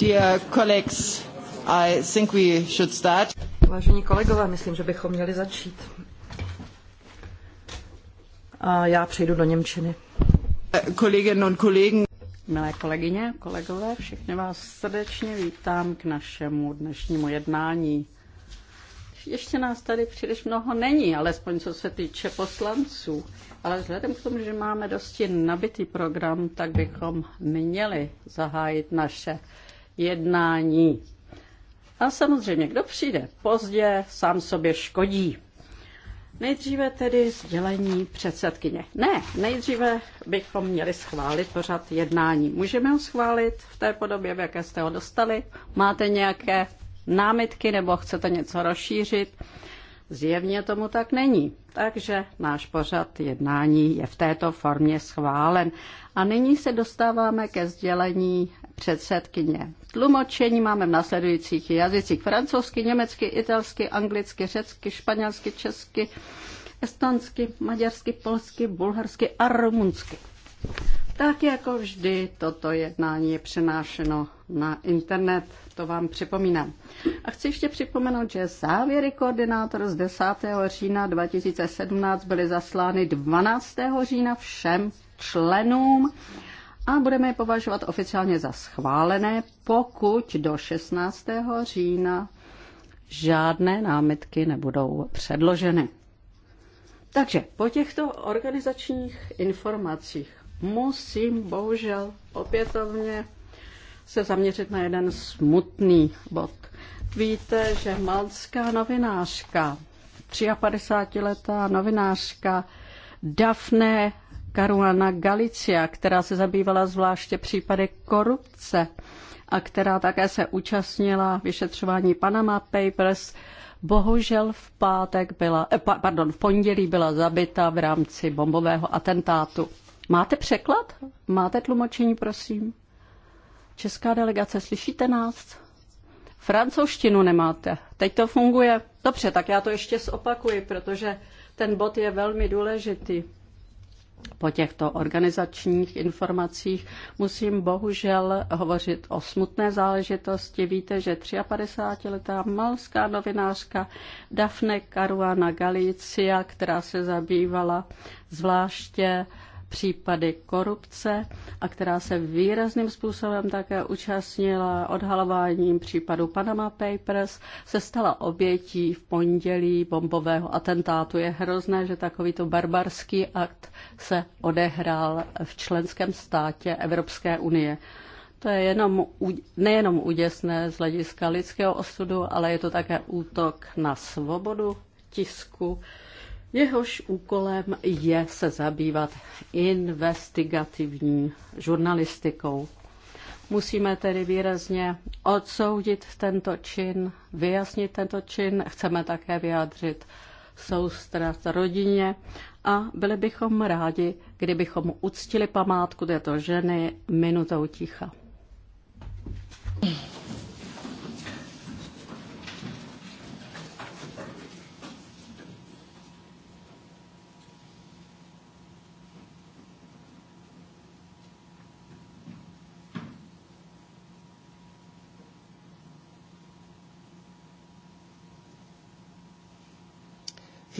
Dear colleagues, I think we should start. Vážení kolegové, myslím, že bychom měli začít. A já přejdu do Němčiny. Kolegyně und Kollegen. Milé kolegyně, kolegové, všechny vás srdečně vítám k našemu dnešnímu jednání. Ještě nás tady příliš mnoho není, alespoň co se týče poslanců. Ale vzhledem k tomu, že máme dosti nabitý program, tak bychom měli zahájit naše jednání. A samozřejmě, kdo přijde pozdě, sám sobě škodí. Nejdříve tedy sdělení předsedkyně. Ne, nejdříve bychom měli schválit pořad jednání. Můžeme ho schválit v té podobě, v jaké jste ho dostali? Máte nějaké námitky nebo chcete něco rozšířit? Zjevně tomu tak není. Takže náš pořad jednání je v této formě schválen. A nyní se dostáváme ke sdělení předsedkyně. Tlumočení máme v následujících jazycích francouzsky, německy, italsky, anglicky, řecky, španělsky, česky, estonsky, maďarsky, polsky, bulharsky a rumunsky. Tak jako vždy, toto jednání je přenášeno na internet, to vám připomínám. A chci ještě připomenout, že závěry koordinátor z 10. října 2017 byly zaslány 12. října všem členům a budeme je považovat oficiálně za schválené, pokud do 16. října žádné námitky nebudou předloženy. Takže po těchto organizačních informacích musím bohužel opětovně se zaměřit na jeden smutný bod. Víte, že malská novinářka, 53-letá novinářka Daphne Caruana Galicia, která se zabývala zvláště případy korupce a která také se účastnila vyšetřování Panama Papers, bohužel v pátek byla, eh, pardon, v pondělí byla zabita v rámci bombového atentátu. Máte překlad? Máte tlumočení, prosím? Česká delegace, slyšíte nás? Francouzštinu nemáte. Teď to funguje. Dobře, tak já to ještě zopakuji, protože ten bod je velmi důležitý po těchto organizačních informacích musím bohužel hovořit o smutné záležitosti. Víte, že 53-letá malská novinářka Dafne Caruana Galicia, která se zabývala zvláště případy korupce a která se výrazným způsobem také účastnila odhalováním případu Panama Papers, se stala obětí v pondělí bombového atentátu. Je hrozné, že takovýto barbarský akt se odehrál v členském státě Evropské unie. To je jenom, nejenom úděsné z hlediska lidského osudu, ale je to také útok na svobodu tisku Jehož úkolem je se zabývat investigativní žurnalistikou. Musíme tedy výrazně odsoudit tento čin, vyjasnit tento čin, chceme také vyjádřit soustrat rodině a byli bychom rádi, kdybychom uctili památku této ženy minutou ticha.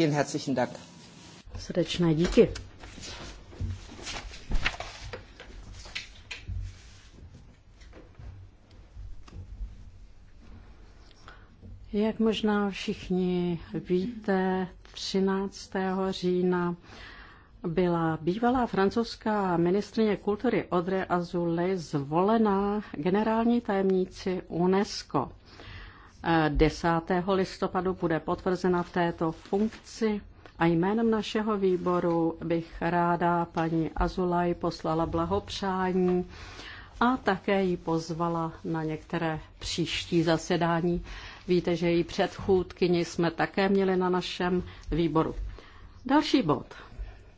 Vielen herzlichen Dank. Srdečné díky. Jak možná všichni víte, 13. října byla bývalá francouzská ministrině kultury Audrey Azoulay zvolená generální tajemníci UNESCO. 10. listopadu bude potvrzena v této funkci. A jménem našeho výboru bych ráda paní Azulaj poslala blahopřání a také ji pozvala na některé příští zasedání. Víte, že její předchůdkyni jsme také měli na našem výboru. Další bod.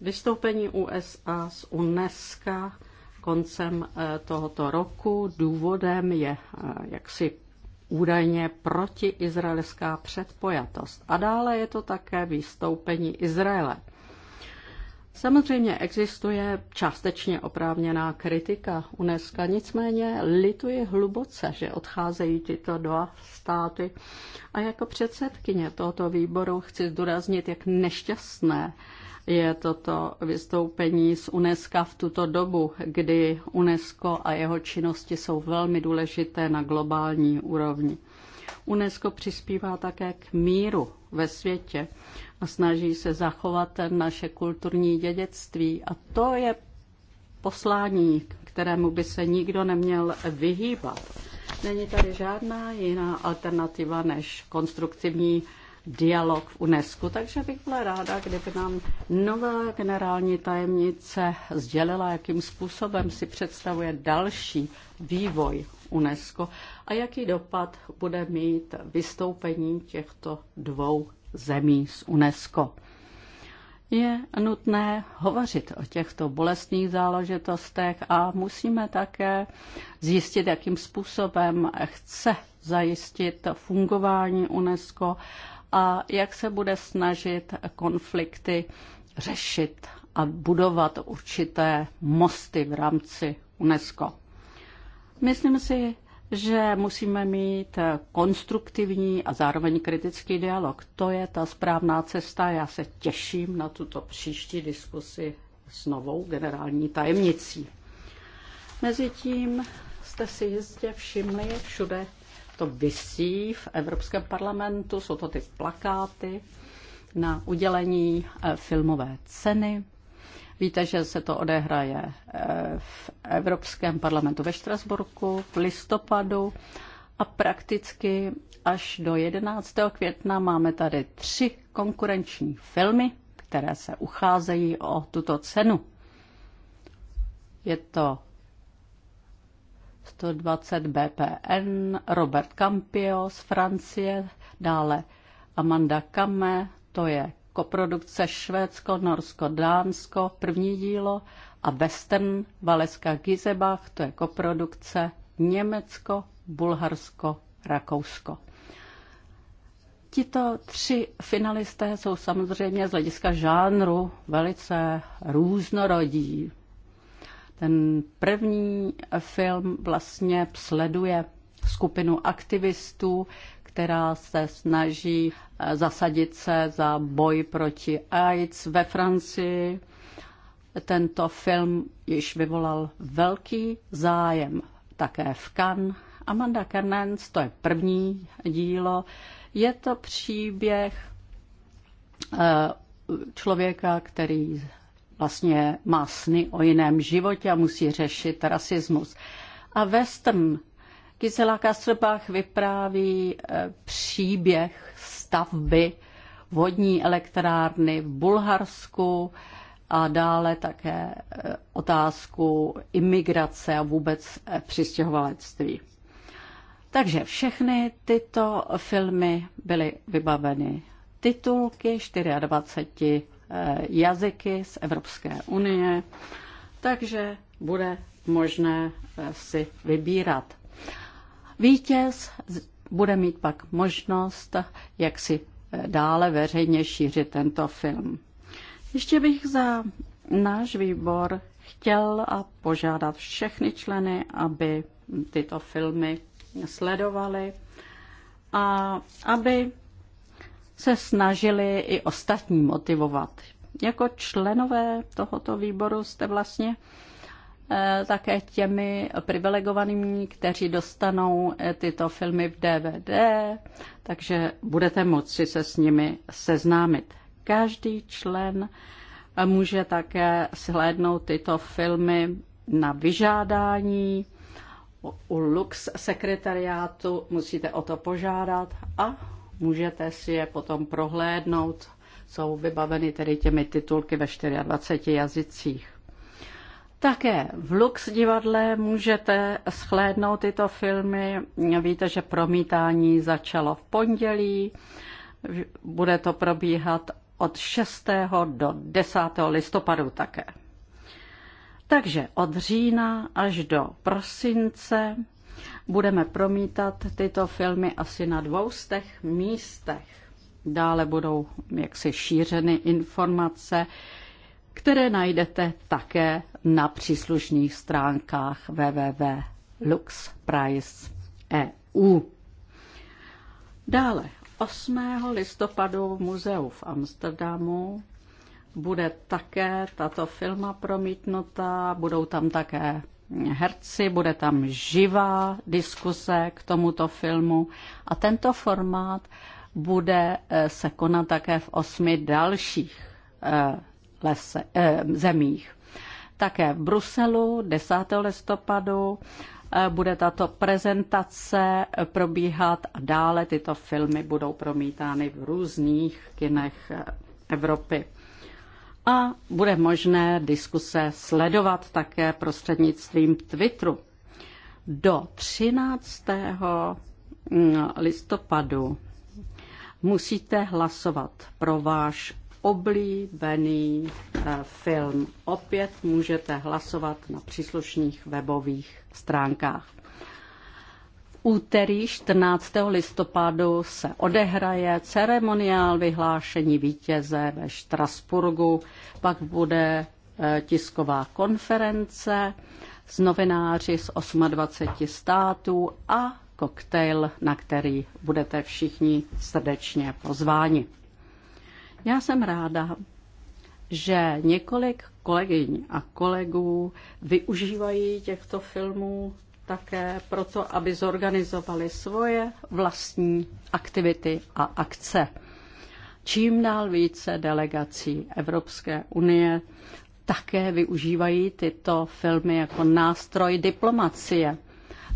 Vystoupení USA z UNESCO koncem eh, tohoto roku. Důvodem je eh, jaksi údajně protiizraelská předpojatost. A dále je to také vystoupení Izraele. Samozřejmě existuje částečně oprávněná kritika UNESCO, nicméně lituje hluboce, že odcházejí tyto dva státy. A jako předsedkyně tohoto výboru chci zdůraznit, jak nešťastné je toto vystoupení z UNESCO v tuto dobu, kdy UNESCO a jeho činnosti jsou velmi důležité na globální úrovni. UNESCO přispívá také k míru ve světě a snaží se zachovat naše kulturní dědictví. A to je poslání, kterému by se nikdo neměl vyhýbat. Není tady žádná jiná alternativa než konstruktivní dialog v UNESCO, takže bych byla ráda, kdyby nám nová generální tajemnice sdělila, jakým způsobem si představuje další vývoj UNESCO a jaký dopad bude mít vystoupení těchto dvou zemí z UNESCO. Je nutné hovořit o těchto bolestných záležitostech a musíme také zjistit, jakým způsobem chce zajistit fungování UNESCO a jak se bude snažit konflikty řešit a budovat určité mosty v rámci UNESCO. Myslím si, že musíme mít konstruktivní a zároveň kritický dialog. To je ta správná cesta. Já se těším na tuto příští diskusi s novou generální tajemnicí. Mezitím jste si jistě všimli všude to vysí v Evropském parlamentu, jsou to ty plakáty na udělení eh, filmové ceny. Víte, že se to odehraje eh, v Evropském parlamentu ve Štrasburku v listopadu a prakticky až do 11. května máme tady tři konkurenční filmy, které se ucházejí o tuto cenu. Je to 120 BPN, Robert Campio z Francie, dále Amanda Kame, to je koprodukce Švédsko, Norsko, Dánsko, první dílo a Western Valeska Gizebach, to je koprodukce Německo, Bulharsko, Rakousko. Tito tři finalisté jsou samozřejmě z hlediska žánru velice různorodí. Ten první film vlastně sleduje skupinu aktivistů, která se snaží eh, zasadit se za boj proti AIDS ve Francii. Tento film již vyvolal velký zájem také v Cannes. Amanda Kernens, to je první dílo. Je to příběh eh, člověka, který vlastně má sny o jiném životě a musí řešit rasismus. A Western Gisela Kastrbach vypráví e, příběh stavby vodní elektrárny v Bulharsku a dále také e, otázku imigrace a vůbec e, přistěhovalectví. Takže všechny tyto filmy byly vybaveny titulky 24 Eh, jazyky z Evropské unie, takže bude možné eh, si vybírat. Vítěz bude mít pak možnost, jak si eh, dále veřejně šířit tento film. Ještě bych za náš výbor chtěl a požádat všechny členy, aby tyto filmy sledovali a aby se snažili i ostatní motivovat. Jako členové tohoto výboru jste vlastně eh, také těmi privilegovanými, kteří dostanou eh, tyto filmy v DVD, takže budete moci se s nimi seznámit. Každý člen eh, může také shlédnout tyto filmy na vyžádání. U Lux sekretariátu musíte o to požádat a Můžete si je potom prohlédnout. Jsou vybaveny tedy těmi titulky ve 24 jazycích. Také v Lux divadle můžete shlédnout tyto filmy. Víte, že promítání začalo v pondělí. Bude to probíhat od 6. do 10. listopadu také. Takže od října až do prosince budeme promítat tyto filmy asi na dvoustech místech. Dále budou jaksi šířeny informace, které najdete také na příslušných stránkách www.luxprice.eu. E Dále 8. listopadu v muzeu v Amsterdamu bude také tato filma promítnuta, budou tam také herci, bude tam živá diskuse k tomuto filmu a tento formát bude eh, se konat také v osmi dalších eh, lese, eh, zemích. Také v Bruselu 10. listopadu bude tato prezentace probíhat a dále tyto filmy budou promítány v různých kinech Evropy a bude možné diskuse sledovat také prostřednictvím Twitteru. Do 13. Mm, listopadu musíte hlasovat pro váš oblíbený eh, film. Opět můžete hlasovat na příslušných webových stránkách úterý 14. listopadu se odehraje ceremoniál vyhlášení vítěze ve Štrasburgu, pak bude e, tisková konference s novináři z 28 států a koktejl, na který budete všichni srdečně pozváni. Já jsem ráda, že několik kolegyň a kolegů využívají těchto filmů také proto, aby zorganizovali svoje vlastní aktivity a akce. Čím dál více delegací Evropské unie také využívají tyto filmy jako nástroj diplomacie.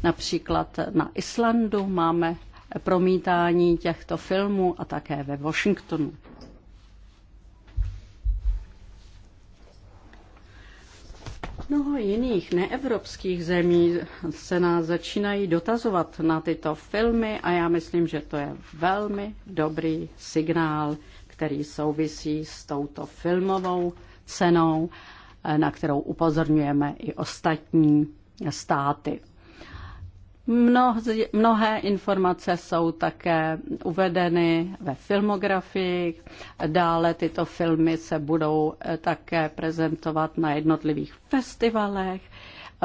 Například na Islandu máme promítání těchto filmů a také ve Washingtonu. Mnoho jiných neevropských zemí se nás začínají dotazovat na tyto filmy a já myslím, že to je velmi dobrý signál, který souvisí s touto filmovou cenou, na kterou upozorňujeme i ostatní státy. Mnohé, mnohé informace jsou také uvedeny ve filmografii. Dále tyto filmy se budou eh, také prezentovat na jednotlivých festivalech.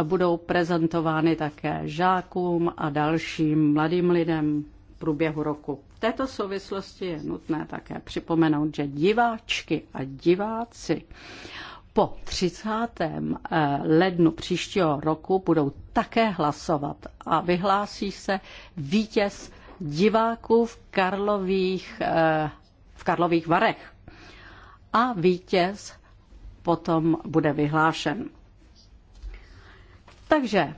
Budou prezentovány také žákům a dalším mladým lidem v průběhu roku. V této souvislosti je nutné také připomenout, že diváčky a diváci po 30. Eh, lednu příštího roku budou také hlasovat a vyhlásí se vítěz diváků v Karlových, eh, v Karlových Varech. A vítěz potom bude vyhlášen. Takže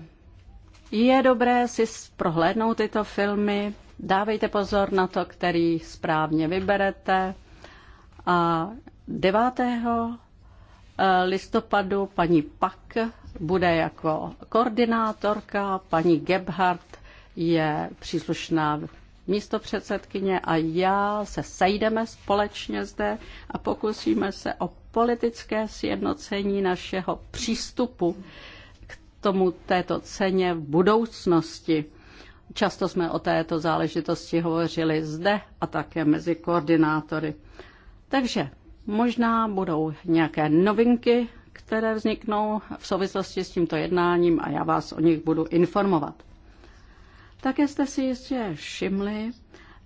je dobré si prohlédnout tyto filmy, dávejte pozor na to, který správně vyberete. A 9. Eh, listopadu paní Pak bude jako koordinátorka, paní Gebhardt je příslušná místo předsedkyně a já se sejdeme společně zde a pokusíme se o politické sjednocení našeho přístupu k tomu této ceně v budoucnosti. Často jsme o této záležitosti hovořili zde a také mezi koordinátory. Takže Možná budou nějaké novinky, které vzniknou v souvislosti s tímto jednáním a já vás o nich budu informovat. Také jste si jistě všimli,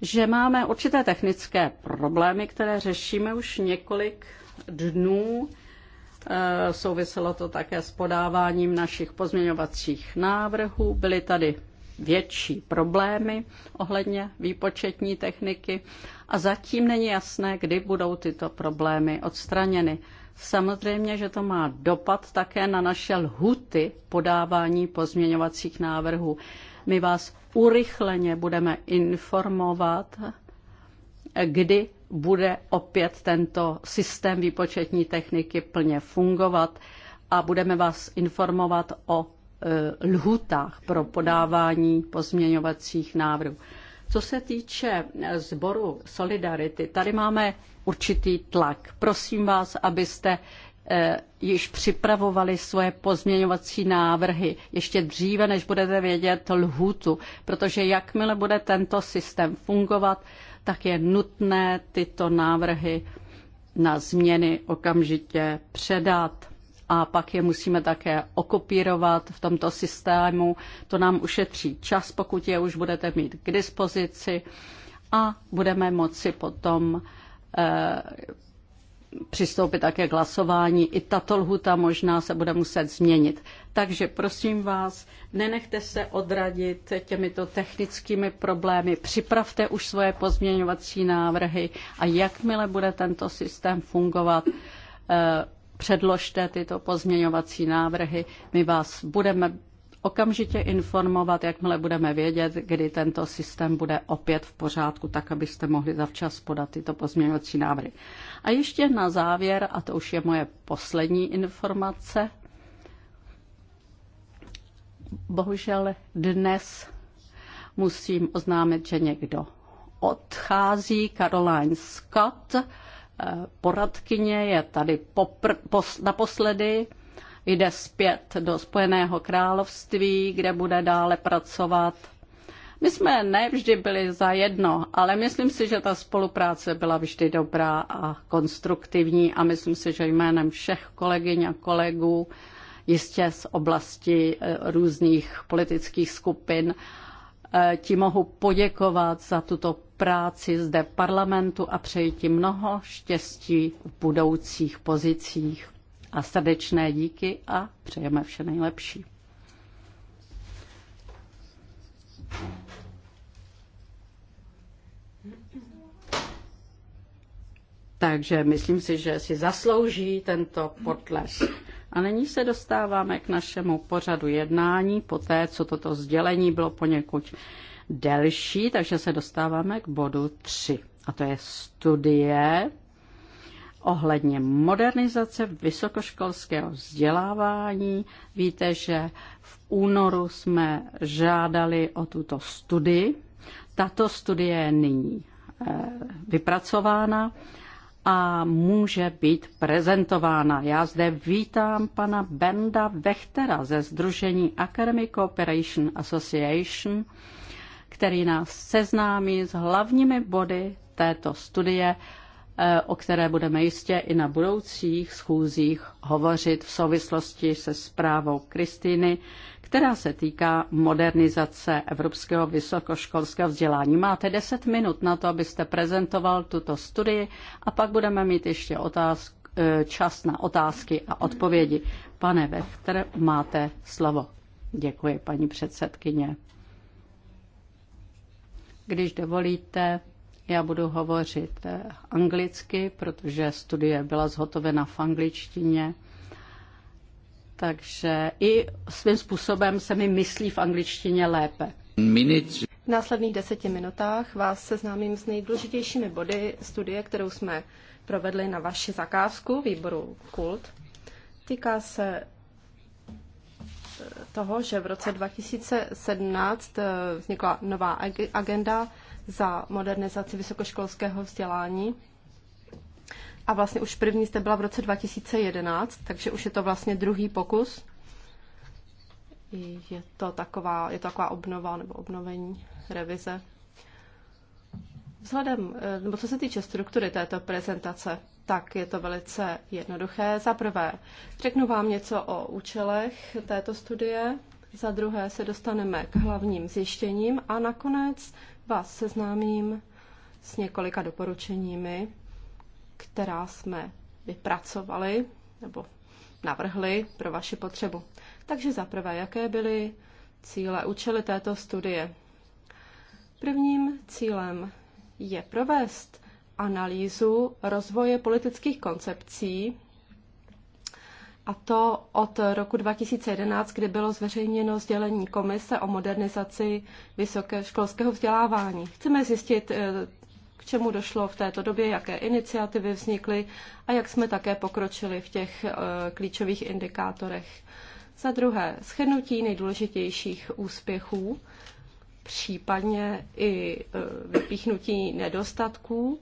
že máme určité technické problémy, které řešíme už několik dnů. E, souviselo to také s podáváním našich pozměňovacích návrhů. Byly tady větší problémy ohledně výpočetní techniky a zatím není jasné, kdy budou tyto problémy odstraněny. Samozřejmě, že to má dopad také na naše lhuty podávání pozměňovacích návrhů. My vás urychleně budeme informovat, kdy bude opět tento systém výpočetní techniky plně fungovat a budeme vás informovat o Eh, lhutách pro podávání pozměňovacích návrhů. Co se týče eh, sboru Solidarity, tady máme určitý tlak. Prosím vás, abyste eh, již připravovali svoje pozměňovací návrhy ještě dříve, než budete vědět lhůtu, protože jakmile bude tento systém fungovat, tak je nutné tyto návrhy na změny okamžitě předat a pak je musíme také okopírovat v tomto systému. To nám ušetří čas, pokud je už budete mít k dispozici a budeme moci potom eh, přistoupit také k hlasování. I tato lhuta možná se bude muset změnit. Takže prosím vás, nenechte se odradit těmito technickými problémy. Připravte už svoje pozměňovací návrhy a jakmile bude tento systém fungovat, eh, předložte tyto pozměňovací návrhy. My vás budeme okamžitě informovat, jakmile budeme vědět, kdy tento systém bude opět v pořádku, tak abyste mohli zavčas podat tyto pozměňovací návrhy. A ještě na závěr, a to už je moje poslední informace, bohužel dnes musím oznámit, že někdo odchází, Caroline Scott, poradkyně je tady popr- pos- naposledy, jde zpět do Spojeného království, kde bude dále pracovat. My jsme nevždy byli za jedno, ale myslím si, že ta spolupráce byla vždy dobrá a konstruktivní a myslím si, že jménem všech kolegyň a kolegů jistě z oblasti eh, různých politických skupin eh, ti mohu poděkovat za tuto práci zde parlamentu a přeji ti mnoho štěstí v budoucích pozicích. A srdečné díky a přejeme vše nejlepší. Takže myslím si, že si zaslouží tento potles. A nyní se dostáváme k našemu pořadu jednání, po té, co toto sdělení bylo poněkud delší, takže se dostáváme k bodu 3. A to je studie ohledně modernizace vysokoškolského vzdělávání. Víte, že v únoru jsme žádali o tuto studii. Tato studie je nyní eh, vypracována a může být prezentována. Já zde vítám pana Benda Vechtera ze Združení Academic Cooperation Association, který nás seznámí s hlavními body této studie, eh, o které budeme jistě i na budoucích schůzích hovořit v souvislosti se zprávou Kristýny, která se týká modernizace evropského vysokoškolského vzdělání. Máte 10 minut na to, abyste prezentoval tuto studii a pak budeme mít ještě otázku, eh, čas na otázky a odpovědi. Pane Vechter, máte slovo. Děkuji, paní předsedkyně. Když dovolíte, já budu hovořit eh, anglicky, protože studie byla zhotovena v angličtině. Takže i svým způsobem se mi myslí v angličtině lépe. Minutes. V následných deseti minutách vás seznámím s nejdůležitějšími body studie, kterou jsme provedli na vaši zakázku výboru KULT. Týká se toho, že v roce 2017 eh, vznikla nová agenda za modernizaci vysokoškolského vzdělání. A vlastně už první jste byla v roce 2011, takže už je to vlastně druhý pokus. Je to taková, je to taková obnova nebo obnovení revize Vzhledem, eh, nebo co se týče struktury této prezentace, tak je to velice jednoduché. Za prvé, řeknu vám něco o účelech této studie, za druhé se dostaneme k hlavním zjištěním a nakonec vás seznámím s několika doporučeními, která jsme vypracovali nebo navrhli pro vaši potřebu. Takže za prvé, jaké byly cíle, účely této studie? Prvním cílem je provést analýzu rozvoje politických koncepcí, a to od roku 2011, kdy bylo zveřejněno sdělení Komise o modernizaci vysokoškolského vzdělávání. Chceme zjistit, eh, k čemu došlo v této době, jaké iniciativy vznikly a jak jsme také pokročili v těch eh, klíčových indikátorech. Za druhé, schrnutí nejdůležitějších úspěchů případně i e, vypíchnutí nedostatků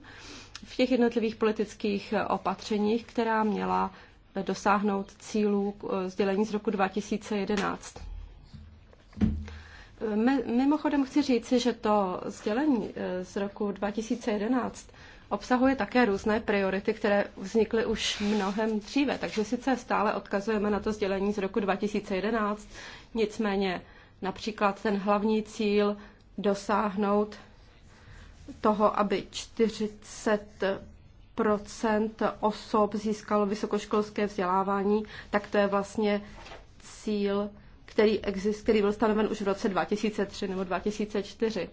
v těch jednotlivých politických e, opatřeních, která měla e, dosáhnout cílů sdělení z roku 2011. Mimochodem chci říci, že to sdělení z roku 2011 obsahuje také různé priority, které vznikly už mnohem dříve. Takže sice stále odkazujeme na to sdělení z roku 2011, nicméně Například ten hlavní cíl dosáhnout toho, aby 40 osob získalo vysokoškolské vzdělávání, tak to je vlastně cíl, který, exist, který byl stanoven už v roce 2003 nebo 2004.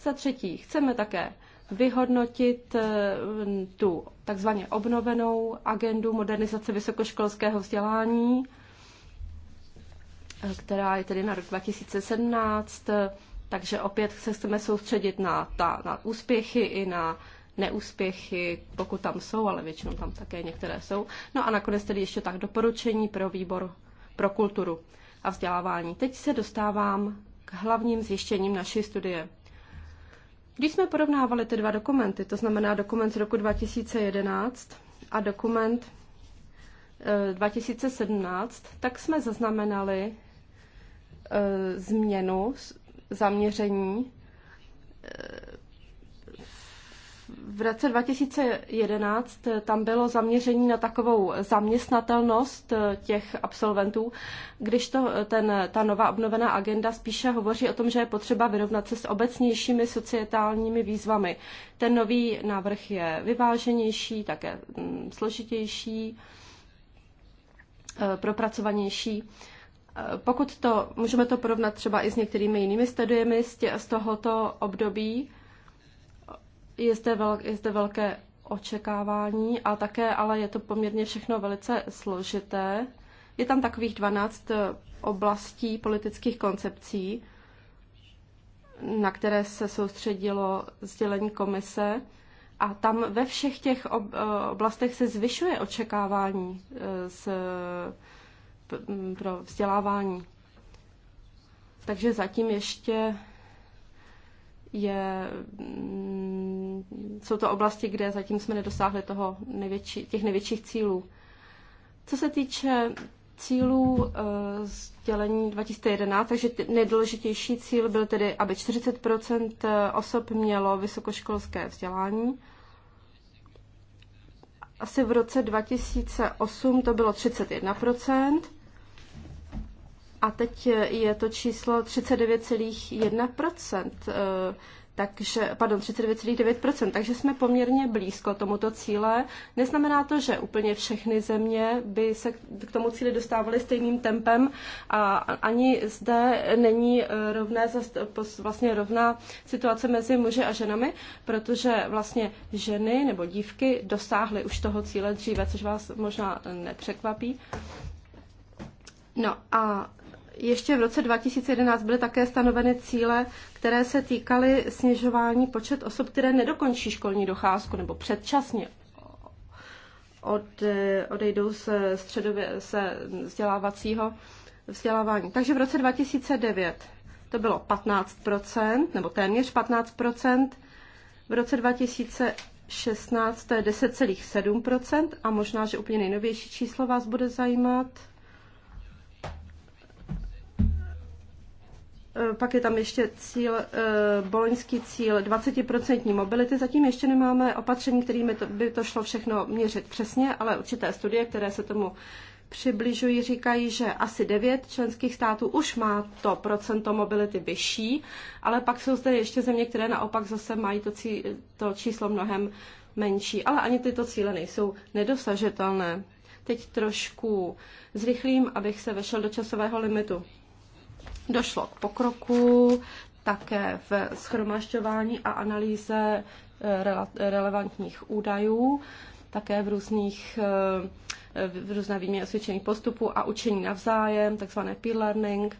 Za třetí, chceme také vyhodnotit eh, tu takzvaně obnovenou agendu modernizace vysokoškolského vzdělání která je tedy na rok 2017, takže opět se chceme soustředit na, ta, na úspěchy i na neúspěchy, pokud tam jsou, ale většinou tam také některé jsou. No a nakonec tedy ještě tak doporučení pro výbor pro kulturu a vzdělávání. Teď se dostávám k hlavním zjištěním naší studie. Když jsme porovnávali ty dva dokumenty, to znamená dokument z roku 2011 a dokument 2017, eh, tak jsme zaznamenali, Eh, změnu zaměření. Eh, v roce 2011 tam bylo zaměření na takovou zaměstnatelnost eh, těch absolventů, když to, ten, ta nová obnovená agenda spíše hovoří o tom, že je potřeba vyrovnat se s obecnějšími societálními výzvami. Ten nový návrh je vyváženější, také mm, složitější, propracovanější. Pokud to, můžeme to porovnat třeba i s některými jinými studiemi z, tě, z tohoto období, je zde, vel, je zde velké očekávání a také, ale je to poměrně všechno velice složité. Je tam takových 12 eh, oblastí politických koncepcí, na které se soustředilo sdělení komise. A tam ve všech těch eh, oblastech se zvyšuje očekávání z eh, pro vzdělávání. Takže zatím ještě je, mm, jsou to oblasti, kde zatím jsme nedosáhli toho největší, těch největších cílů. Co se týče cílů z dělení 2011, takže nejdůležitější cíl byl tedy, aby 40 eh, osob mělo vysokoškolské vzdělání asi v roce 2008 to bylo 31%. A teď je to číslo 39,1% takže, pardon, 39,9%, takže jsme poměrně blízko tomuto cíle. Neznamená to, že úplně všechny země by se k tomu cíli dostávaly stejným tempem a ani zde není eh, rovné, vlastně rovná situace mezi muži a ženami, protože vlastně ženy nebo dívky dosáhly už toho cíle dříve, což vás možná eh, nepřekvapí. No a ještě v roce 2011 byly také stanoveny cíle, které se týkaly snižování počet osob, které nedokončí školní docházku nebo předčasně od, eh, odejdou se, středově, se vzdělávacího vzdělávání. Takže v roce 2009 to bylo 15%, nebo téměř 15%, v roce 2016 to je 10,7% a možná, že úplně nejnovější číslo vás bude zajímat – Eh, pak je tam ještě cíl, eh, boloňský cíl 20% mobility. Zatím ještě nemáme opatření, kterými to, by to šlo všechno měřit přesně, ale určité studie, které se tomu přibližují, říkají, že asi 9 členských států už má to procento mobility vyšší, ale pak jsou zde ještě země, které naopak zase mají to, cí, to číslo mnohem menší. Ale ani tyto cíle nejsou nedosažitelné. Teď trošku zrychlím, abych se vešel do časového limitu. Došlo k pokroku také v schromažďování a analýze eh, relevantních údajů, také v různých eh, v různé výměně osvědčených postupů a učení navzájem, takzvané peer learning.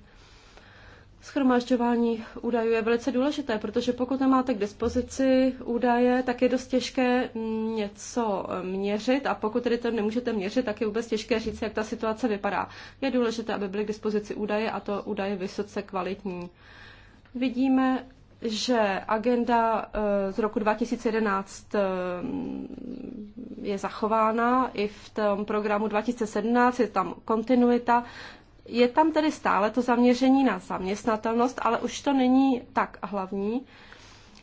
Schromažďování údajů je velice důležité, protože pokud nemáte k dispozici údaje, tak je dost těžké něco měřit a pokud tedy to nemůžete měřit, tak je vůbec těžké říct, jak ta situace vypadá. Je důležité, aby byly k dispozici údaje a to údaje vysoce kvalitní. Vidíme, že agenda eh, z roku 2011 eh, je zachována i v tom programu 2017, je tam kontinuita. Je tam tedy stále to zaměření na zaměstnatelnost, ale už to není tak hlavní.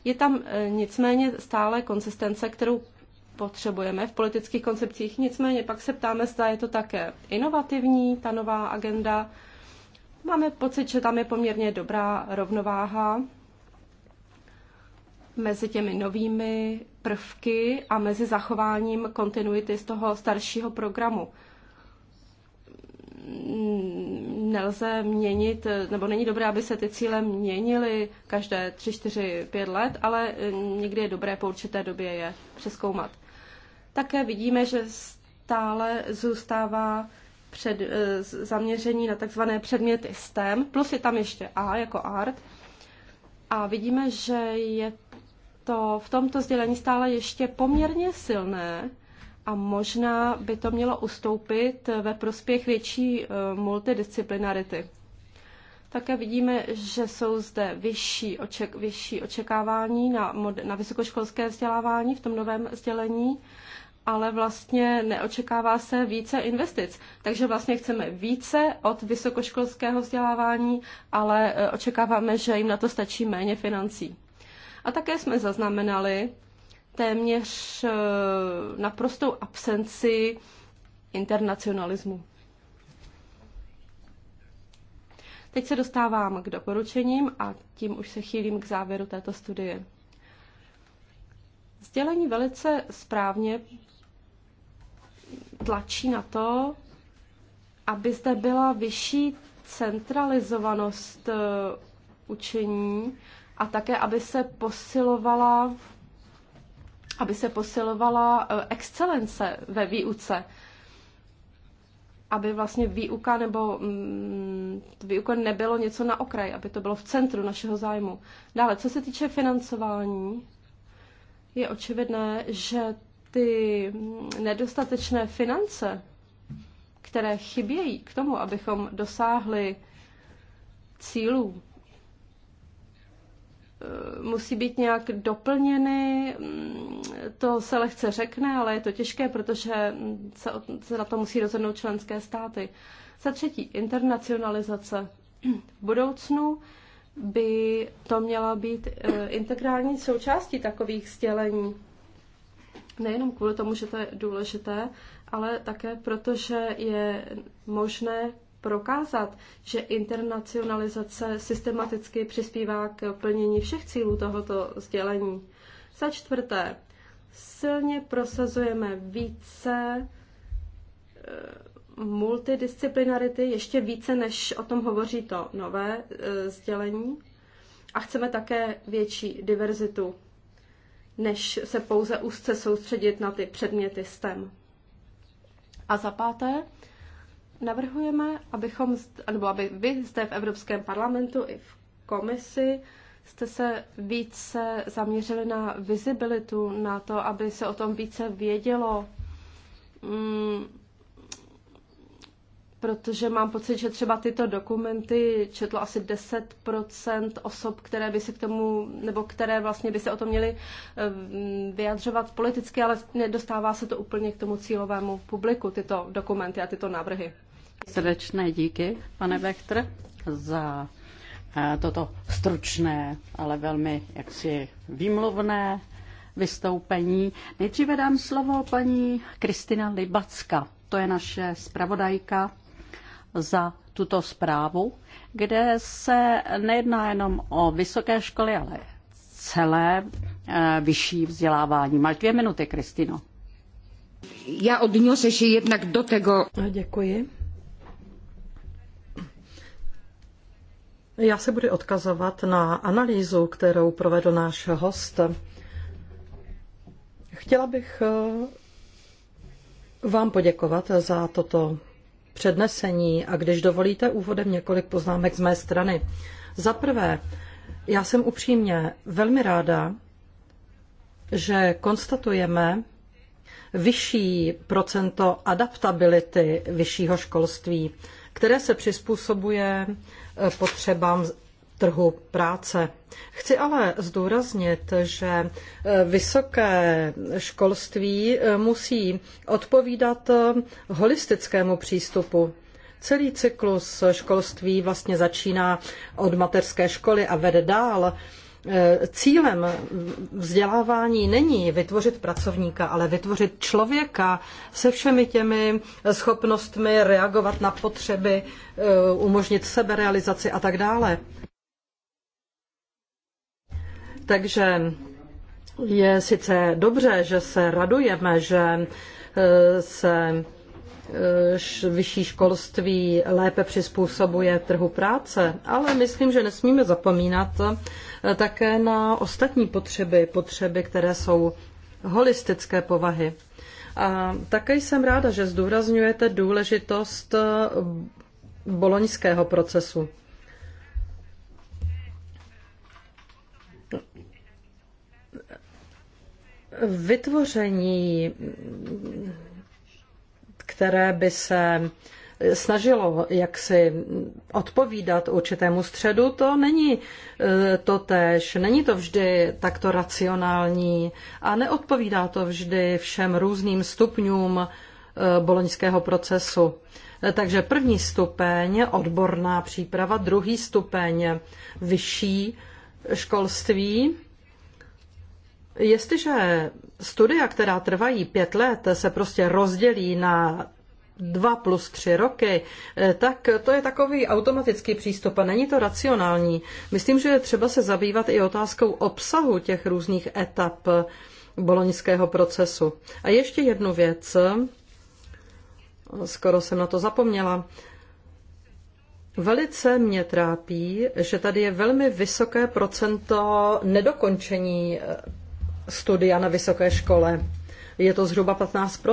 Je tam e, nicméně stále konsistence, kterou potřebujeme v politických koncepcích. Nicméně pak se ptáme, zda je to také inovativní, ta nová agenda. Máme pocit, že tam je poměrně dobrá rovnováha mezi těmi novými prvky a mezi zachováním kontinuity z toho staršího programu nelze měnit, nebo není dobré, aby se ty cíle měnily každé 3, 4, 5 let, ale někdy je dobré po určité době je přeskoumat. Také vidíme, že stále zůstává před, eh, zaměření na takzvané předměty STEM, plus je tam ještě A jako art. A vidíme, že je to v tomto sdělení stále ještě poměrně silné, a možná by to mělo ustoupit ve prospěch větší eh, multidisciplinarity. Také vidíme, že jsou zde vyšší, oček, vyšší očekávání na, na vysokoškolské vzdělávání v tom novém sdělení, ale vlastně neočekává se více investic. Takže vlastně chceme více od vysokoškolského vzdělávání, ale eh, očekáváme, že jim na to stačí méně financí. A také jsme zaznamenali, téměř eh, naprostou absenci internacionalismu. Teď se dostávám k doporučením a tím už se chýlím k závěru této studie. Sdělení velice správně tlačí na to, aby zde byla vyšší centralizovanost eh, učení a také, aby se posilovala aby se posilovala eh, excelence ve výuce, aby vlastně výuka nebo mm, výuka nebylo něco na okraj, aby to bylo v centru našeho zájmu. Dále, co se týče financování, je očividné, že ty mm, nedostatečné finance, které chybějí k tomu, abychom dosáhli cílů Eh, musí být nějak doplněny. Mm, to se lehce řekne, ale je to těžké, protože se, se na to musí rozhodnout členské státy. Za třetí, internacionalizace. V budoucnu by to měla být eh, integrální součástí takových sdělení. Nejenom kvůli tomu, že to je důležité, ale také proto, že je možné prokázat, že internacionalizace systematicky přispívá k plnění všech cílů tohoto sdělení. Za čtvrté, silně prosazujeme více eh, multidisciplinarity, ještě více, než o tom hovoří to nové eh, sdělení. A chceme také větší diverzitu, než se pouze úzce soustředit na ty předměty STEM. A za páté, Navrhujeme, abychom, nebo aby vy zde v Evropském parlamentu i v komisi jste se více zaměřili na vizibilitu, na to, aby se o tom více vědělo, mm, protože mám pocit, že třeba tyto dokumenty četlo asi 10% osob, které by se k tomu, nebo které vlastně by se o tom měly eh, mm, vyjadřovat politicky, ale nedostává se to úplně k tomu cílovému publiku, tyto dokumenty a tyto návrhy. Srdečné díky, pane Vektr, za eh, toto stručné, ale velmi jaksi výmluvné vystoupení. Nejdříve dám slovo paní Kristina Libacka, to je naše zpravodajka za tuto zprávu, kde se nejedná jenom o vysoké školy, ale celé eh, vyšší vzdělávání. Máš dvě minuty, Kristino. Já odniosę ještě jednak do tego. No, děkuji. Já se budu odkazovat na analýzu, kterou provedl náš host. Chtěla bych eh, vám poděkovat za toto přednesení a když dovolíte úvodem několik poznámek z mé strany. Za prvé, já jsem upřímně velmi ráda, že konstatujeme vyšší procento adaptability vyššího školství, které se přizpůsobuje potřebám trhu práce. Chci ale zdůraznit, že eh, vysoké školství eh, musí odpovídat eh, holistickému přístupu. Celý cyklus školství vlastně začíná od mateřské školy a vede dál Eh, cílem vzdělávání není vytvořit pracovníka, ale vytvořit člověka se všemi těmi schopnostmi reagovat na potřeby, eh, umožnit seberealizaci a tak dále. Takže je sice dobře, že se radujeme, že eh, se Eh, vyšší školství lépe přizpůsobuje trhu práce, ale myslím, že nesmíme zapomínat eh, také na ostatní potřeby, potřeby, které jsou holistické povahy. A také jsem ráda, že zdůrazňujete důležitost eh, boloňského procesu. Vytvoření které by se snažilo jaksi odpovídat určitému středu, to není e, to tež, není to vždy takto racionální a neodpovídá to vždy všem různým stupňům e, boloňského procesu. E, takže první stupeň odborná příprava, druhý stupeň vyšší školství, Jestliže studia, která trvají pět let, se prostě rozdělí na dva plus tři roky, tak to je takový automatický přístup a není to racionální. Myslím, že je třeba se zabývat i otázkou obsahu těch různých etap boloňského procesu. A ještě jednu věc, skoro jsem na to zapomněla. Velice mě trápí, že tady je velmi vysoké procento nedokončení studia na vysoké škole. Je to zhruba 15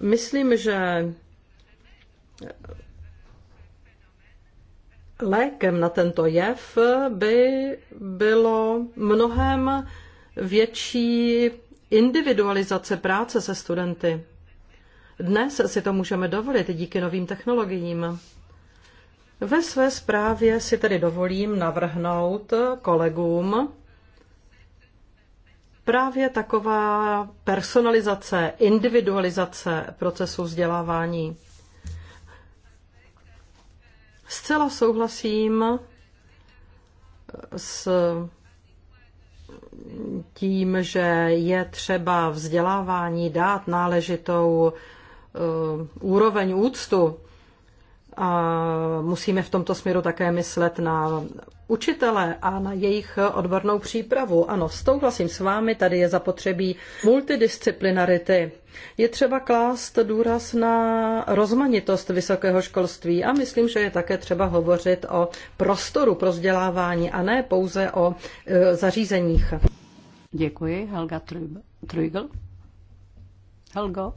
Myslím, že lékem na tento jev by bylo mnohem větší individualizace práce se studenty. Dnes si to můžeme dovolit díky novým technologiím. Ve své zprávě si tedy dovolím navrhnout kolegům, Právě taková personalizace, individualizace procesu vzdělávání. Zcela souhlasím s tím, že je třeba vzdělávání dát náležitou eh, úroveň úctu. A musíme v tomto směru také myslet na učitele a na jejich odbornou přípravu. Ano, souhlasím s vámi, tady je zapotřebí multidisciplinarity. Je třeba klást důraz na rozmanitost vysokého školství a myslím, že je také třeba hovořit o prostoru pro vzdělávání a ne pouze o e, zařízeních. Děkuji, Helga Trügel. Helgo.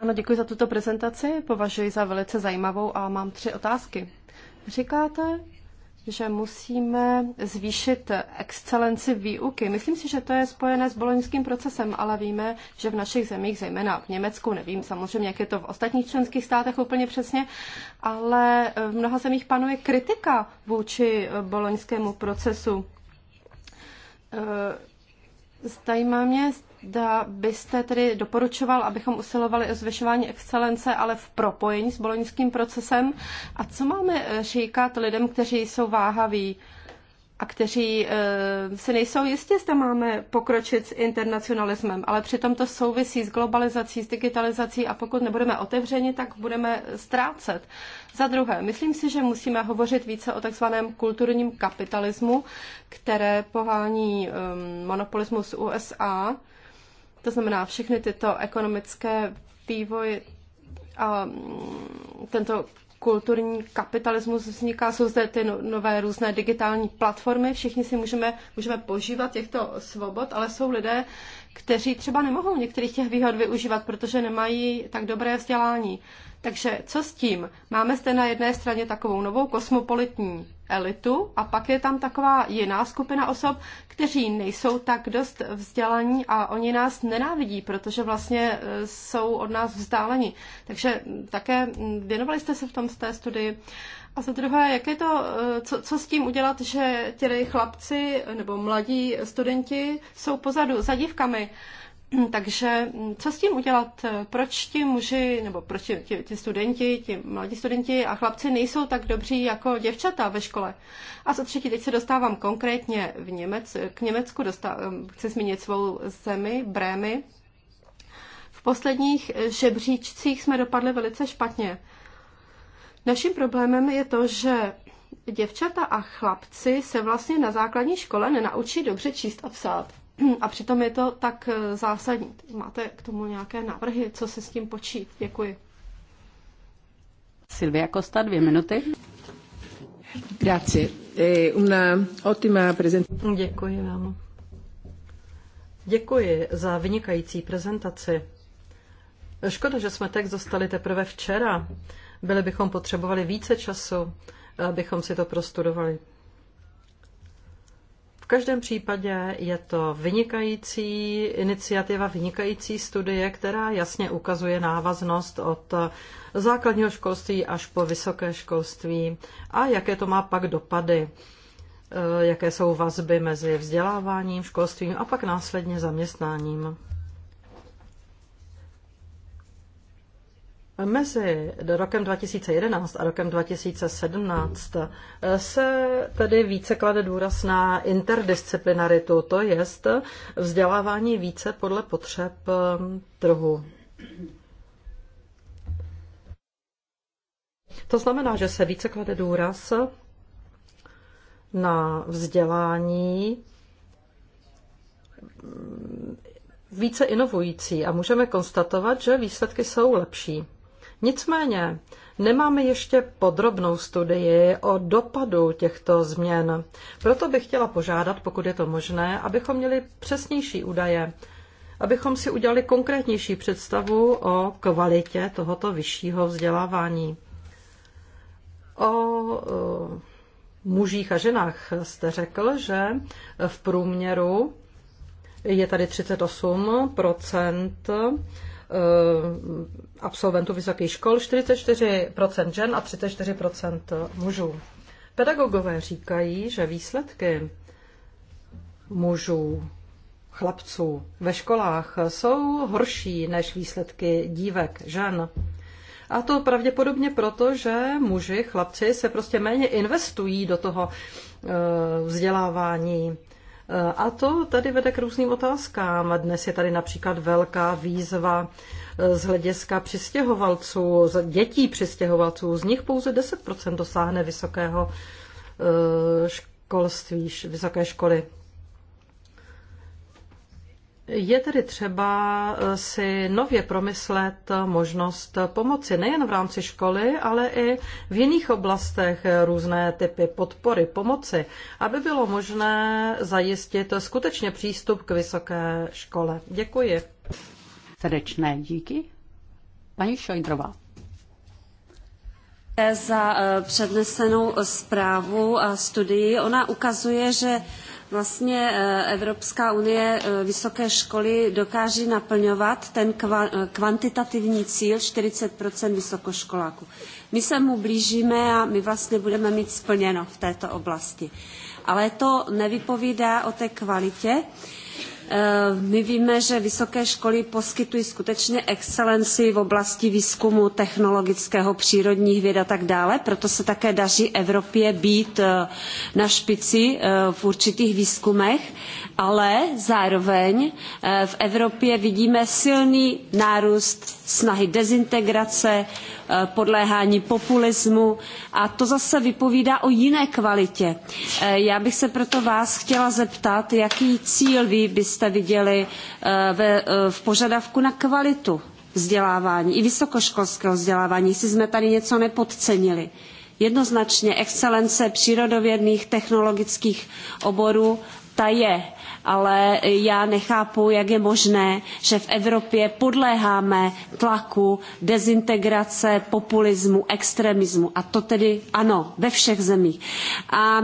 Ano, děkuji za tuto prezentaci, považuji za velice zajímavou a mám tři otázky. Říkáte, že musíme zvýšit excelenci výuky. Myslím si, že to je spojené s boloňským procesem, ale víme, že v našich zemích, zejména v Německu, nevím samozřejmě, jak je to v ostatních členských státech úplně přesně, ale v mnoha zemích panuje kritika vůči boloňskému procesu. Ehm, zajímá mě, zda byste tedy doporučoval, abychom usilovali o zvyšování excelence, ale v propojení s boloňským procesem. A co máme eh, říkat lidem, kteří jsou váhaví a kteří e, si nejsou jistě, zda máme pokročit s internacionalismem, ale přitom to souvisí s globalizací, s digitalizací a pokud nebudeme otevřeni, tak budeme ztrácet. Za druhé, myslím si, že musíme hovořit více o takzvaném kulturním kapitalismu, které pohání e, monopolismus USA. To znamená, všechny tyto ekonomické vývoj a mm, tento kulturní kapitalismus vzniká, jsou zde ty no, nové různé digitální platformy, všichni si můžeme, můžeme požívat těchto svobod, ale jsou lidé, kteří třeba nemohou některých těch výhod využívat, protože nemají tak dobré vzdělání. Takže co s tím? Máme zde na jedné straně takovou novou kosmopolitní elitu a pak je tam taková jiná skupina osob, kteří nejsou tak dost vzdělaní a oni nás nenávidí, protože vlastně e, jsou od nás vzdáleni. Takže také věnovali jste se v tom z té studii. A za druhé, jak je to, e, co, co s tím udělat, že těli chlapci nebo mladí studenti jsou pozadu za dívkami? Takže mm, co s tím udělat? Proč ti muži, nebo proč ti, ti studenti, ti mladí studenti a chlapci nejsou tak dobří jako děvčata ve škole? A za třetí, teď se dostávám konkrétně v Němec, k Německu, dostá, mm, chci zmínit svou zemi, Brémy. V posledních žebříčcích jsme dopadli velice špatně. Naším problémem je to, že děvčata a chlapci se vlastně na základní škole nenaučí dobře číst a psát. A přitom je to tak eh, zásadní. Máte k tomu nějaké návrhy, co se s tím počít? Děkuji. Silvia Costa, dvě minuty. Grazie. Eh, una ottima Děkuji vám. Děkuji za vynikající prezentaci. Škoda, že jsme text dostali teprve včera. Byli bychom potřebovali více času, abychom si to prostudovali každém případě je to vynikající iniciativa, vynikající studie, která jasně ukazuje návaznost od základního školství až po vysoké školství a jaké to má pak dopady, e, jaké jsou vazby mezi vzděláváním, školstvím a pak následně zaměstnáním. Mezi rokem 2011 a rokem 2017 se tedy více klade důraz na interdisciplinaritu, to je vzdělávání více podle potřeb hm, trhu. To znamená, že se více klade důraz na vzdělání hm, více inovující a můžeme konstatovat, že výsledky jsou lepší. Nicméně nemáme ještě podrobnou studii o dopadu těchto změn. Proto bych chtěla požádat, pokud je to možné, abychom měli přesnější údaje, abychom si udělali konkrétnější představu o kvalitě tohoto vyššího vzdělávání. O eh, mužích a ženách jste řekl, že v průměru je tady 38 Eh, absolventů vysokých škol, 44% žen a 34% mužů. Pedagogové říkají, že výsledky mužů, chlapců ve školách jsou horší než výsledky dívek, žen. A to pravděpodobně proto, že muži, chlapci se prostě méně investují do toho eh, vzdělávání Eh, a to tady vede k různým otázkám. Dnes je tady například velká výzva eh, z hlediska přistěhovalců, dětí přistěhovalců. Z nich pouze 10% dosáhne vysokého eh, školství, vysoké školy. Je tedy třeba eh, si nově promyslet možnost pomoci nejen v rámci školy, ale i v jiných oblastech různé typy podpory, pomoci, aby bylo možné zajistit skutečně přístup k vysoké škole. Děkuji. Srdečné díky. Paní Šojdrová. Za eh, přednesenou zprávu a studii. Ona ukazuje, že vlastně eh, Evropská unie eh, vysoké školy dokáže naplňovat ten eh, kvantitativní cíl 40 vysokoškoláků. My se mu blížíme a my vlastně budeme mít splněno v této oblasti. Ale to nevypovídá o té kvalitě. Eh, my víme, že vysoké školy poskytují skutečně excelenci v oblasti výzkumu technologického, přírodních věd a tak dále, proto se také daří Evropě být eh, na špici eh, v určitých výzkumech, ale zároveň v Evropě vidíme silný nárůst snahy dezintegrace, Eh, podléhání populismu a to zase vypovídá o jiné kvalitě. Eh, já bych se proto vás chtěla zeptat, jaký cíl vy byste viděli eh, v požadavku na kvalitu vzdělávání, i vysokoškolského vzdělávání, jestli jsme tady něco nepodcenili. Jednoznačně excelence přírodovědných technologických oborů, ta je ale já nechápu, jak je možné, že v Evropě podléháme tlaku dezintegrace, populismu, extremismu. A to tedy ano, ve všech zemích. A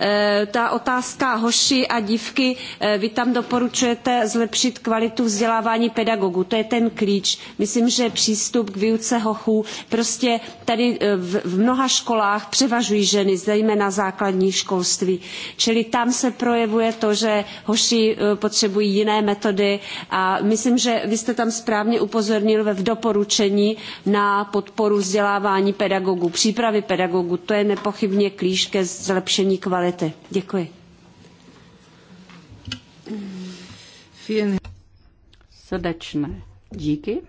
e, ta otázka hoši a dívky, e, vy tam doporučujete zlepšit kvalitu vzdělávání pedagogů. To je ten klíč. Myslím, že přístup k výuce hochů, prostě tady e, v, v mnoha školách převažují ženy, zejména základní školství. Čili tam se projevuje to, že hoši hoši eh, potřebují jiné metody a myslím, že vy jste tam správně upozornil ve doporučení na podporu vzdělávání pedagogů, přípravy pedagogů. To je nepochybně klíč ke zlepšení kvality. Děkuji. Srdečné díky.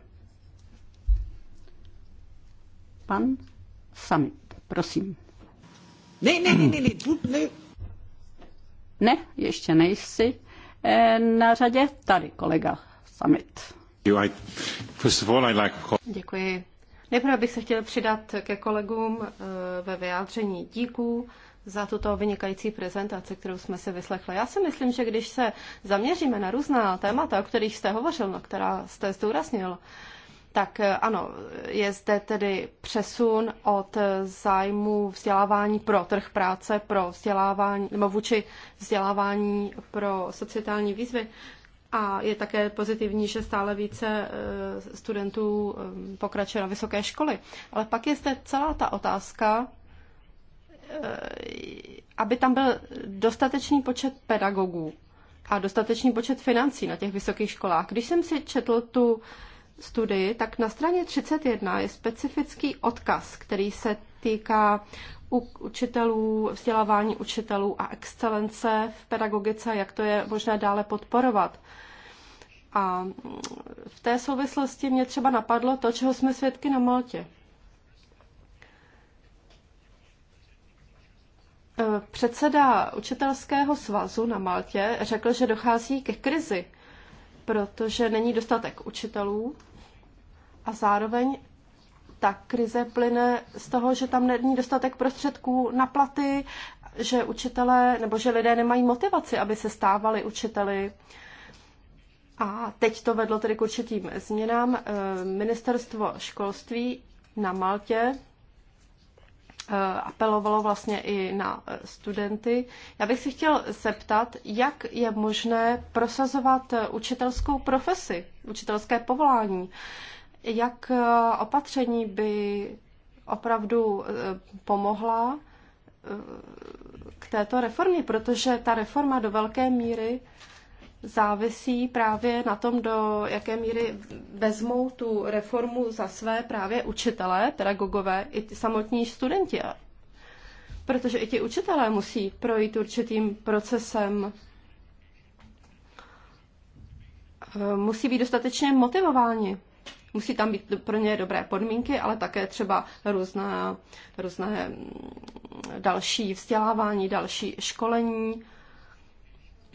Pan Samit, prosím. Ne, ne, ne, ne, ne, ne. Ne, ještě nejsi eh, na řadě. Tady kolega Samit. Děkuji. Nejprve bych se chtěl přidat ke kolegům eh, ve vyjádření díků za tuto vynikající prezentaci, kterou jsme si vyslechli. Já si myslím, že když se zaměříme na různá témata, o kterých jste hovořil, na no, která jste zdůraznil, tak eh, ano, je zde tedy přesun od eh, zájmu vzdělávání pro trh práce, pro vzdělávání, nebo vůči vzdělávání pro sociální výzvy. A je také pozitivní, že stále více eh, studentů pokračuje na vysoké školy. Ale pak je zde celá ta otázka, aby tam byl dostatečný počet pedagogů a dostatečný počet financí na těch vysokých školách. Když jsem si četl tu studii, tak na straně 31 je specifický odkaz, který se týká učitelů, vzdělávání učitelů a excelence v pedagogice, jak to je možné dále podporovat. A v té souvislosti mě třeba napadlo to, čeho jsme svědky na Maltě. Předseda učitelského svazu na Maltě řekl, že dochází ke krizi protože není dostatek učitelů a zároveň ta krize plyne z toho, že tam není dostatek prostředků na platy, že učitelé nebo že lidé nemají motivaci, aby se stávali učiteli. A teď to vedlo tedy k určitým změnám. Ministerstvo školství na Maltě Eh, apelovalo vlastně i na eh, studenty. Já bych si chtěl zeptat, jak je možné prosazovat eh, učitelskou profesi, učitelské povolání. Jak opatření by opravdu pomohla k této reformě, protože ta reforma do velké míry závisí právě na tom, do jaké míry vezmou tu reformu za své právě učitelé, pedagogové, i ty samotní studenti. Protože i ti učitelé musí projít určitým procesem. Musí být dostatečně motivováni. Musí tam být pro ně dobré podmínky, ale také třeba různé, různé mm, další vzdělávání, další školení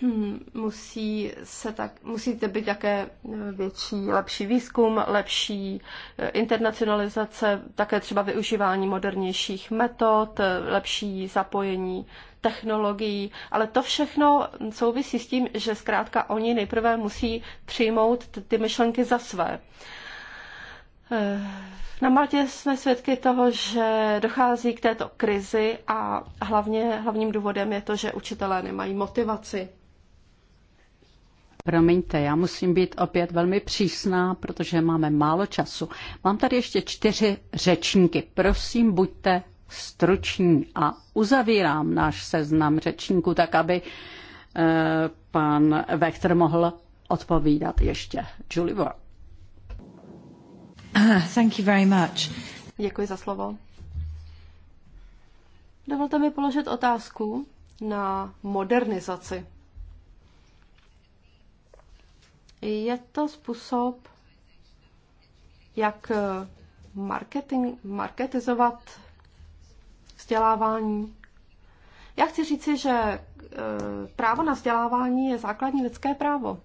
Hmm, musí se tak, musíte být také eh, větší, lepší výzkum, lepší eh, internacionalizace, také třeba využívání modernějších metod, eh, lepší zapojení technologií, ale to všechno souvisí s tím, že zkrátka oni nejprve musí přijmout ty myšlenky za své. Na Maltě jsme svědky toho, že dochází k této krizi a hlavně, hlavním důvodem je to, že učitelé nemají motivaci Promiňte, já musím být opět velmi přísná, protože máme málo času. Mám tady ještě čtyři řečníky. Prosím, buďte struční a uzavírám náš seznam řečníků, tak aby eh, pan Vechter mohl odpovídat ještě. Julie Ward. Ah, thank you very much. Děkuji za slovo. Dovolte mi položit otázku na modernizaci je to způsob, jak eh, marketing, marketizovat vzdělávání. Já chci říci, že eh, právo na vzdělávání je základní lidské právo.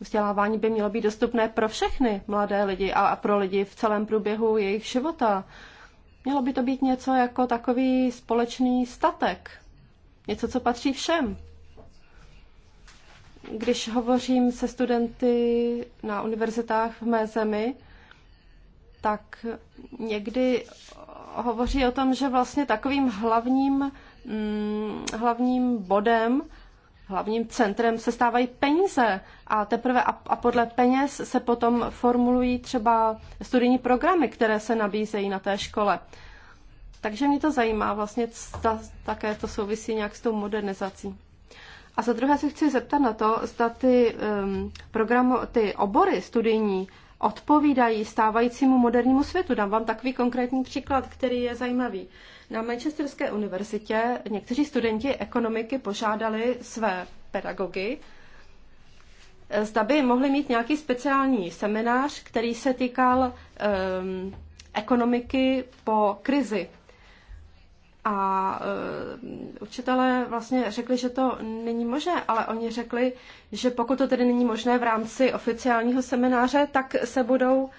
Vzdělávání by mělo být dostupné pro všechny mladé lidi a pro lidi v celém průběhu jejich života. Mělo by to být něco jako takový společný statek, něco, co patří všem. Když hovořím se studenty na univerzitách v mé zemi, tak někdy hovoří o tom, že vlastně takovým hlavním, hm, hlavním bodem, hlavním centrem se stávají peníze a teprve a, a podle peněz se potom formulují třeba studijní programy, které se nabízejí na té škole. Takže mě to zajímá, vlastně ta, také to souvisí nějak s tou modernizací. A za druhé se chci zeptat na to, zda ty, um, ehm, programu, ty obory studijní odpovídají stávajícímu modernímu světu. Dám vám takový konkrétní příklad, který je zajímavý. Na Manchesterské univerzitě někteří studenti ekonomiky požádali své pedagogy, eh, zda by mohli mít nějaký speciální seminář, který se týkal um, ekonomiky po krizi. A uh, učitelé vlastně řekli, že to není možné, ale oni řekli, že pokud to tedy není možné v rámci oficiálního semináře, tak se budou uh,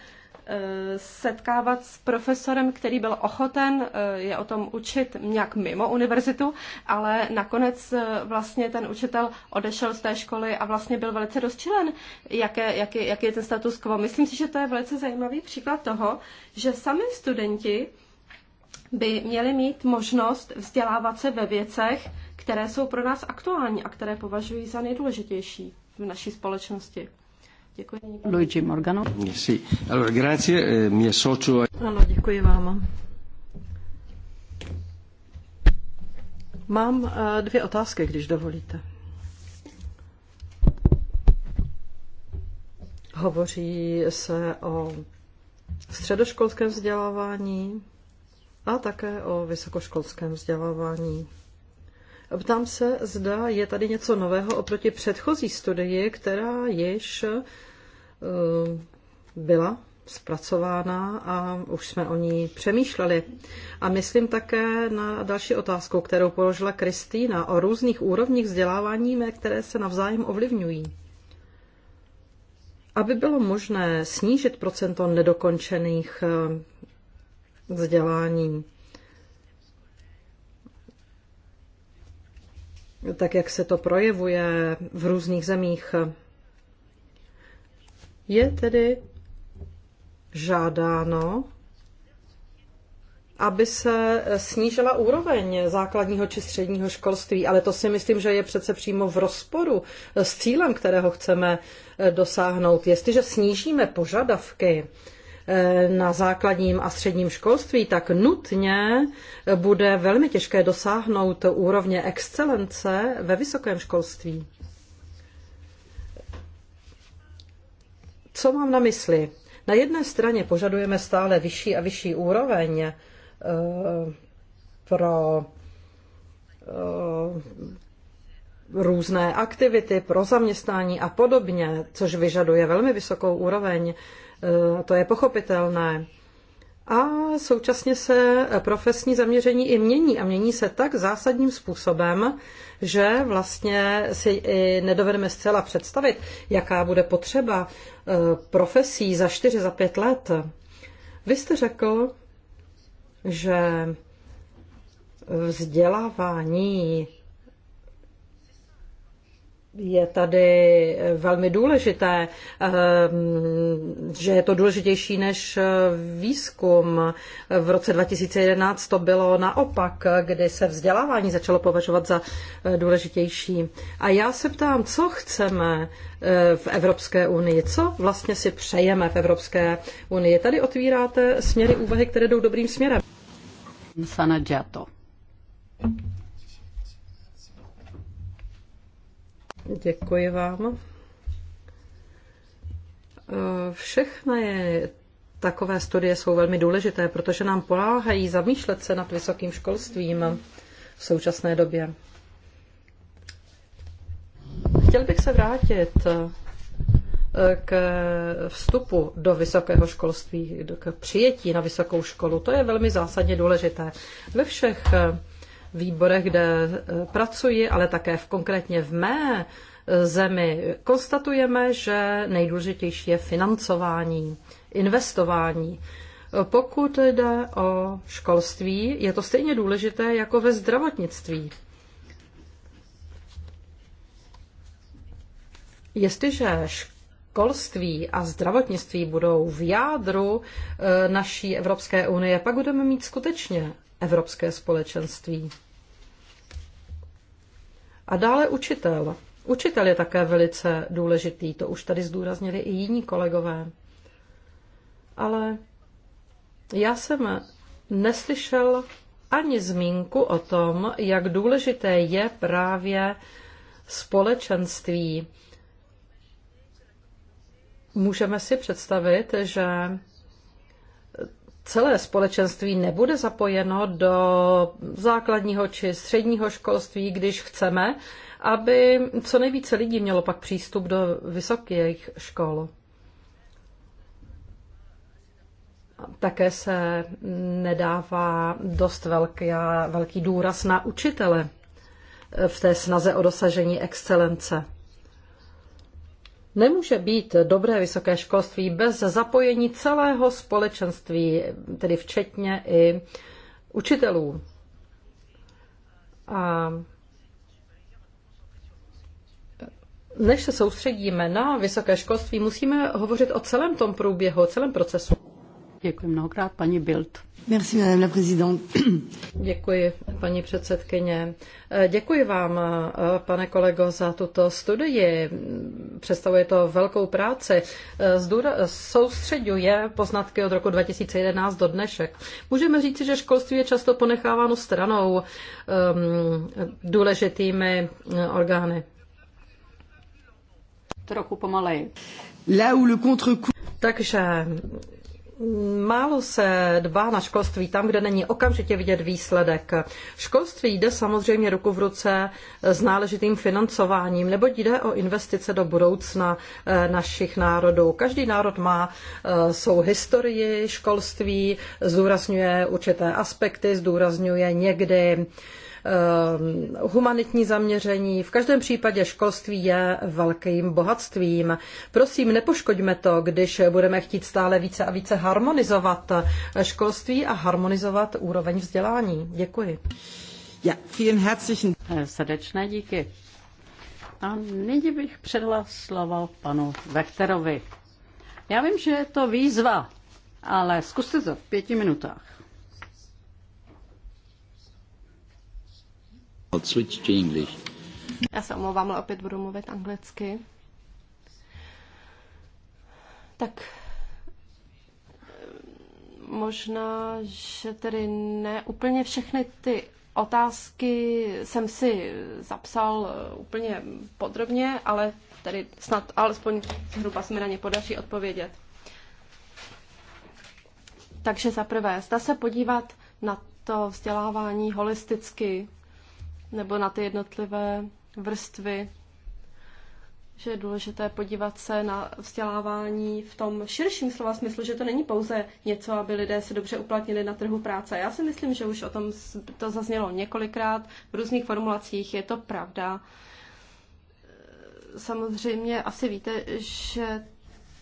setkávat s profesorem, který byl ochoten uh, je o tom učit nějak mimo univerzitu, ale nakonec uh, vlastně ten učitel odešel z té školy a vlastně byl velice rozčilen, jak jaký, jak je ten status quo. Myslím si, že to je velice zajímavý příklad toho, že sami studenti by měli mít možnost vzdělávat se ve věcech, které jsou pro nás aktuální a které považují za nejdůležitější v naší společnosti. Děkuji. Luigi Morgano. Sì. Allora, grazie, eh, mi associo. Ano, děkuji vám. Mám eh, dvě otázky, když dovolíte. Hovoří se o středoškolském vzdělávání, a také o vysokoškolském vzdělávání. Ptám se, zda je tady něco nového oproti předchozí studii, která již eh, byla zpracována a už jsme o ní přemýšleli. A myslím také na další otázku, kterou položila Kristýna o různých úrovních vzdělávání, které se navzájem ovlivňují. Aby bylo možné snížit procento nedokončených eh, vzdělání. Tak, jak se to projevuje v různých zemích. Je tedy žádáno, aby se snížila úroveň základního či středního školství, ale to si myslím, že je přece přímo v rozporu s cílem, kterého chceme dosáhnout. Jestliže snížíme požadavky, Eh, na základním a středním školství, tak nutně bude velmi těžké dosáhnout úrovně excelence ve vysokém školství. Co mám na mysli? Na jedné straně požadujeme stále vyšší a vyšší úroveň eh, pro eh, různé aktivity pro zaměstnání a podobně, což vyžaduje velmi vysokou úroveň Eh, to je pochopitelné. A současně se profesní zaměření i mění a mění se tak zásadním způsobem, že vlastně si i nedovedeme zcela představit, jaká bude potřeba eh, profesí za 4, za 5 let. Vy jste řekl, že vzdělávání je tady eh, velmi důležité, eh, že je to důležitější než eh, výzkum. V roce 2011 to bylo naopak, kdy se vzdělávání začalo považovat za důležitější. A já se ptám, co chceme v Evropské unii, co vlastně si přejeme v Evropské unii. Tady otvíráte směry úvahy, které jdou dobrým směrem. Sanadžato. Děkuji vám. Eh, Všechny takové studie jsou velmi důležité, protože nám poláhají zamýšlet se nad vysokým školstvím v současné době. Chtěl bych se vrátit eh, k vstupu do vysokého školství, k přijetí na vysokou školu. To je velmi zásadně důležité. Ve všech eh, výborech, kde eh, pracuji, ale také v, konkrétně v mé eh, zemi, konstatujeme, že nejdůležitější je financování, investování. Eh, pokud jde o školství, je to stejně důležité jako ve zdravotnictví. Jestliže školství a zdravotnictví budou v jádru naší Evropské unie, pak budeme mít skutečně Evropské společenství. A dále učitel. Učitel je také velice důležitý, to už tady zdůraznili i jiní kolegové. Ale já jsem neslyšel ani zmínku o tom, jak důležité je právě společenství. Můžeme si představit, že celé společenství nebude zapojeno do základního či středního školství, když chceme, aby co nejvíce lidí mělo pak přístup do vysokých škol. Také se nedává dost velký, velký důraz na učitele v té snaze o dosažení excelence. Nemůže být dobré vysoké školství bez zapojení celého společenství, tedy včetně i učitelů. A než se soustředíme na vysoké školství, musíme hovořit o celém tom průběhu, o celém procesu. Děkuji mnohokrát, paní Bild. Merci, madame la présidente. Děkuji, paní předsedkyně. Eh, děkuji vám, eh, pane kolego, za tuto studii. Představuje to velkou práci. Eh, zdůra- soustředuje poznatky od roku 2011 do dnešek. Můžeme říci, že školství je často ponecháváno stranou um, důležitými orgány. Trochu pomalej. Là où le contre-coup... Takže Málo se dbá na školství tam, kde není okamžitě vidět výsledek. Školství jde samozřejmě ruku v ruce s náležitým financováním, nebo jde o investice do budoucna eh, našich národů. Každý národ má eh, svou historii školství, zdůrazňuje určité aspekty, zdůrazňuje někdy Ehm, humanitní zaměření. V každém případě školství je velkým bohatstvím. Prosím, nepoškoďme to, když budeme chtít stále více a více harmonizovat školství a harmonizovat úroveň vzdělání. Děkuji. Ja, vielen herzlichen. Srdečné díky. A nyní bych předala slovo panu Vekterovi. Já vím, že je to výzva, ale zkuste to v pěti minutách. I'll switch to English. Já se omlouvám, ale opět budu mluvit anglicky. Tak možná, že tedy ne úplně všechny ty otázky jsem si zapsal eh, úplně podrobně, ale tedy snad alespoň zhruba se mi na ně podaří odpovědět. Takže za prvé, zda se podívat na to vzdělávání holisticky, nebo na ty jednotlivé vrstvy, že je důležité podívat se na vzdělávání v tom širším slova smyslu, že to není pouze něco, aby lidé se dobře uplatnili na trhu práce. Já si myslím, že už o tom to zaznělo několikrát v různých formulacích, je to pravda. Samozřejmě asi víte, že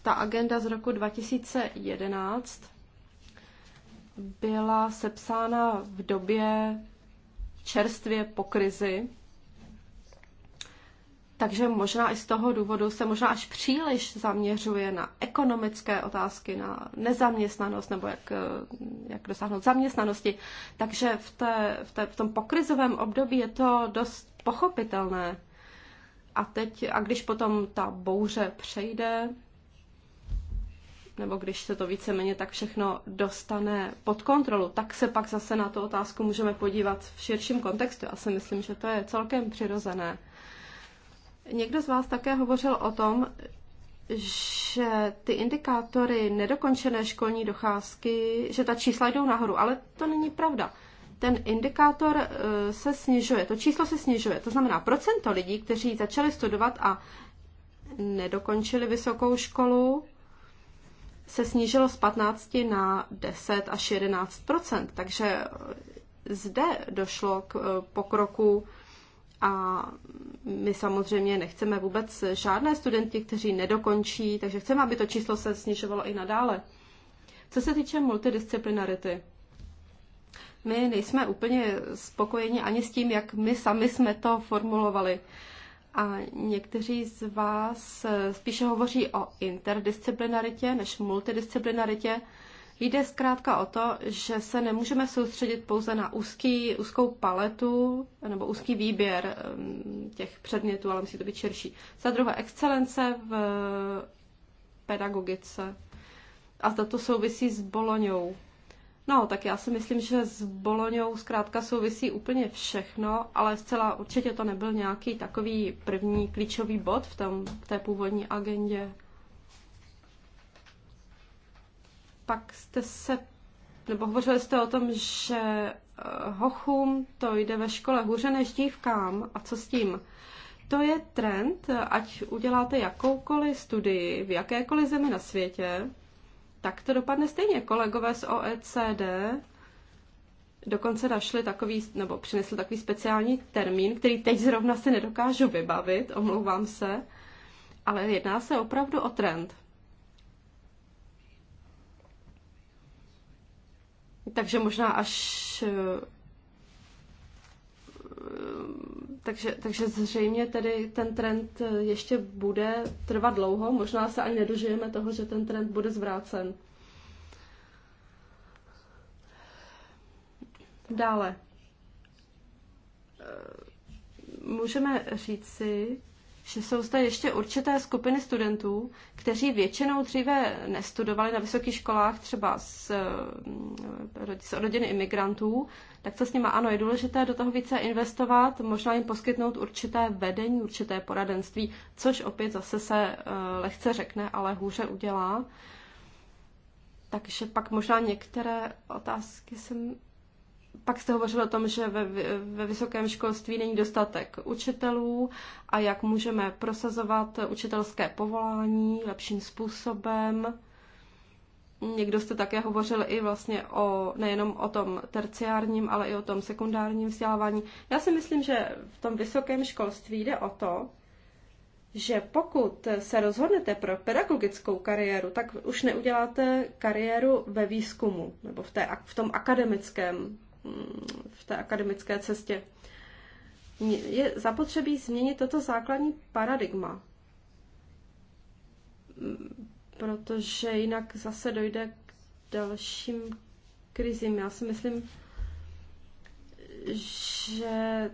ta agenda z roku 2011 byla sepsána v době čerstvě po krizi. Takže možná i z toho důvodu se možná až příliš zaměřuje na ekonomické otázky, na nezaměstnanost nebo jak, jak dosáhnout zaměstnanosti. Takže v, té, v, té, v tom pokrizovém období je to dost pochopitelné. A teď, a když potom ta bouře přejde, nebo když se to víceméně tak všechno dostane pod kontrolu, tak se pak zase na tu otázku můžeme podívat v širším kontextu. Já si myslím, že to je celkem přirozené. Někdo z vás také hovořil o tom, že ty indikátory nedokončené školní docházky, že ta čísla jdou nahoru, ale to není pravda. Ten indikátor e, se snižuje, to číslo se snižuje. To znamená, procento lidí, kteří začali studovat a nedokončili vysokou školu, se snížilo z 15 na 10 až 11 takže zde došlo k e, pokroku a my samozřejmě nechceme vůbec žádné studenty, kteří nedokončí, takže chceme, aby to číslo se snižovalo i nadále. Co se týče multidisciplinarity, my nejsme úplně spokojeni ani s tím, jak my sami jsme to formulovali a někteří z vás spíše hovoří o interdisciplinaritě než multidisciplinaritě. Jde zkrátka o to, že se nemůžeme soustředit pouze na úzký, úzkou paletu nebo úzký výběr těch předmětů, ale musí to být širší. Za druhé, excelence v pedagogice. A za to souvisí s Boloňou. No, tak já si myslím, že s Boloňou zkrátka souvisí úplně všechno, ale zcela určitě to nebyl nějaký takový první klíčový bod v, tom, v té původní agendě. Pak jste se, nebo hovořili jste o tom, že eh, hochům to jde ve škole hůře než dívkám. A co s tím? To je trend, ať uděláte jakoukoliv studii v jakékoliv zemi na světě, tak to dopadne stejně. Kolegové z OECD dokonce našli takový, nebo přinesli takový speciální termín, který teď zrovna se nedokážu vybavit, omlouvám se, ale jedná se opravdu o trend. Takže možná až takže, takže zřejmě tedy ten trend ještě bude trvat dlouho, možná se ani nedožijeme toho, že ten trend bude zvrácen. Dále. Můžeme říci, že jsou zde ještě určité skupiny studentů, kteří většinou dříve nestudovali na vysokých školách, třeba z, z eh, rodiny imigrantů, tak se s nimi ano, je důležité do toho více investovat, možná jim poskytnout určité vedení, určité poradenství, což opět zase se eh, lehce řekne, ale hůře udělá. Takže pak možná některé otázky jsem pak jste hovořil o tom, že ve, ve vysokém školství není dostatek učitelů a jak můžeme prosazovat učitelské povolání lepším způsobem. Někdo jste také hovořil i vlastně o, nejenom o tom terciárním, ale i o tom sekundárním vzdělávání. Já si myslím, že v tom vysokém školství jde o to, že pokud se rozhodnete pro pedagogickou kariéru, tak už neuděláte kariéru ve výzkumu nebo v, té, v tom akademickém v té akademické cestě. Je zapotřebí změnit toto základní paradigma, protože jinak zase dojde k dalším krizím. Já si myslím, že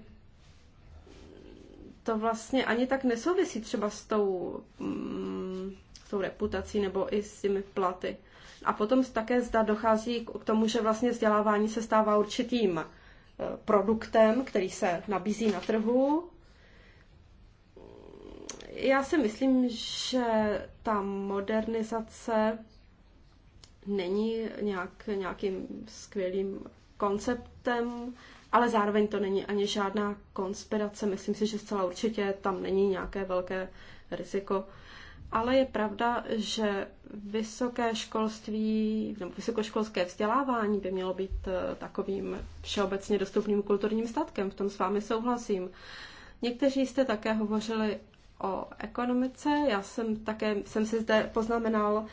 to vlastně ani tak nesouvisí třeba s tou, mm, s tou reputací nebo i s těmi platy. A potom také zda dochází k tomu, že vlastně vzdělávání se stává určitým e, produktem, který se nabízí na trhu. Já si myslím, že ta modernizace není nějak, nějakým skvělým konceptem, ale zároveň to není ani žádná konspirace. Myslím si, že zcela určitě tam není nějaké velké riziko ale je pravda, že vysoké školství, nebo vysokoškolské vzdělávání by mělo být eh, takovým všeobecně dostupným kulturním statkem, v tom s vámi souhlasím. Někteří jste také hovořili o ekonomice, já jsem také, jsem si zde poznamenal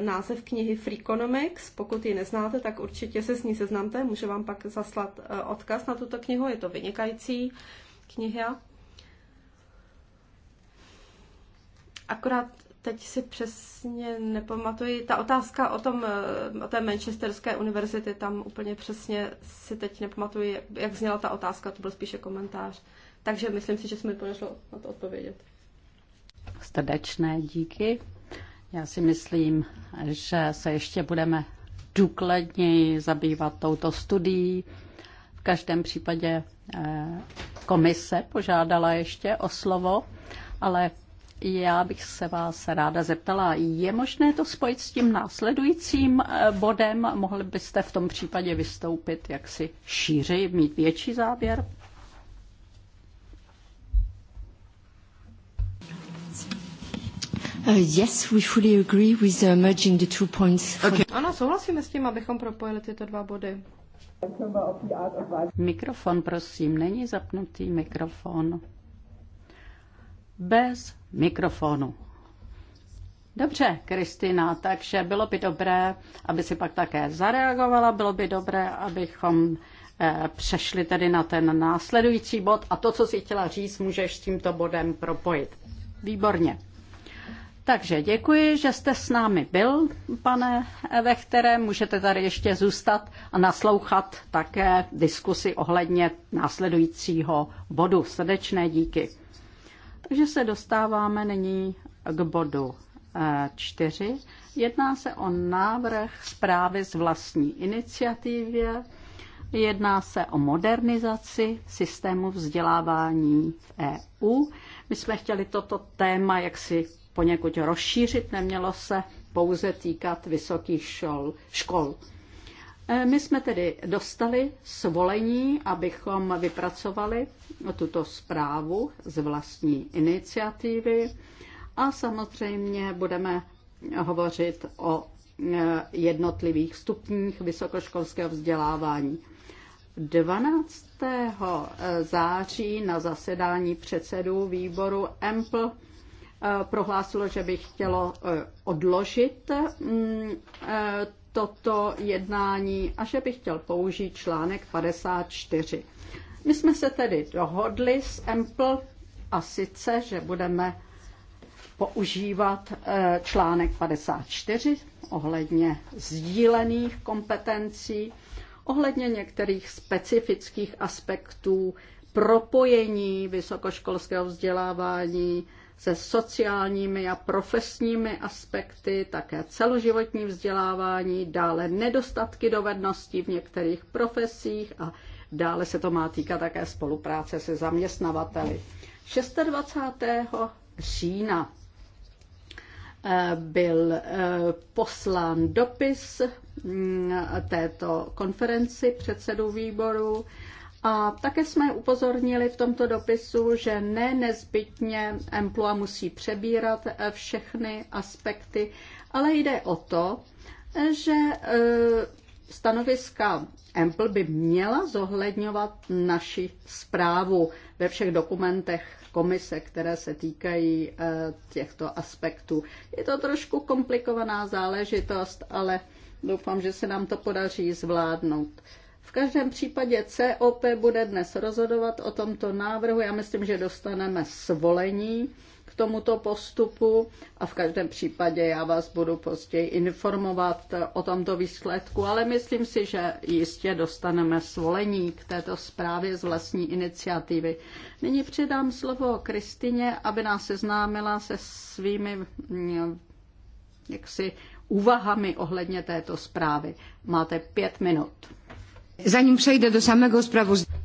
eh, název knihy Freakonomics. Pokud ji neznáte, tak určitě se s ní seznamte. Můžu vám pak zaslat eh, odkaz na tuto knihu, je to vynikající kniha. Akorát teď si přesně nepamatuji. Ta otázka o, tom, eh, o té Manchesterské univerzity, tam úplně přesně si teď nepamatuji, jak zněla ta otázka, to byl spíše komentář. Takže myslím si, že se mi podařilo na to odpovědět. Srdečné díky. Já si myslím, že se ještě budeme důkladněji zabývat touto studií. V každém případě eh, komise požádala ještě o slovo, ale já bych se vás ráda zeptala, je možné to spojit s tím následujícím eh, bodem? Mohli byste v tom případě vystoupit jaksi šířej, mít větší záběr? Uh, yes, we fully agree with the uh, merging the two points. Okay. Ano, souhlasíme s tím, abychom propojili tyto dva body. Mikrofon, prosím, není zapnutý mikrofon bez mikrofonu. Dobře, Kristina, takže bylo by dobré, aby si pak také zareagovala, bylo by dobré, abychom eh, přešli tedy na ten následující bod a to, co si chtěla říct, můžeš s tímto bodem propojit. Výborně. Takže děkuji, že jste s námi byl, pane Vechtere. Můžete tady ještě zůstat a naslouchat také diskusi ohledně následujícího bodu. Srdečné díky. Takže se dostáváme nyní k bodu eh, čtyři. Jedná se o návrh zprávy z vlastní iniciativy. Jedná se o modernizaci systému vzdělávání v EU. My jsme chtěli toto téma jaksi poněkud rozšířit, nemělo se pouze týkat vysokých škol. Eh, my jsme tedy dostali svolení, abychom vypracovali tuto zprávu z vlastní iniciativy a samozřejmě budeme hovořit o eh, jednotlivých stupních vysokoškolského vzdělávání. 12. Eh, září na zasedání předsedů výboru EMPL prohlásilo, že by chtělo odložit mm, toto jednání a že by chtěl použít článek 54. My jsme se tedy dohodli s EMPL a sice, že budeme používat eh, článek 54 ohledně sdílených kompetencí, ohledně některých specifických aspektů propojení vysokoškolského vzdělávání se sociálními a profesními aspekty, také celoživotní vzdělávání, dále nedostatky dovedností v některých profesích a dále se to má týkat také spolupráce se zaměstnavateli. 26. října eh, byl eh, poslán dopis mm, této konferenci předsedů výboru a také jsme upozornili v tomto dopisu, že ne nezbytně Emploa musí přebírat eh, všechny aspekty, ale jde o to, eh, že eh, stanoviska Empl by měla zohledňovat naši zprávu ve všech dokumentech komise, které se týkají těchto aspektů. Je to trošku komplikovaná záležitost, ale doufám, že se nám to podaří zvládnout. V každém případě COP bude dnes rozhodovat o tomto návrhu. Já myslím, že dostaneme svolení k tomuto postupu a v každém případě já vás budu později informovat o tomto výsledku, ale myslím si, že jistě dostaneme svolení k této zprávě z vlastní iniciativy. Nyní předám slovo Kristině, aby nás seznámila se svými mm, jaksi úvahami ohledně této zprávy. Máte pět minut. Zanim przejdę do samego sprawozdania.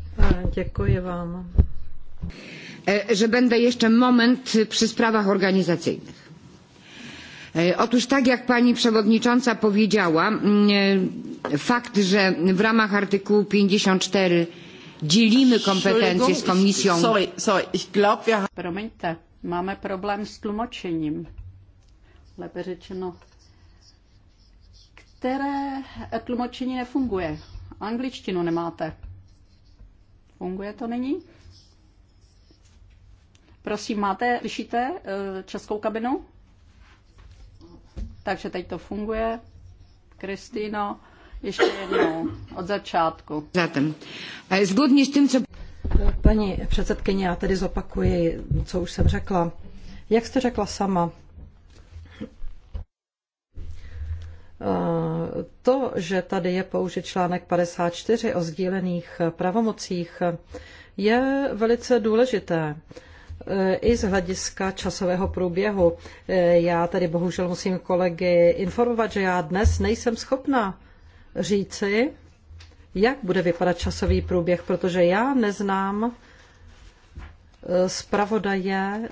Děkuji vám. E, że będę jeszcze moment przy sprawach organizacyjnych. E, otóż tak jak pani przewodnicząca powiedziała, e, fakt, że w ramach artykułu 54 dělíme kompetence s komisí. Sorry, sorry, ich glaub, wir... Promiňte, máme problém s tlumočením. Lépe řečeno, které tlumočení nefunguje. Angličtinu nemáte. Funguje to nyní? Prosím, máte, slyšíte eh, českou kabinu? Takže teď to funguje. Kristýno, ještě jednou od začátku. Zatem. Zgodně s tím, co... Paní předsedkyně, já tedy zopakuji, co už jsem řekla. Jak jste řekla sama, To, že tady je použit článek 54 o sdílených pravomocích, je velice důležité eh, i z hlediska časového průběhu. Eh, já tady bohužel musím kolegy informovat, že já dnes nejsem schopna říci, jak bude vypadat časový průběh, protože já neznám eh, zpravodaje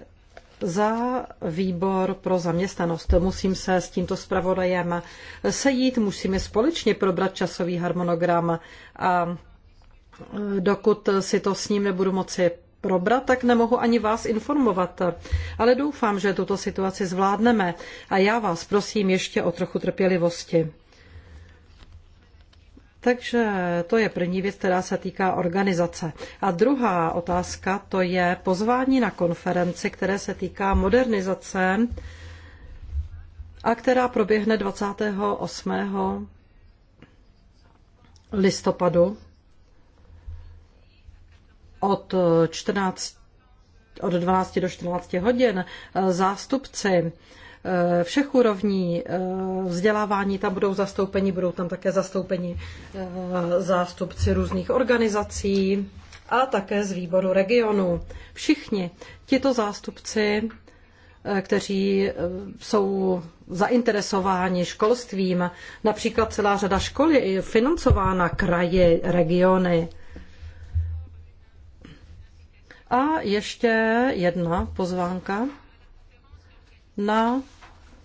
za výbor pro zaměstnanost. Musím se s tímto zpravodajem sejít, musíme společně probrat časový harmonogram a e, dokud si to s ním nebudu moci probrat, tak nemohu ani vás informovat. Ale doufám, že tuto situaci zvládneme a já vás prosím ještě o trochu trpělivosti. Takže to je první věc, která se týká organizace. A druhá otázka, to je pozvání na konferenci, které se týká modernizace a která proběhne 28. listopadu od 14 od 12 do 14 hodin zástupci Eh, všech úrovní eh, vzdělávání tam budou zastoupeni, budou tam také zastoupeni eh, zástupci různých organizací a také z výboru regionu. Všichni tito zástupci kteří jsou zainteresováni školstvím. Například celá řada škol je financována kraji, regiony. A ještě jedna pozvánka na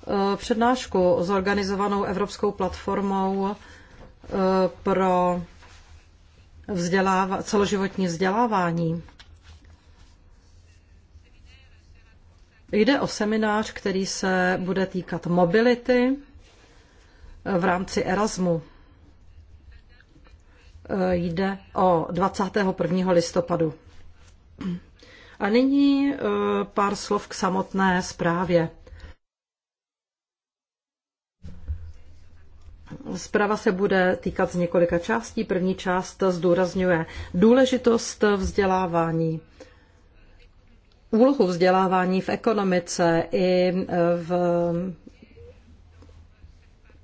e, přednášku zorganizovanou Evropskou platformou e, pro vzdělává, celoživotní vzdělávání. Jde o seminář, který se bude týkat mobility e, v rámci Erasmu. Jde o 21. listopadu. A nyní eh, pár slov k samotné zprávě. Zpráva se bude týkat z několika částí. První část zdůrazňuje důležitost vzdělávání úlohu vzdělávání v ekonomice i eh, v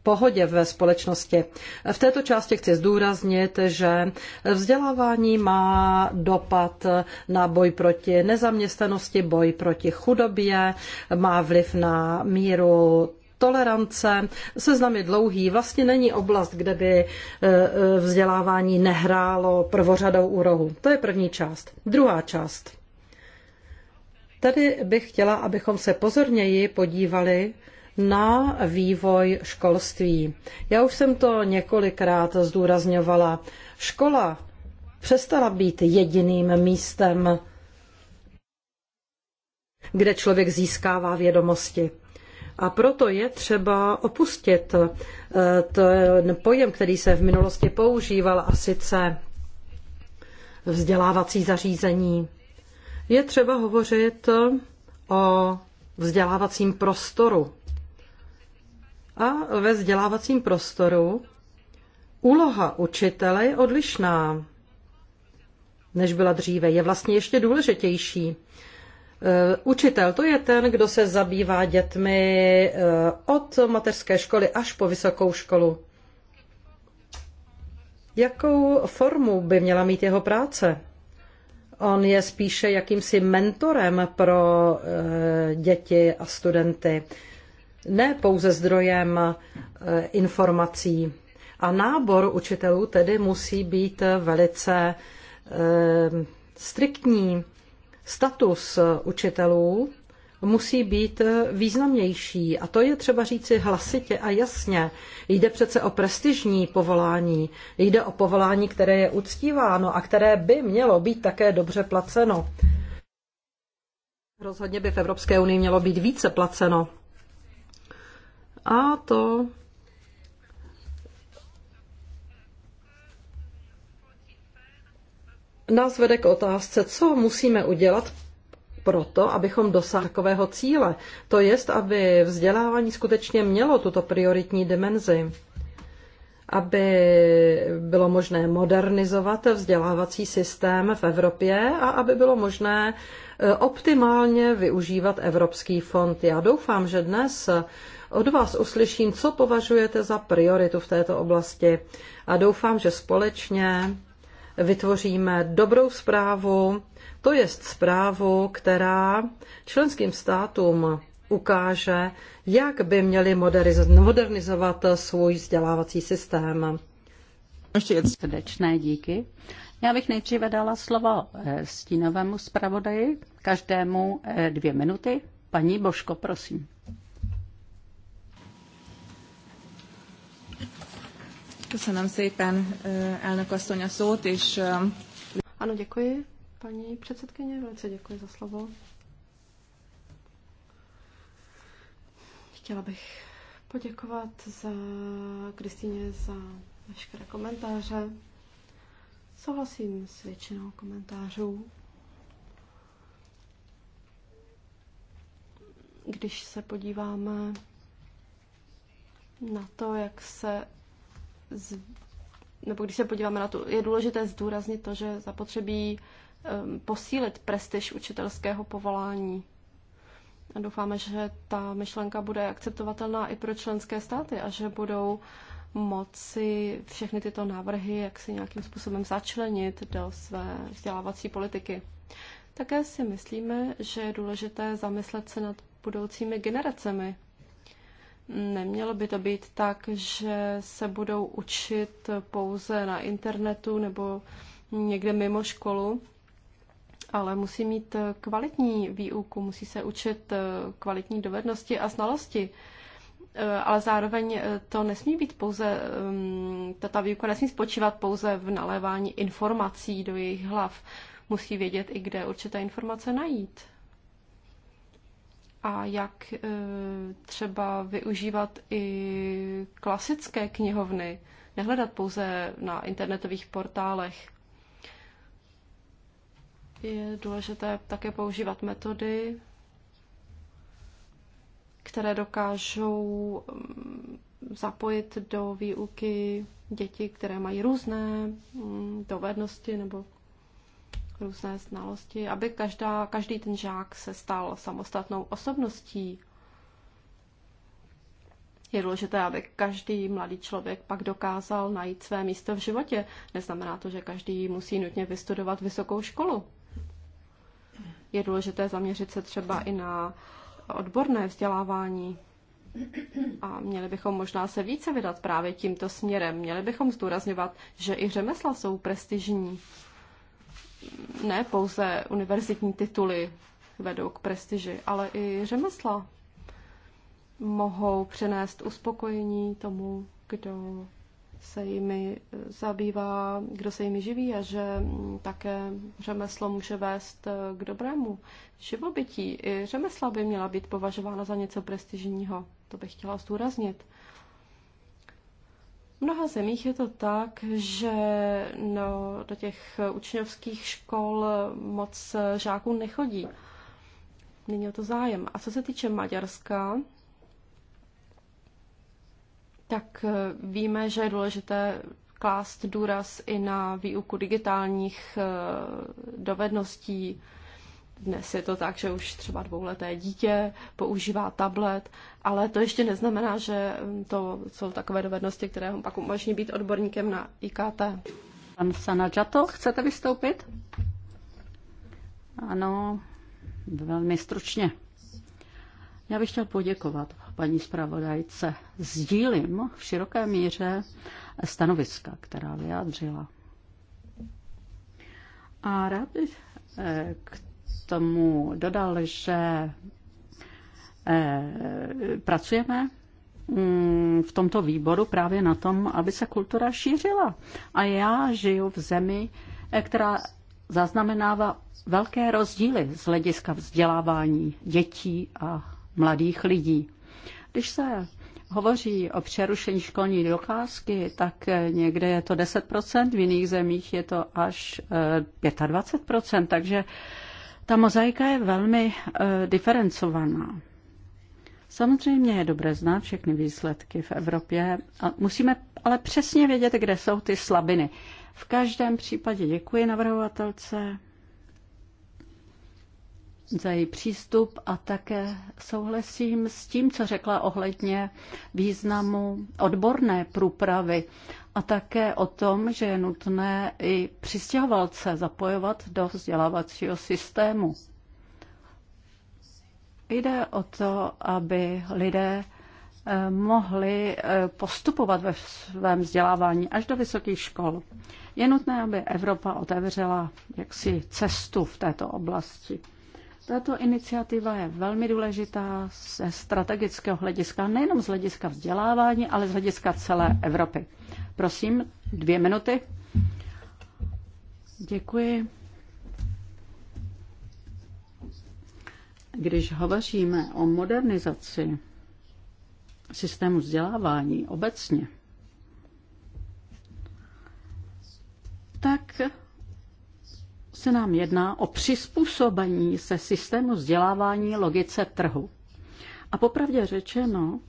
pohodě ve společnosti. V této části chci zdůraznit, že vzdělávání má dopad na boj proti nezaměstnanosti, boj proti chudobě, má vliv na míru tolerance. Seznam je dlouhý. Vlastně není oblast, kde by e, e, vzdělávání nehrálo prvořadou úrohu. To je první část. Druhá část. Tady bych chtěla, abychom se pozorněji podívali na vývoj školství. Já už jsem to několikrát zdůrazňovala. Škola přestala být jediným místem, kde člověk získává vědomosti. A proto je třeba opustit eh, ten pojem, který se v minulosti používal, a sice vzdělávací zařízení. Je třeba hovořit o vzdělávacím prostoru. A ve vzdělávacím prostoru úloha učitele je odlišná, než byla dříve. Je vlastně ještě důležitější. E, učitel to je ten, kdo se zabývá dětmi e, od mateřské školy až po vysokou školu. Jakou formu by měla mít jeho práce? On je spíše jakýmsi mentorem pro e, děti a studenty ne pouze zdrojem e, informací. A nábor učitelů tedy musí být velice e, striktní. Status učitelů musí být významnější. A to je třeba říci hlasitě a jasně. Jde přece o prestižní povolání. Jde o povolání, které je uctíváno a které by mělo být také dobře placeno. Rozhodně by v Evropské unii mělo být více placeno. A to nás vede k otázce, co musíme udělat proto, abychom dosáhli takového cíle. To jest, aby vzdělávání skutečně mělo tuto prioritní dimenzi aby bylo možné modernizovat vzdělávací systém v Evropě a aby bylo možné eh, optimálně využívat Evropský fond. Já doufám, že dnes od vás uslyším, co považujete za prioritu v této oblasti a doufám, že společně vytvoříme dobrou zprávu, to je zprávu, která členským státům ukáže, jak by měli modernizovat svůj vzdělávací systém. Ještě srdečné díky. Já bych nejdříve dala slovo eh, stínovému zpravodaji, každému eh, dvě minuty. Paní Božko, prosím. Köszönöm szépen, eh, elnök asszony, a szót, és... Ano, eh, děkuji, paní předsedkyně, velice děkuji za slovo. Chtěla bych poděkovat za Kristýně za veškeré komentáře. Souhlasím s většinou komentářů. Když se podíváme na to, jak se z, nebo když se podíváme na to, je důležité zdůraznit to, že zapotřebí um, posílit prestiž učitelského povolání. A doufáme, že ta myšlenka bude akceptovatelná i pro členské státy a že budou moci všechny tyto návrhy jak si nějakým způsobem začlenit do své vzdělávací politiky. Také si myslíme, že je důležité zamyslet se nad budoucími generacemi Nemělo by to být tak, že se budou učit pouze na internetu nebo někde mimo školu, ale musí mít kvalitní výuku, musí se učit eh, kvalitní dovednosti a znalosti. Eh, ale zároveň eh, to nesmí být pouze, ehm, ta výuka nesmí spočívat pouze v nalévání informací do jejich hlav. Musí vědět i, kde určité informace najít a jak e, třeba využívat i klasické knihovny, nehledat pouze na internetových portálech. Je důležité také používat metody, které dokážou mm, zapojit do výuky děti, které mají různé mm, dovednosti nebo různé znalosti, aby každá, každý ten žák se stal samostatnou osobností. Je důležité, aby každý mladý člověk pak dokázal najít své místo v životě. Neznamená to, že každý musí nutně vystudovat vysokou školu. Je důležité zaměřit se třeba i na odborné vzdělávání. A měli bychom možná se více vydat právě tímto směrem. Měli bychom zdůrazňovat, že i řemesla jsou prestižní ne pouze univerzitní tituly vedou k prestiži, ale i řemesla mohou přinést uspokojení tomu, kdo se jimi eh, zabývá, kdo se jimi živí a že mm, také řemeslo může vést eh, k dobrému živobytí. I řemesla by měla být považována za něco prestižního. To bych chtěla zdůraznit mnoha zemích je to tak, že no, do těch učňovských škol moc žáků nechodí. Není o to zájem. A co se týče Maďarska, tak eh, víme, že je důležité klást důraz i na výuku digitálních eh, dovedností, dnes je to tak, že už třeba dvouleté dítě používá tablet, ale to ještě neznamená, že to jsou takové dovednosti, které ho pak umožní být odborníkem na IKT. Pan Sanajato, chcete vystoupit? Ano, velmi stručně. Já bych chtěl poděkovat paní zpravodajce. Sdílím v široké míře stanoviska, která vyjádřila. A rád bych eh, k tomu dodal, že eh, pracujeme mm, v tomto výboru právě na tom, aby se kultura šířila. A já žiju v zemi, eh, která zaznamenává velké rozdíly z hlediska vzdělávání dětí a mladých lidí. Když se hovoří o přerušení školní docházky, tak eh, někde je to 10%, v jiných zemích je to až 25%, takže ta mozaika je velmi e, diferencovaná. Samozřejmě je dobré znát všechny výsledky v Evropě. A musíme ale přesně vědět, kde jsou ty slabiny. V každém případě děkuji navrhovatelce za její přístup a také souhlasím s tím, co řekla ohledně významu odborné průpravy a také o tom, že je nutné i přistěhovalce zapojovat do vzdělávacího systému. Jde o to, aby lidé eh, mohli eh, postupovat ve svém vzdělávání až do vysokých škol. Je nutné, aby Evropa otevřela jaksi cestu v této oblasti. Tato iniciativa je velmi důležitá ze strategického hlediska, nejenom z hlediska vzdělávání, ale z hlediska celé Evropy. Prosím, dvě minuty. Děkuji. Když hovoříme o modernizaci systému vzdělávání obecně, tak se nám jedná o přizpůsobení se systému vzdělávání logice trhu. A popravdě řečeno,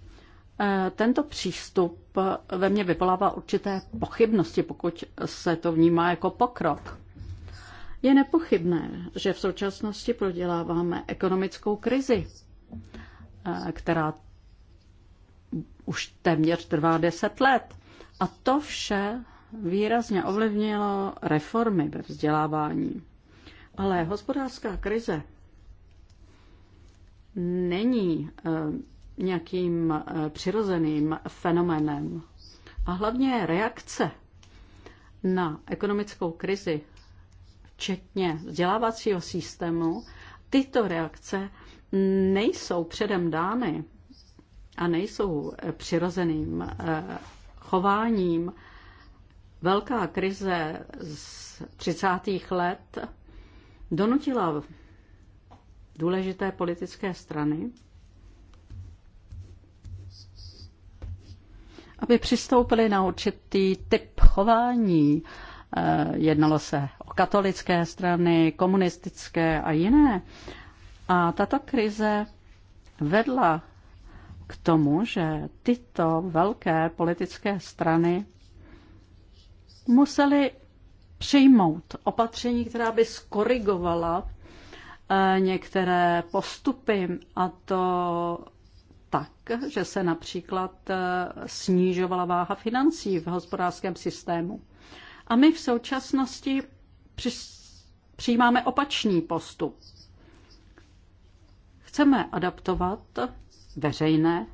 Eh, tento přístup eh, ve mně vyvolává určité pochybnosti, pokud se to vnímá jako pokrok. Je nepochybné, že v současnosti proděláváme ekonomickou krizi, eh, která už téměř trvá deset let. A to vše výrazně ovlivnilo reformy ve vzdělávání. Ale hospodářská krize není nějakým eh, přirozeným fenoménem. A hlavně reakce na ekonomickou krizi, včetně vzdělávacího systému, tyto reakce nejsou předem dány a nejsou eh, přirozeným eh, chováním. Velká krize z 30. let donutila důležité politické strany, aby přistoupili na určitý typ chování. Eh, jednalo se o katolické strany, komunistické a jiné. A tato krize vedla k tomu, že tyto velké politické strany museli přijmout opatření, která by skorigovala eh, některé postupy a to tak, že se například eh, snižovala váha financí v hospodářském systému. A my v současnosti přijímáme opačný postup. Chceme adaptovat veřejné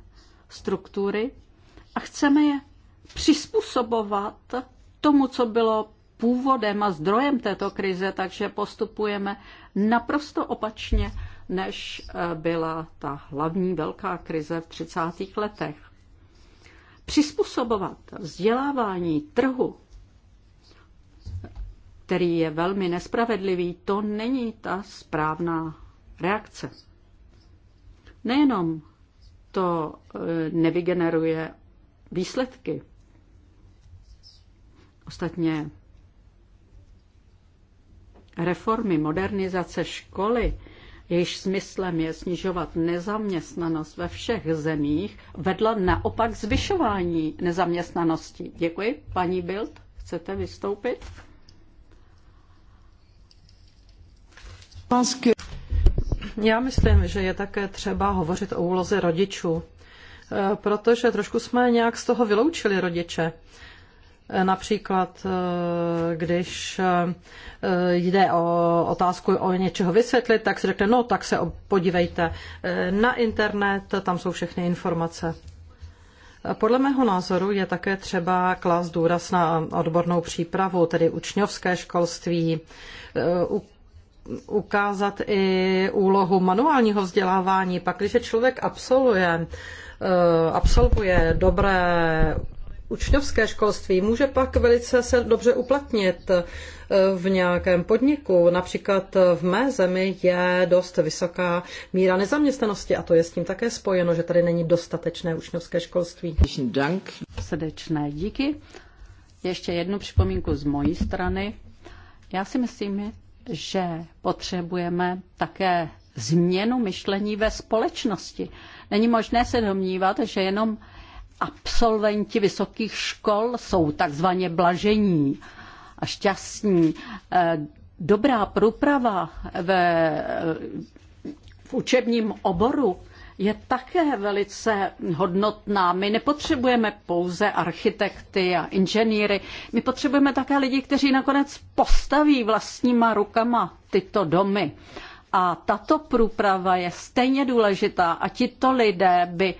struktury a chceme je přizpůsobovat tomu, co bylo původem a zdrojem této krize, takže postupujeme naprosto opačně než eh, byla ta hlavní velká krize v 30. letech. Přizpůsobovat vzdělávání trhu, který je velmi nespravedlivý, to není ta správná reakce. Nejenom to eh, nevygeneruje výsledky. Ostatně reformy, modernizace školy, jejíž smyslem je snižovat nezaměstnanost ve všech zemích, vedla naopak zvyšování nezaměstnanosti. Děkuji. Paní Bild, chcete vystoupit? Já myslím, že je také třeba hovořit o úloze rodičů, eh, protože trošku jsme nějak z toho vyloučili rodiče. Například, eh, když eh, jde o otázku o něčeho vysvětlit, tak se řekne, no tak se podívejte eh, na internet, tam jsou všechny informace. Podle mého názoru je také třeba klást důraz na odbornou přípravu, tedy učňovské školství, ukázat i úlohu manuálního vzdělávání. Pak, když člověk absolvuje, absolvuje dobré učňovské školství může pak velice se dobře uplatnit eh, v nějakém podniku. Například v mé zemi je dost vysoká míra nezaměstnanosti a to je s tím také spojeno, že tady není dostatečné učňovské školství. Dank. Srdečné díky. Ještě jednu připomínku z mojí strany. Já si myslím, že potřebujeme také změnu myšlení ve společnosti. Není možné se domnívat, že jenom absolventi vysokých škol jsou takzvaně blažení a šťastní. Eh, dobrá průprava ve, v učebním oboru je také velice hodnotná. My nepotřebujeme pouze architekty a inženýry, my potřebujeme také lidi, kteří nakonec postaví vlastníma rukama tyto domy. A tato průprava je stejně důležitá a tito lidé by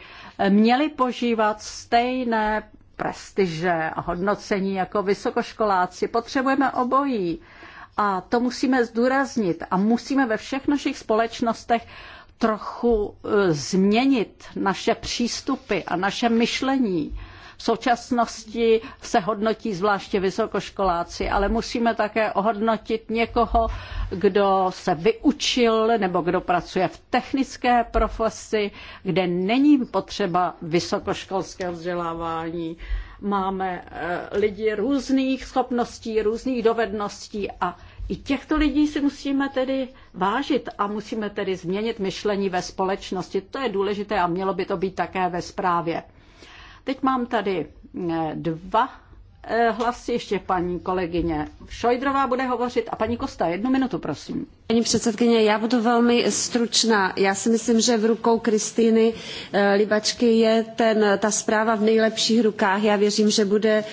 měli požívat stejné prestiže a hodnocení jako vysokoškoláci. Potřebujeme obojí a to musíme zdůraznit a musíme ve všech našich společnostech trochu e, změnit naše přístupy a naše myšlení v současnosti se hodnotí zvláště vysokoškoláci, ale musíme také ohodnotit někoho, kdo se vyučil nebo kdo pracuje v technické profesi, kde není potřeba vysokoškolského vzdělávání máme eh, lidi různých schopností, různých dovedností a i těchto lidí si musíme tedy vážit a musíme tedy změnit myšlení ve společnosti. To je důležité a mělo by to být také ve zprávě. Teď mám tady eh, dva eh, hlasy, ještě paní kolegyně Šojdrová bude hovořit a paní Kosta, jednu minutu, prosím. Paní předsedkyně, já budu velmi stručná. Já si myslím, že v rukou Kristýny eh, Libačky je ten, ta zpráva v nejlepších rukách. Já věřím, že bude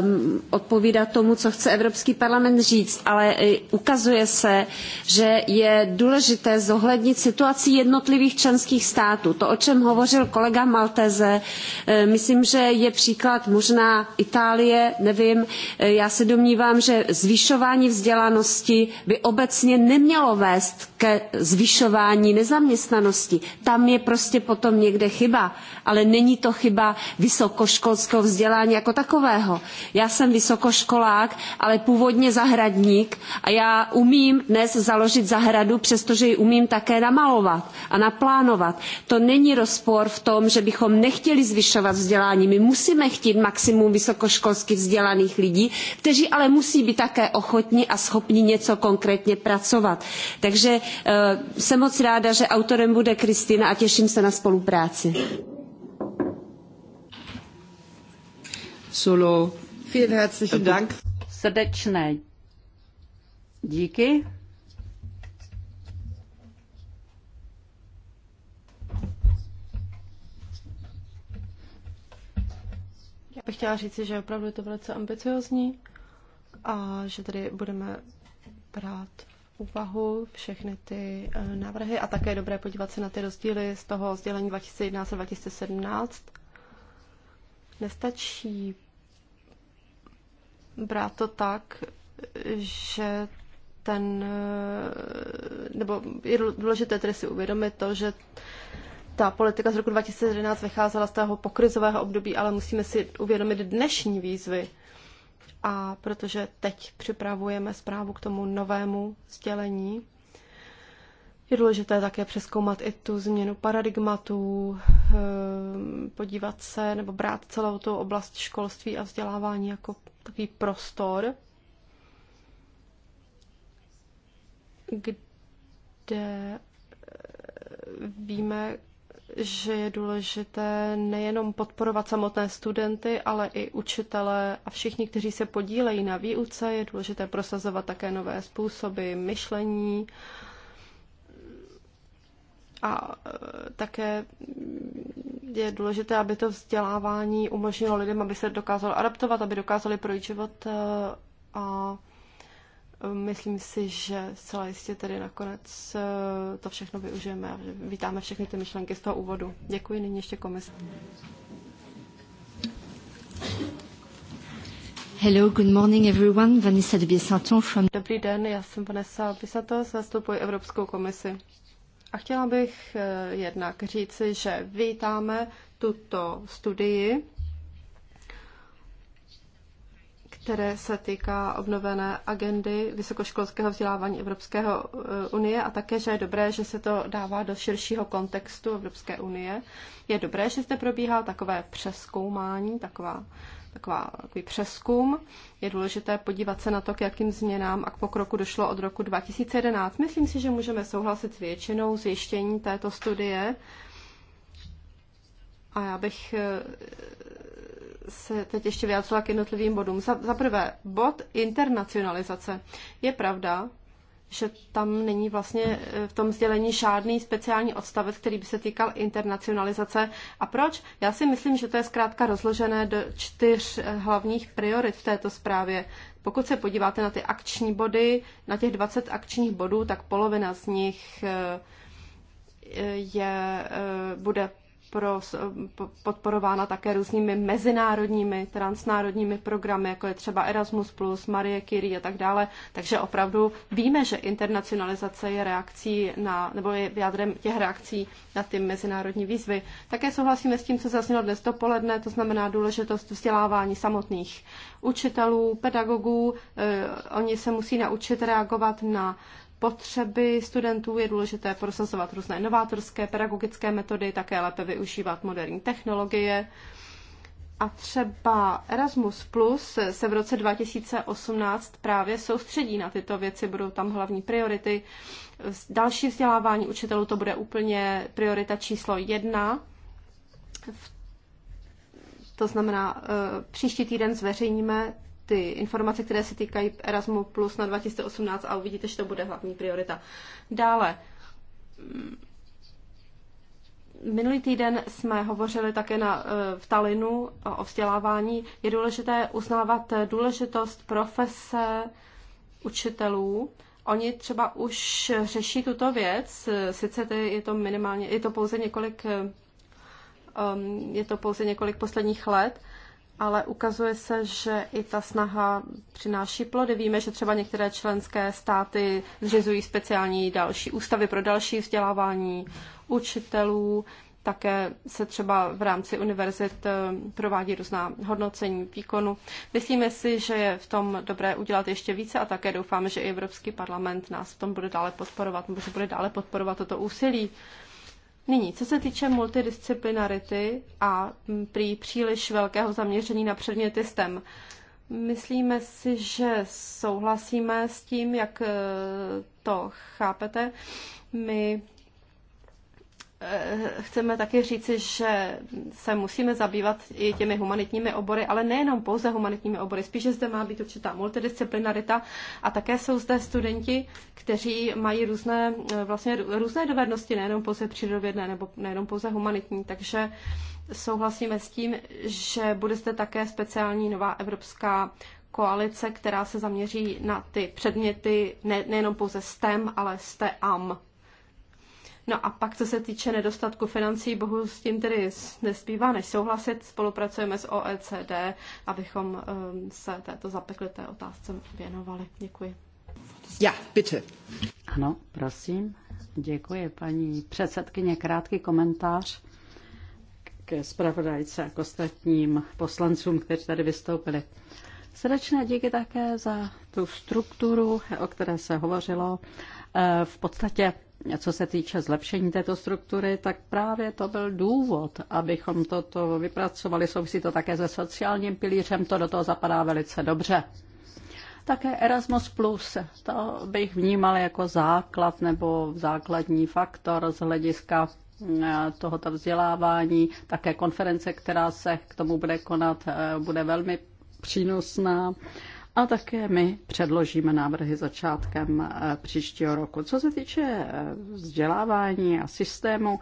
um, odpovídat tomu, co chce Evropský parlament říct, ale eh, ukazuje se, že je důležité zohlednit situaci jednotlivých členských států. To, o čem hovořil kolega Malteze, eh, myslím, že je příklad možná Itálie, nevím. Já se domnívám, že zvyšování vzdělanosti by obecně nemělo vést ke zvyšování nezaměstnanosti. Tam je prostě potom někde chyba, ale není to chyba vysokoškolského vzdělání jako takového. Já jsem vysokoškolák, ale původně zahradník a já umím dnes založit zahradu, přestože ji umím také namalovat a naplánovat. To není rozpor v tom, že bychom nechtěli zvyšovat vzdělání. My musíme chtít maximum vysokoškolsky vzdělaných lidí, kteří ale musí být také ochotní a schopni něco konkrétně pracovat pracovat. Takže eh, jsem moc ráda, že autorem bude Kristina a těším se na spolupráci. Solo. Vielen herzlichen Dank. Srdečné díky. Já bych chtěla říci, že opravdu je to velice ambiciozní a že tady budeme brát úvahu všechny ty eh, návrhy a také je dobré podívat se na ty rozdíly z toho sdělení 2011 a 2017. Nestačí brát to tak, že ten, eh, nebo je důležité tedy si uvědomit to, že ta politika z roku 2011 vycházela z toho pokrizového období, ale musíme si uvědomit dnešní výzvy a protože teď připravujeme zprávu k tomu novému sdělení, je důležité také přeskoumat i tu změnu paradigmatů, ehm, podívat se nebo brát celou tu oblast školství a vzdělávání jako takový prostor, kde ehm, víme, že je důležité nejenom podporovat samotné studenty, ale i učitele a všichni, kteří se podílejí na výuce. Je důležité prosazovat také nové způsoby myšlení a e, také je důležité, aby to vzdělávání umožnilo lidem, aby se dokázalo adaptovat, aby dokázali projít život e, a Myslím si, že zcela jistě tedy nakonec eh, to všechno využijeme a vítáme všechny ty myšlenky z toho úvodu. Děkuji nyní ještě komise. Hello, good morning everyone. Vanessa de Biesaton from... Dobrý den, já jsem Vanessa Biesato, zastupuji Evropskou komisi. A chtěla bych eh, jednak říci, že vítáme tuto studii které se týká obnovené agendy vysokoškolského vzdělávání Evropského eh, unie a také, že je dobré, že se to dává do širšího kontextu Evropské unie. Je dobré, že zde probíhá takové přeskoumání, taková, taková, takový přeskum. Je důležité podívat se na to, k jakým změnám a k pokroku došlo od roku 2011. Myslím si, že můžeme souhlasit s většinou zjištění této studie. A já bych eh, se teď ještě vyjádřila k jednotlivým bodům. Za, za prvé, bod internacionalizace. Je pravda, že tam není vlastně eh, v tom sdělení žádný speciální odstavec, který by se týkal internacionalizace. A proč? Já si myslím, že to je zkrátka rozložené do čtyř eh, hlavních priorit v této zprávě. Pokud se podíváte na ty akční body, na těch 20 akčních bodů, tak polovina z nich eh, je, bude pro, podporována také různými mezinárodními, transnárodními programy, jako je třeba Erasmus+, Marie Curie a tak dále. Takže opravdu víme, že internacionalizace je reakcí na, nebo je jádrem těch reakcí na ty mezinárodní výzvy. Také souhlasíme s tím, co zaznělo dnes dopoledne, to znamená důležitost vzdělávání samotných učitelů, pedagogů. Eh, oni se musí naučit reagovat na potřeby studentů je důležité prosazovat různé novátorské pedagogické metody, také lépe využívat moderní technologie. A třeba Erasmus Plus se v roce 2018 právě soustředí na tyto věci, budou tam hlavní priority. Další vzdělávání učitelů to bude úplně priorita číslo jedna. To znamená, eh, příští týden zveřejníme ty informace, které se týkají Erasmu Plus na 2018 a uvidíte, že to bude hlavní priorita. Dále, mm, Minulý týden jsme hovořili také na, e, v Talinu o vzdělávání. Je důležité uznávat důležitost profese učitelů. Oni třeba už řeší tuto věc, sice je to minimálně, je to pouze několik, e, um, je to pouze několik posledních let, ale ukazuje se, že i ta snaha přináší plody. Víme, že třeba některé členské státy zřizují speciální další ústavy pro další vzdělávání učitelů, také se třeba v rámci univerzit eh, provádí různá hodnocení výkonu. Myslíme si, že je v tom dobré udělat ještě více a také doufáme, že i Evropský parlament nás v tom bude dále podporovat, nebo že bude dále podporovat toto úsilí. Nyní, co se týče multidisciplinarity a mm, prý příliš velkého zaměření na předměty STEM, myslíme si, že souhlasíme s tím, jak e, to chápete. My Eh, chceme taky říci, že se musíme zabývat i těmi humanitními obory, ale nejenom pouze humanitními obory, spíše zde má být určitá multidisciplinarita a také jsou zde studenti, kteří mají různé, eh, vlastně různé dovednosti, nejenom pouze přírodovědné nebo nejenom pouze humanitní, takže souhlasíme s tím, že bude zde také speciální nová evropská koalice, která se zaměří na ty předměty ne, nejenom pouze STEM, ale STEAM. No a pak, co se týče nedostatku financí, bohu s tím tedy nespívá než souhlasit. Spolupracujeme s OECD, abychom um, se této zapeklité otázce věnovali. Děkuji. Já, bitte. Ano, prosím. Děkuji, paní předsedkyně. Krátký komentář k zpravodajce a k ostatním poslancům, kteří tady vystoupili. Srdečné díky také za tu strukturu, o které se hovořilo. Eh, v podstatě co se týče zlepšení této struktury, tak právě to byl důvod, abychom toto vypracovali. Souvisí to také se sociálním pilířem, to do toho zapadá velice dobře. Také Erasmus+, Plus, to bych vnímal jako základ nebo základní faktor z hlediska eh, tohoto vzdělávání. Také konference, která se k tomu bude konat, eh, bude velmi přínosná a také my předložíme návrhy začátkem eh, příštího roku. Co se týče eh, vzdělávání a systému,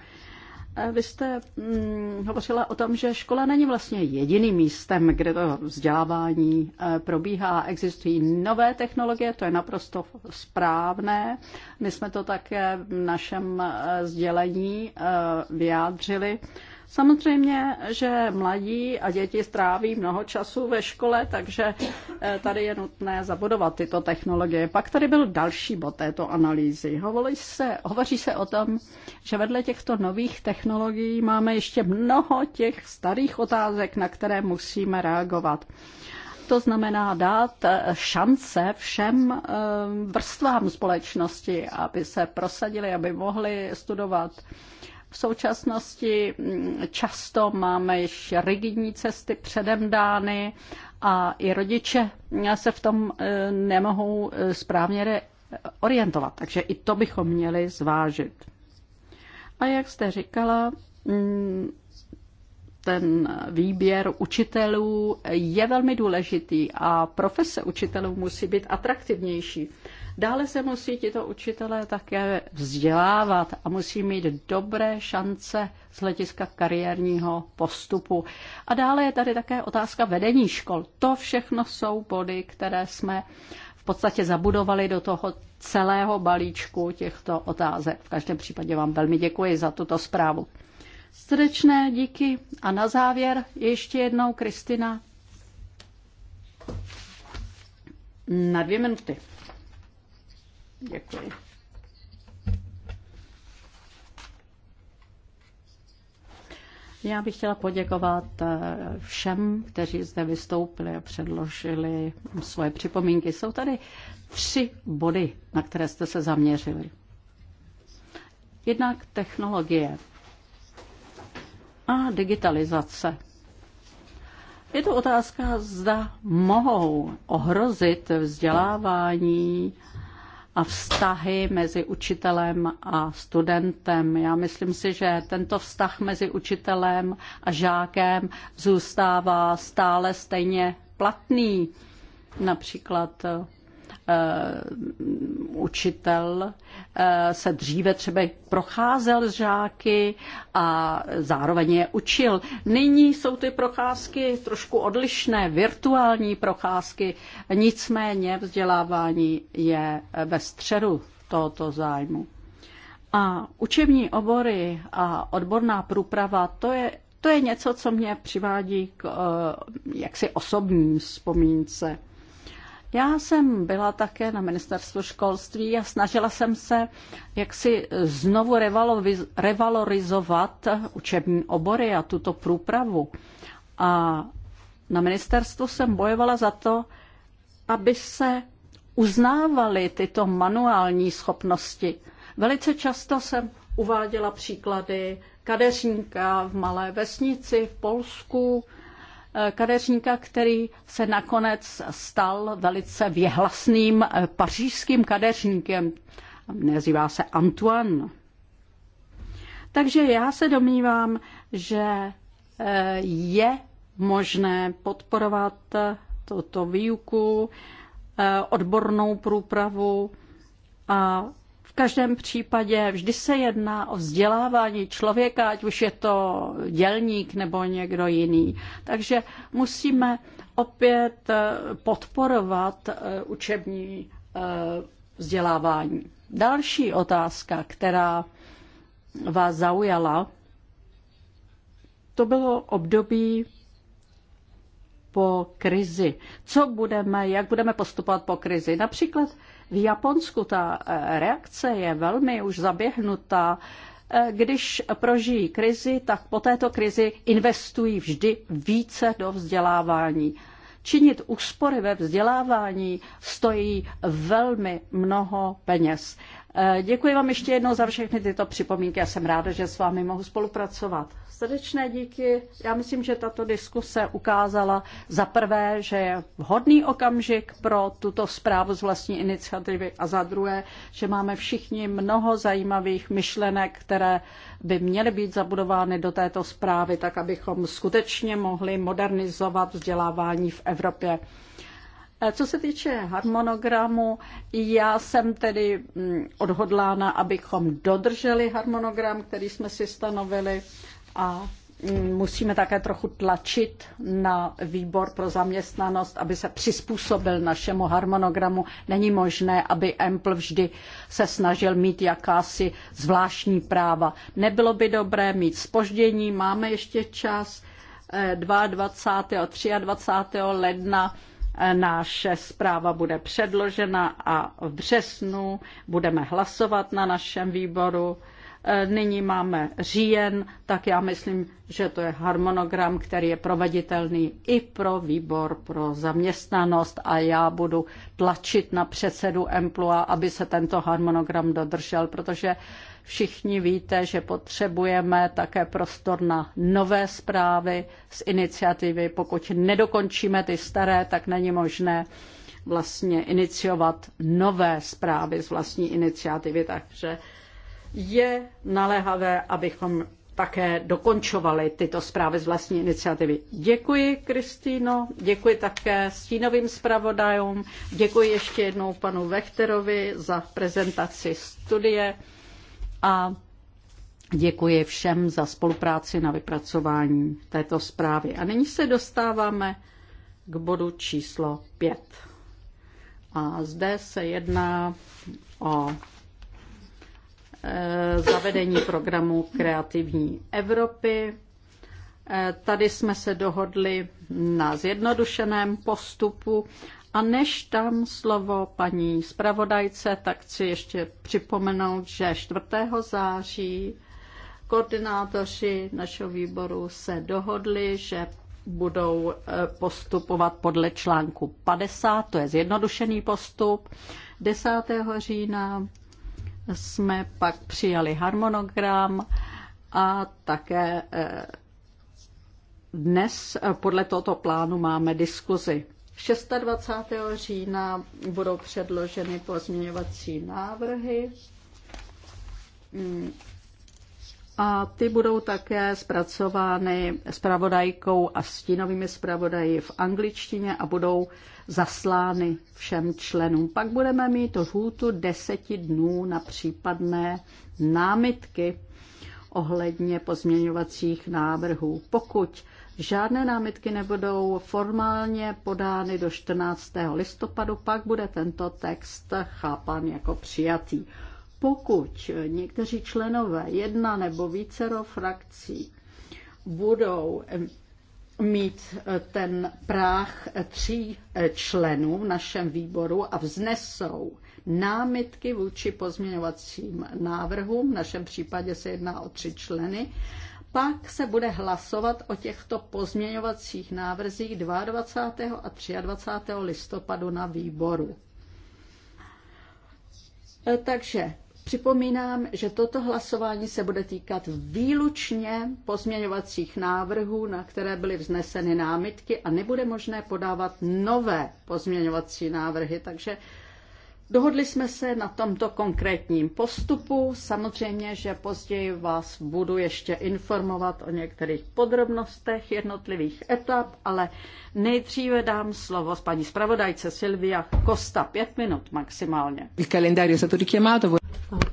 eh, vy jste hm, hovořila o tom, že škola není vlastně jediným místem, kde to vzdělávání probíhá. Existují nové technologie, to je naprosto správné. My jsme to také v našem sdělení vyjádřili. Samozřejmě, že mladí a děti stráví mnoho času ve škole, takže eh, tady je nutné zabudovat tyto technologie. Pak tady byl další bod této analýzy. Hovoří se, hovoří se o tom, že vedle těchto nových technologií máme ještě mnoho těch starých otázek, na které musíme reagovat to znamená dát eh, šance všem eh, vrstvám společnosti, aby se prosadili, aby mohli studovat v současnosti mm, často máme již rigidní cesty předem dány a i rodiče se v tom e, nemohou e, správně orientovat, takže i to bychom měli zvážit. A jak jste říkala, mm, ten výběr učitelů je velmi důležitý a profese učitelů musí být atraktivnější. Dále se musí tito učitelé také vzdělávat a musí mít dobré šance z hlediska kariérního postupu. A dále je tady také otázka vedení škol. To všechno jsou body, které jsme v podstatě zabudovali do toho celého balíčku těchto otázek. V každém případě vám velmi děkuji za tuto zprávu. Srdečné díky a na závěr ještě jednou Kristina na dvě minuty. Děkuji. Já bych chtěla poděkovat eh, všem, kteří zde vystoupili a předložili svoje připomínky. Jsou tady tři body, na které jste se zaměřili. Jednak technologie a digitalizace. Je to otázka, zda mohou ohrozit vzdělávání a vztahy mezi učitelem a studentem. Já myslím si, že tento vztah mezi učitelem a žákem zůstává stále stejně platný. Například Eh, učitel eh, se dříve třeba procházel s žáky a zároveň je učil. Nyní jsou ty procházky trošku odlišné, virtuální procházky, nicméně vzdělávání je ve středu tohoto zájmu. A učební obory a odborná průprava, to je, to je něco, co mě přivádí k eh, jaksi osobní vzpomínce. Já jsem byla také na ministerstvu školství a snažila jsem se jaksi znovu revalorizovat učební obory a tuto průpravu. A na ministerstvu jsem bojovala za to, aby se uznávaly tyto manuální schopnosti. Velice často jsem uváděla příklady kadeřníka v malé vesnici v Polsku, Eh, kadeřníka, který se nakonec stal velice věhlasným eh, pařížským kadeřníkem. Nazývá se Antoine. Takže já se domnívám, že eh, je možné podporovat tuto výuku, odbornou průpravu a v každém případě vždy se jedná o vzdělávání člověka, ať už je to dělník nebo někdo jiný. Takže musíme opět eh, podporovat eh, učební eh, vzdělávání. Další otázka, která vás zaujala, to bylo období po krizi. Co budeme, jak budeme postupovat po krizi? Například v Japonsku ta eh, reakce je velmi už zaběhnutá. Eh, když prožijí krizi, tak po této krizi investují vždy více do vzdělávání. Činit úspory ve vzdělávání stojí velmi mnoho peněz. Eh, děkuji vám ještě jednou za všechny tyto připomínky. a jsem ráda, že s vámi mohu spolupracovat. Srdečné díky. Já myslím, že tato diskuse ukázala za prvé, že je vhodný okamžik pro tuto zprávu z vlastní iniciativy a za druhé, že máme všichni mnoho zajímavých myšlenek, které by měly být zabudovány do této zprávy, tak abychom skutečně mohli modernizovat vzdělávání v Evropě. Co se týče harmonogramu, já jsem tedy mm, odhodlána, abychom dodrželi harmonogram, který jsme si stanovili a mm, musíme také trochu tlačit na výbor pro zaměstnanost, aby se přizpůsobil našemu harmonogramu. Není možné, aby Empl vždy se snažil mít jakási zvláštní práva. Nebylo by dobré mít spoždění, máme ještě čas 22. Eh, a 23. ledna naše zpráva bude předložena a v březnu budeme hlasovat na našem výboru. Nyní máme říjen, tak já myslím, že to je harmonogram, který je proveditelný i pro výbor pro zaměstnanost a já budu tlačit na předsedu Emplua, aby se tento harmonogram dodržel, protože Všichni víte, že potřebujeme také prostor na nové zprávy z iniciativy. Pokud nedokončíme ty staré, tak není možné vlastně iniciovat nové zprávy z vlastní iniciativy. Takže je naléhavé, abychom také dokončovali tyto zprávy z vlastní iniciativy. Děkuji, Kristýno, děkuji také stínovým zpravodajům, děkuji ještě jednou panu Vechterovi za prezentaci studie a děkuji všem za spolupráci na vypracování této zprávy. A nyní se dostáváme k bodu číslo 5. A zde se jedná o eh, zavedení programu Kreativní Evropy. Eh, tady jsme se dohodli na zjednodušeném postupu a než dám slovo paní zpravodajce, tak chci ještě připomenout, že 4. září koordinátoři našeho výboru se dohodli, že budou eh, postupovat podle článku 50, to je zjednodušený postup. 10. října jsme pak přijali harmonogram a také eh, dnes eh, podle tohoto plánu máme diskuzi. 26. října budou předloženy pozměňovací návrhy mm. a ty budou také zpracovány spravodajkou a stínovými spravodaji v angličtině a budou zaslány všem členům. Pak budeme mít lhůtu deseti dnů na případné námitky ohledně pozměňovacích návrhů. Pokud Žádné námitky nebudou formálně podány do 14. listopadu, pak bude tento text chápan jako přijatý. Pokud někteří členové jedna nebo vícero frakcí budou mít ten práh tří členů v našem výboru a vznesou námitky vůči pozměňovacím návrhům, v našem případě se jedná o tři členy, pak se bude hlasovat o těchto pozměňovacích návrzích 22. a 23. listopadu na výboru. E, takže připomínám, že toto hlasování se bude týkat výlučně pozměňovacích návrhů, na které byly vzneseny námitky a nebude možné podávat nové pozměňovací návrhy, takže Dohodli jsme se na tomto konkrétním postupu. Samozřejmě, že později vás budu ještě informovat o některých podrobnostech jednotlivých etap, ale nejdříve dám slovo s paní zpravodajce Silvia Kosta. Pět minut maximálně. Kalendář se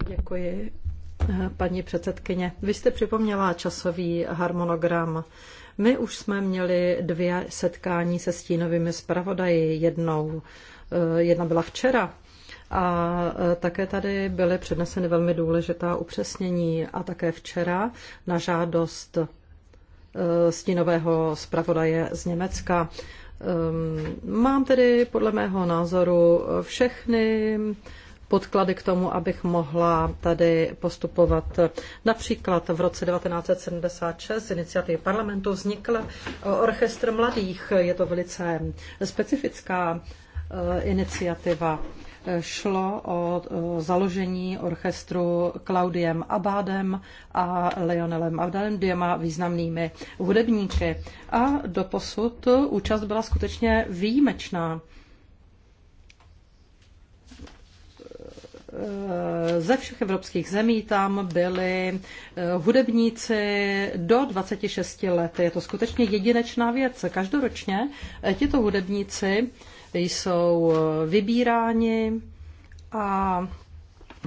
Děkuji, eh, paní předsedkyně. Vy jste připomněla časový harmonogram. My už jsme měli dvě setkání se stínovými zpravodaji jednou. Eh, jedna byla včera a e, také tady byly předneseny velmi důležitá upřesnění a také včera na žádost e, stínového zpravodaje z Německa. Ehm, mám tedy podle mého názoru všechny podklady k tomu, abych mohla tady postupovat. Například v roce 1976 z iniciativy parlamentu vznikl e, orchestr mladých. Je to velice specifická iniciativa šlo o založení orchestru Claudiem Abádem a Leonelem Abdalem, dvěma významnými hudebníky. A doposud účast byla skutečně výjimečná. ze všech evropských zemí tam byli eh, hudebníci do 26 let. Je to skutečně jedinečná věc. Každoročně eh, tito hudebníci jsou eh, vybíráni a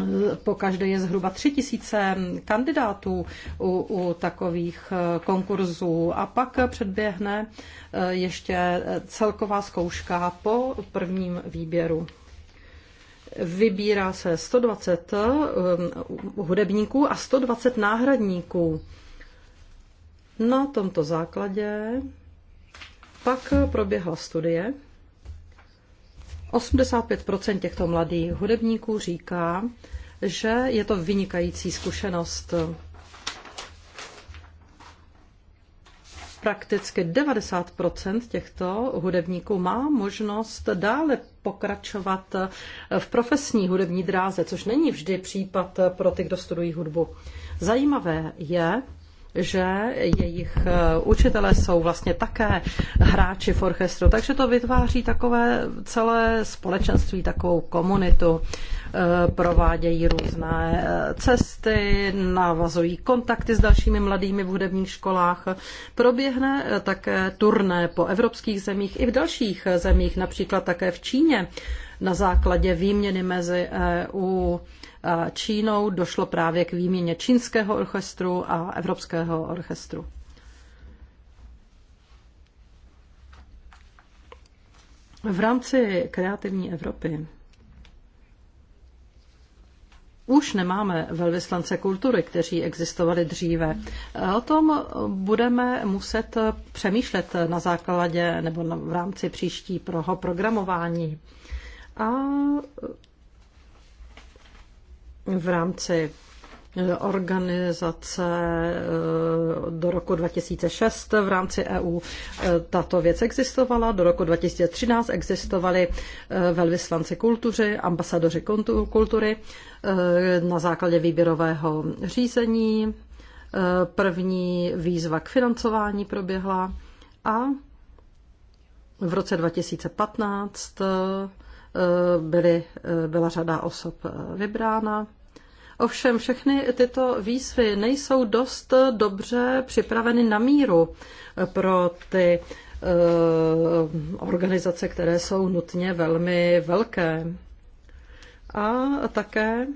eh, po každé je zhruba tři tisíce kandidátů u, u takových eh, konkurzů a pak předběhne ještě celková zkouška po prvním výběru. Vybírá se 120 hudebníků a 120 náhradníků. Na tomto základě pak proběhla studie, 85% těchto mladých hudebníků říká, že je to vynikající zkušenost. Prakticky 90% těchto hudebníků má možnost dále pokračovat v profesní hudební dráze, což není vždy případ pro ty, kdo studují hudbu. Zajímavé je, že jejich eh, učitelé jsou vlastně také hráči v orchestru, takže to vytváří takové celé společenství, takovou komunitu. Eh, provádějí různé eh, cesty, navazují kontakty s dalšími mladými v hudebních školách. Proběhne také turné po evropských zemích i v dalších zemích, například také v Číně na základě výměny mezi EU Čínou došlo právě k výměně čínského orchestru a evropského orchestru. V rámci kreativní Evropy už nemáme velvyslance kultury, kteří existovali dříve. O tom budeme muset přemýšlet na základě nebo v rámci příštího programování. A v rámci eh, organizace eh, do roku 2006 v rámci EU eh, tato věc existovala. Do roku 2013 existovali velvyslanci kultury, ambasadoři kultury na základě výběrového řízení. První výzva k financování proběhla a v roce 2015 byly, byla řada osob vybrána Ovšem všechny tyto výzvy nejsou dost dobře připraveny na míru pro ty eh, organizace, které jsou nutně velmi velké. A také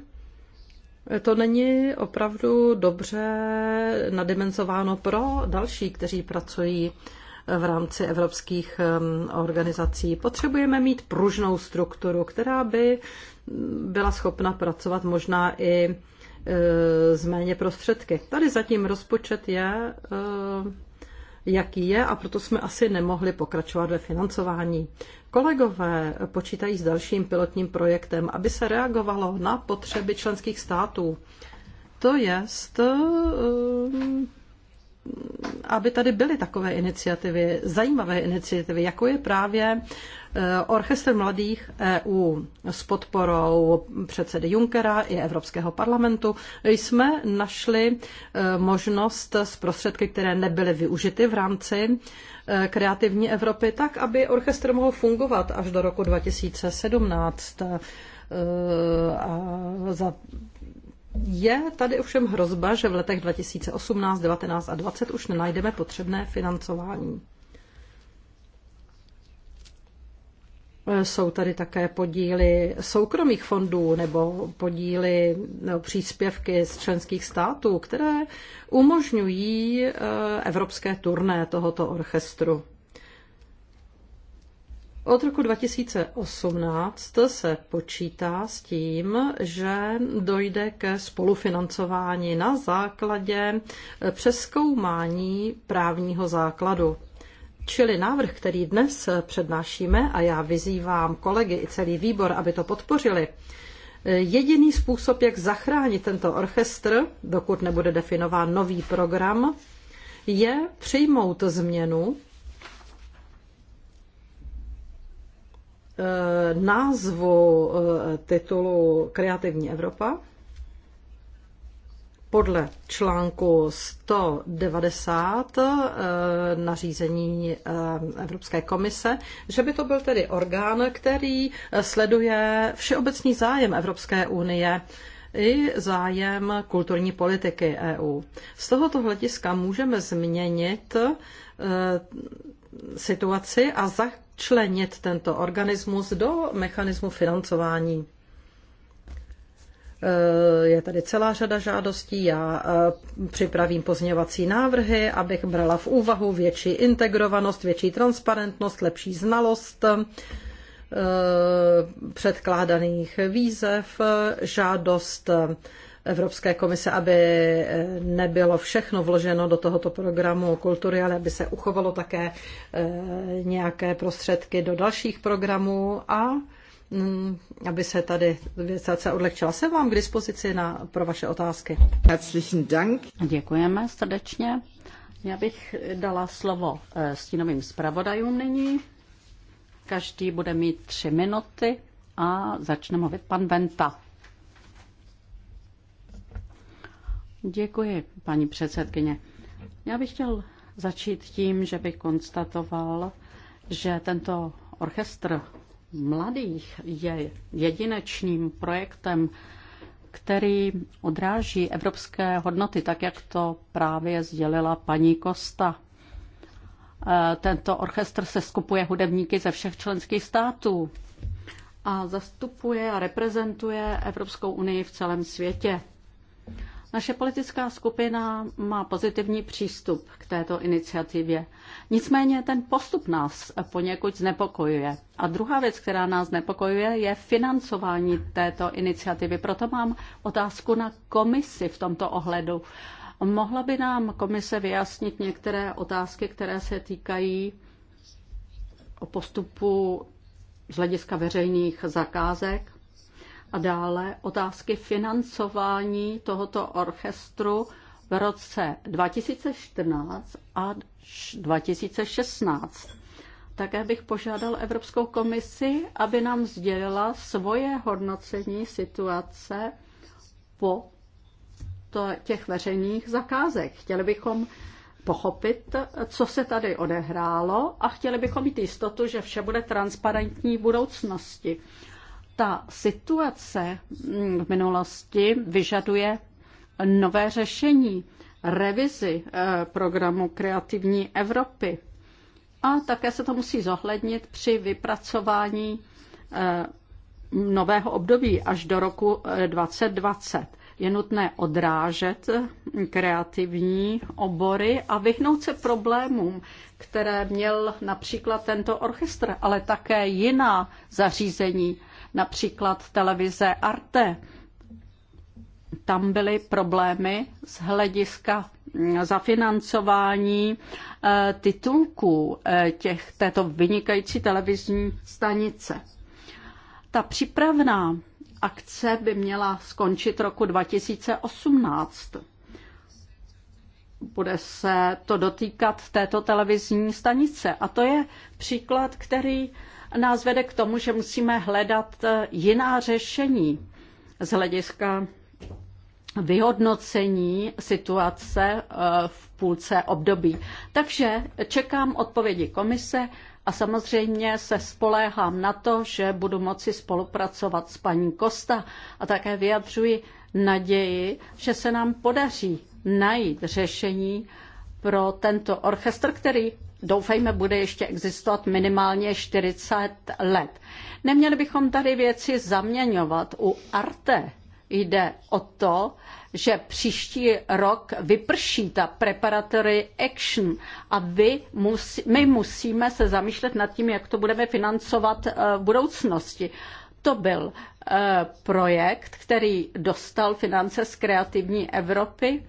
to není opravdu dobře nadimenzováno pro další, kteří pracují v rámci evropských eh, organizací. Potřebujeme mít pružnou strukturu, která by byla schopna pracovat možná i z e, méně prostředky. Tady zatím rozpočet je, e, jaký je, a proto jsme asi nemohli pokračovat ve financování. Kolegové počítají s dalším pilotním projektem, aby se reagovalo na potřeby členských států. To je, e, aby tady byly takové iniciativy, zajímavé iniciativy, jako je právě Eh, orchestr mladých EU s podporou předsedy Junckera i Evropského parlamentu jsme našli eh, možnost z prostředky, které nebyly využity v rámci eh, kreativní Evropy, tak, aby orchestr mohl fungovat až do roku 2017. A za je tady ovšem hrozba, že v letech 2018, 2019 a 2020 už nenajdeme potřebné financování. Jsou tady také podíly soukromých fondů nebo podíly nebo příspěvky z členských států, které umožňují eh, evropské turné tohoto orchestru. Od roku 2018 se počítá s tím, že dojde ke spolufinancování na základě eh, přeskoumání právního základu. Čili návrh, který dnes přednášíme, a já vyzývám kolegy i celý výbor, aby to podpořili, jediný způsob, jak zachránit tento orchestr, dokud nebude definován nový program, je přijmout změnu eh, názvu eh, titulu Kreativní Evropa podle článku 190 eh, nařízení eh, Evropské komise, že by to byl tedy orgán, který eh, sleduje všeobecný zájem Evropské unie i zájem kulturní politiky EU. Z tohoto hlediska můžeme změnit situaci a začlenit tento organismus do mechanismu financování. Eh, je tady celá řada žádostí, já eh, připravím pozměňovací návrhy, abych brala v úvahu větší integrovanost, větší transparentnost, lepší znalost eh, předkládaných výzev, žádost Evropské komise, aby nebylo všechno vloženo do tohoto programu kultury, ale aby se uchovalo také nějaké prostředky do dalších programů a Mm, aby se tady věcace odlehčila. Jsem vám k dispozici na, pro vaše otázky. Herzlichen Dank. Děkujeme srdečně. Já bych dala slovo eh, stínovým zpravodajům nyní. Každý bude mít tři minuty a začne mluvit pan Venta. Děkuji, paní předsedkyně. Já bych chtěl začít tím, že bych konstatoval, že tento orchestr mladých je jedinečným projektem, který odráží evropské hodnoty, tak jak to právě sdělila paní Kosta. E, tento orchestr se skupuje hudebníky ze všech členských států a zastupuje a reprezentuje Evropskou unii v celém světě. Naše politická skupina má pozitivní přístup k této iniciativě. Nicméně ten postup nás poněkud znepokojuje. A druhá věc, která nás znepokojuje, je financování této iniciativy. Proto mám otázku na komisi v tomto ohledu. Mohla by nám komise vyjasnit některé otázky, které se týkají o postupu z hlediska veřejných zakázek a dále otázky financování tohoto orchestru v roce 2014 a 2016. Také bych požádal Evropskou komisi, aby nám sdělila svoje hodnocení situace po těch veřejných zakázek. Chtěli bychom pochopit, co se tady odehrálo a chtěli bychom mít jistotu, že vše bude transparentní v budoucnosti ta situace mm, v minulosti vyžaduje nové řešení, revizi eh, programu Kreativní Evropy. A také se to musí zohlednit při vypracování eh, nového období až do roku 2020. Eh, Je nutné odrážet kreativní obory a vyhnout se problémům, které měl například tento orchestr, ale také jiná zařízení například televize Arte. Tam byly problémy z hlediska mm, zafinancování eh, titulků eh, těch, této vynikající televizní stanice. Ta přípravná akce by měla skončit roku 2018. Bude se to dotýkat této televizní stanice. A to je příklad, který nás vede k tomu, že musíme hledat eh, jiná řešení z hlediska vyhodnocení situace eh, v půlce období. Takže čekám odpovědi komise a samozřejmě se spoléhám na to, že budu moci spolupracovat s paní Kosta a také vyjadřuji naději, že se nám podaří najít řešení pro tento orchestr, který doufejme, bude ještě existovat minimálně 40 let. Neměli bychom tady věci zaměňovat. U Arte jde o to, že příští rok vyprší ta preparatory action a vy musí, my musíme se zamýšlet nad tím, jak to budeme financovat eh, v budoucnosti. To byl eh, projekt, který dostal finance z kreativní Evropy,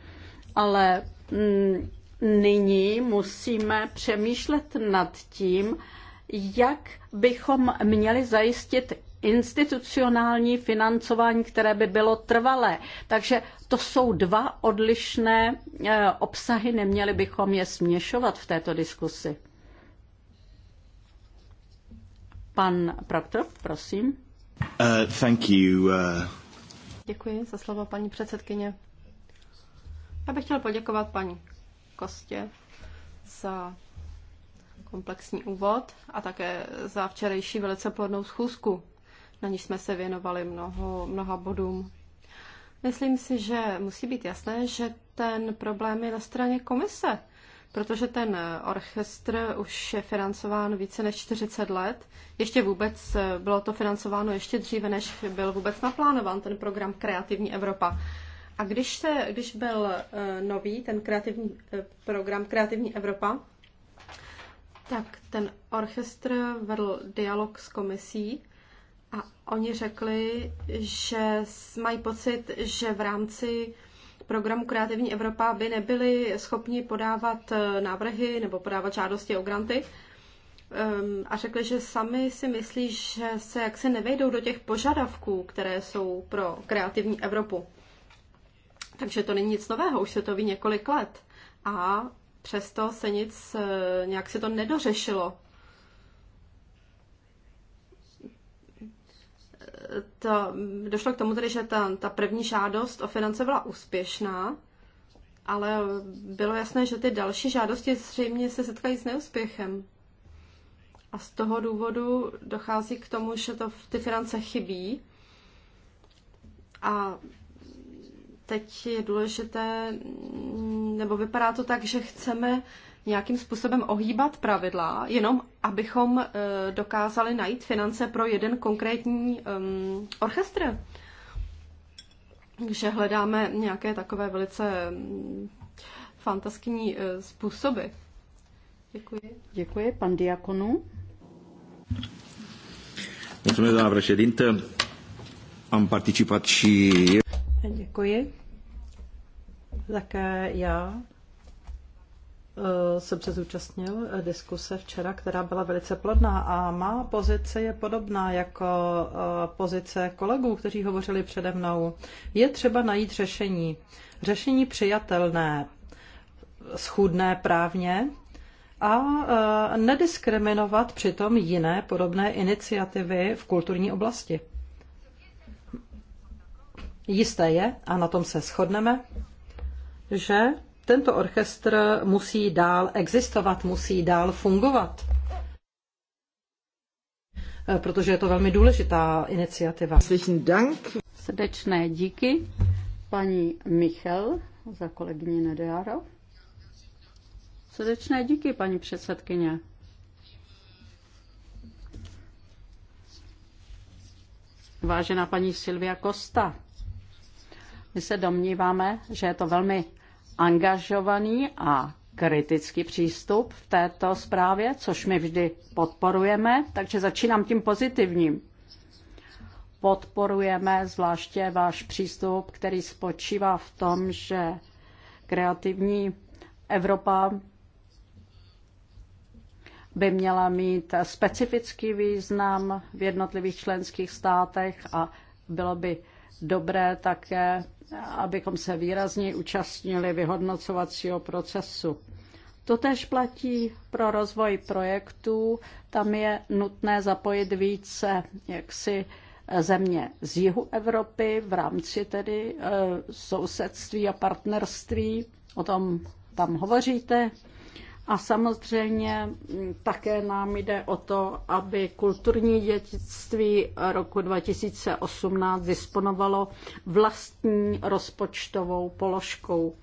ale mm, nyní musíme přemýšlet nad tím, jak bychom měli zajistit institucionální financování, které by bylo trvalé. Takže to jsou dva odlišné eh, obsahy, neměli bychom je směšovat v této diskusi. Pan Proctor, prosím. Uh, thank you. Uh... Děkuji za slovo, paní předsedkyně. Já bych chtěl poděkovat paní Kostě za komplexní úvod a také za včerejší velice plodnou schůzku. Na níž jsme se věnovali mnoho, mnoha bodům. Myslím si, že musí být jasné, že ten problém je na straně komise, protože ten orchestr už je financován více než 40 let. Ještě vůbec bylo to financováno ještě dříve, než byl vůbec naplánován ten program Kreativní Evropa. A když, se, když byl e, nový ten kreativní e, program Kreativní Evropa, tak ten orchestr vedl dialog s komisí a oni řekli, že mají pocit, že v rámci programu Kreativní Evropa by nebyli schopni podávat e, návrhy nebo podávat žádosti o granty. Ehm, a řekli, že sami si myslí, že se jaksi nevejdou do těch požadavků, které jsou pro kreativní Evropu. Takže to není nic nového, už se to ví několik let. A přesto se nic, eh, nějak se to nedořešilo. To, došlo k tomu tedy, že ta, ta první žádost o finance byla úspěšná, ale bylo jasné, že ty další žádosti zřejmě se setkají s neúspěchem. A z toho důvodu dochází k tomu, že to ty finance chybí. A teď je důležité, nebo vypadá to tak, že chceme nějakým způsobem ohýbat pravidla, jenom abychom eh, dokázali najít finance pro jeden konkrétní um, orchestr. Takže hledáme nějaké takové velice fantaskní eh, způsoby. Děkuji. Děkuji. Pan Diakonu. Mulțumesc, doamna președintă. Am participat și Děkuji. Také já eh, jsem se zúčastnil eh, diskuse včera, která byla velice plodná a má pozice je podobná jako eh, pozice kolegů, kteří hovořili přede mnou. Je třeba najít řešení. Řešení přijatelné, schůdné právně a nediskriminovat přitom jiné podobné iniciativy v kulturní oblasti. Jisté je, a na tom se shodneme, že tento orchestr musí dál existovat, musí dál fungovat, eh, protože je to velmi důležitá iniciativa. Dank. Srdečné díky paní Michal za kolegyni Nedearo. Srdečné díky, paní předsedkyně. Vážená paní Silvia Kosta, my se domníváme, že je to velmi angažovaný a kritický přístup v této zprávě, což my vždy podporujeme, takže začínám tím pozitivním. Podporujeme zvláště váš přístup, který spočívá v tom, že kreativní Evropa by měla mít specifický význam v jednotlivých členských státech a bylo by dobré také abychom se výrazně účastnili vyhodnocovacího procesu. To tež platí pro rozvoj projektů. Tam je nutné zapojit více jaksi země z jihu Evropy v rámci tedy eh, sousedství a partnerství. O tom tam hovoříte. A samozřejmě mm, také nám jde o to, aby kulturní dědictví roku 2018 disponovalo vlastní rozpočtovou položkou.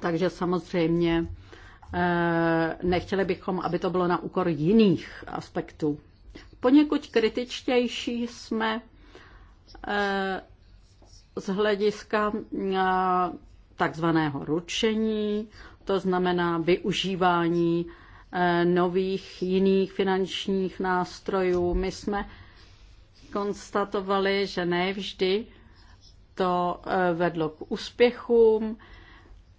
Takže samozřejmě eh, nechtěli bychom, aby to bylo na úkor jiných aspektů. Poněkud kritičtější jsme eh, z hlediska eh, takzvaného ručení, to znamená využívání eh, nových jiných finančních nástrojů. My jsme konstatovali, že nevždy to eh, vedlo k úspěchům,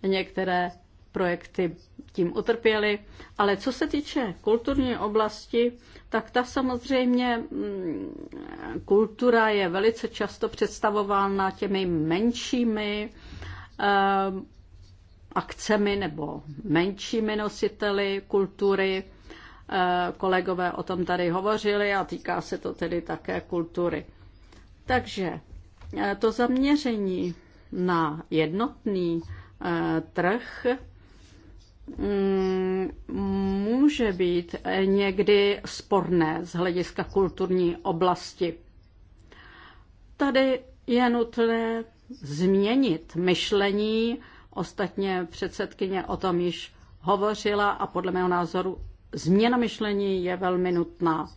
některé projekty tím utrpěly, ale co se týče kulturní oblasti, tak ta samozřejmě mm, kultura je velice často představována těmi menšími Eh, akcemi nebo menšími nositeli kultury. Eh, kolegové o tom tady hovořili a týká se to tedy také kultury. Takže eh, to zaměření na jednotný trh mm, může být někdy sporné z hlediska kulturní oblasti. Tady je nutné změnit myšlení. Ostatně předsedkyně o tom již hovořila a podle mého názoru změna myšlení je velmi nutná.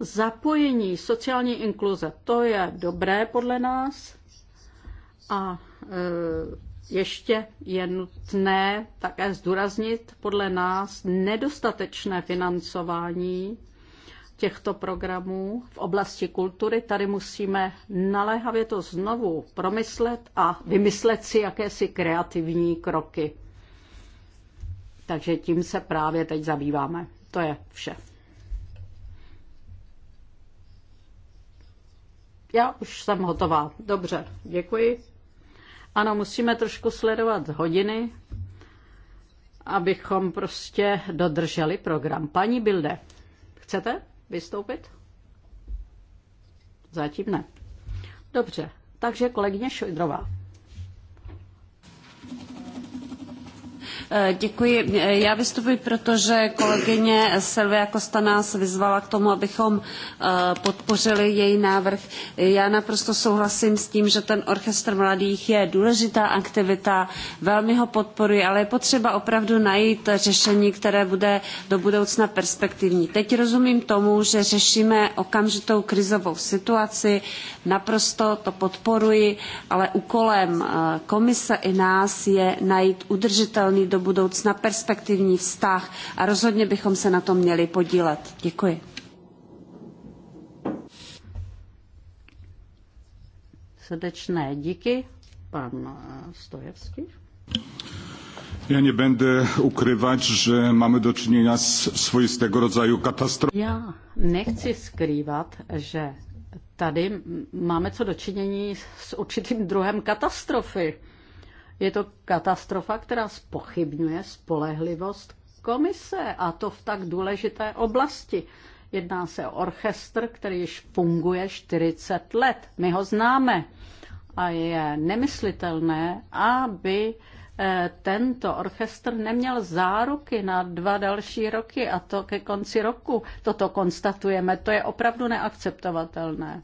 Zapojení sociální inkluze, to je dobré podle nás a e, ještě je nutné také zdůraznit podle nás nedostatečné financování těchto programů v oblasti kultury. Tady musíme naléhavě to znovu promyslet a vymyslet si jakési kreativní kroky. Takže tím se právě teď zabýváme. To je vše. Já už jsem hotová. Dobře, děkuji. Ano, musíme trošku sledovat hodiny, abychom prostě dodrželi program. Paní Bilde, chcete? vystoupit? Zatím ne. Dobře, takže kolegyně Šojdrová. Eh, děkuji. Eh, já vystupuji, protože kolegyně Silvia Kosta nás vyzvala k tomu, abychom eh, podpořili její návrh. Já naprosto souhlasím s tím, že ten orchestr mladých je důležitá aktivita, velmi ho podporuji, ale je potřeba opravdu najít řešení, které bude do budoucna perspektivní. Teď rozumím tomu, že řešíme okamžitou krizovou situaci, naprosto to podporuji, ale úkolem komise i nás je najít udržitelný do budoucna perspektivní vztah a rozhodně bychom se na tom měli podílet. Děkuji. Srdečné díky, pan Stojevský. Já nie ukrývat, že máme dočinění s czynienia z swoistego rodzaju katastrofą. Ja nechci skrývat, že tady máme co dočinění s určitým druhem katastrofy. Je to katastrofa, která spochybňuje spolehlivost komise a to v tak důležité oblasti. Jedná se o orchestr, který již funguje 40 let. My ho známe a je nemyslitelné, aby eh, tento orchestr neměl záruky na dva další roky a to ke konci roku. Toto konstatujeme, to je opravdu neakceptovatelné.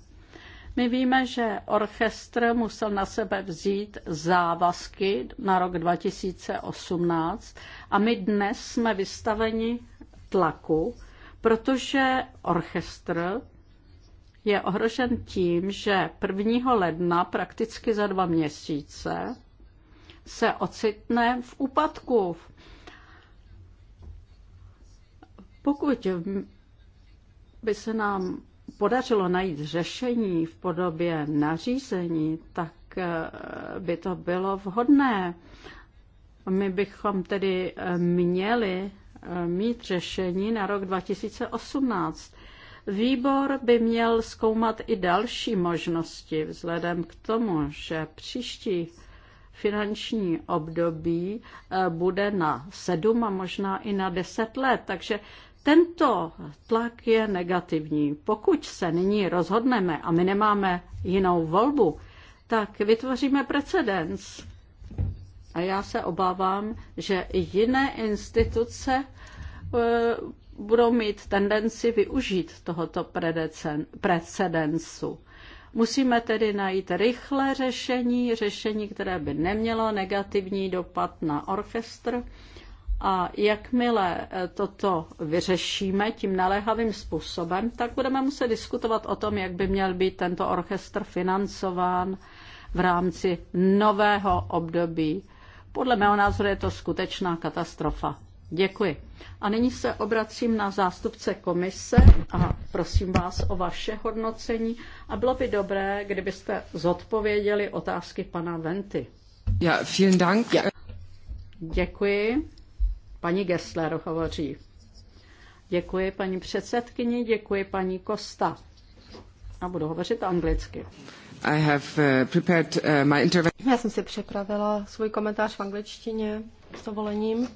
My víme, že orchestr musel na sebe vzít závazky na rok 2018 a my dnes jsme vystaveni tlaku, protože orchestr je ohrožen tím, že 1. ledna, prakticky za dva měsíce, se ocitne v úpadku. Pokud by se nám podařilo najít řešení v podobě nařízení, tak eh, by to bylo vhodné. My bychom tedy eh, měli eh, mít řešení na rok 2018. Výbor by měl zkoumat i další možnosti, vzhledem k tomu, že příští finanční období bude na sedm a možná i na deset let. Takže tento tlak je negativní. Pokud se nyní rozhodneme a my nemáme jinou volbu, tak vytvoříme precedens. A já se obávám, že jiné instituce eh, budou mít tendenci využít tohoto precedensu. Musíme tedy najít rychlé řešení, řešení, které by nemělo negativní dopad na orchestr a jakmile e, toto vyřešíme tím naléhavým způsobem, tak budeme muset diskutovat o tom, jak by měl být tento orchestr financován v rámci nového období. Podle mého názoru je to skutečná katastrofa. Děkuji. A nyní se obracím na zástupce komise a prosím vás o vaše hodnocení. A bylo by dobré, kdybyste zodpověděli otázky pana Venty. Ja, vielen Dank. Děkuji. Paní Gessler hovoří. Děkuji paní předsedkyni, děkuji paní Kosta. A budu hovořit anglicky. I have uh, prepared uh, my Já jsem si připravila svůj komentář v angličtině s dovolením.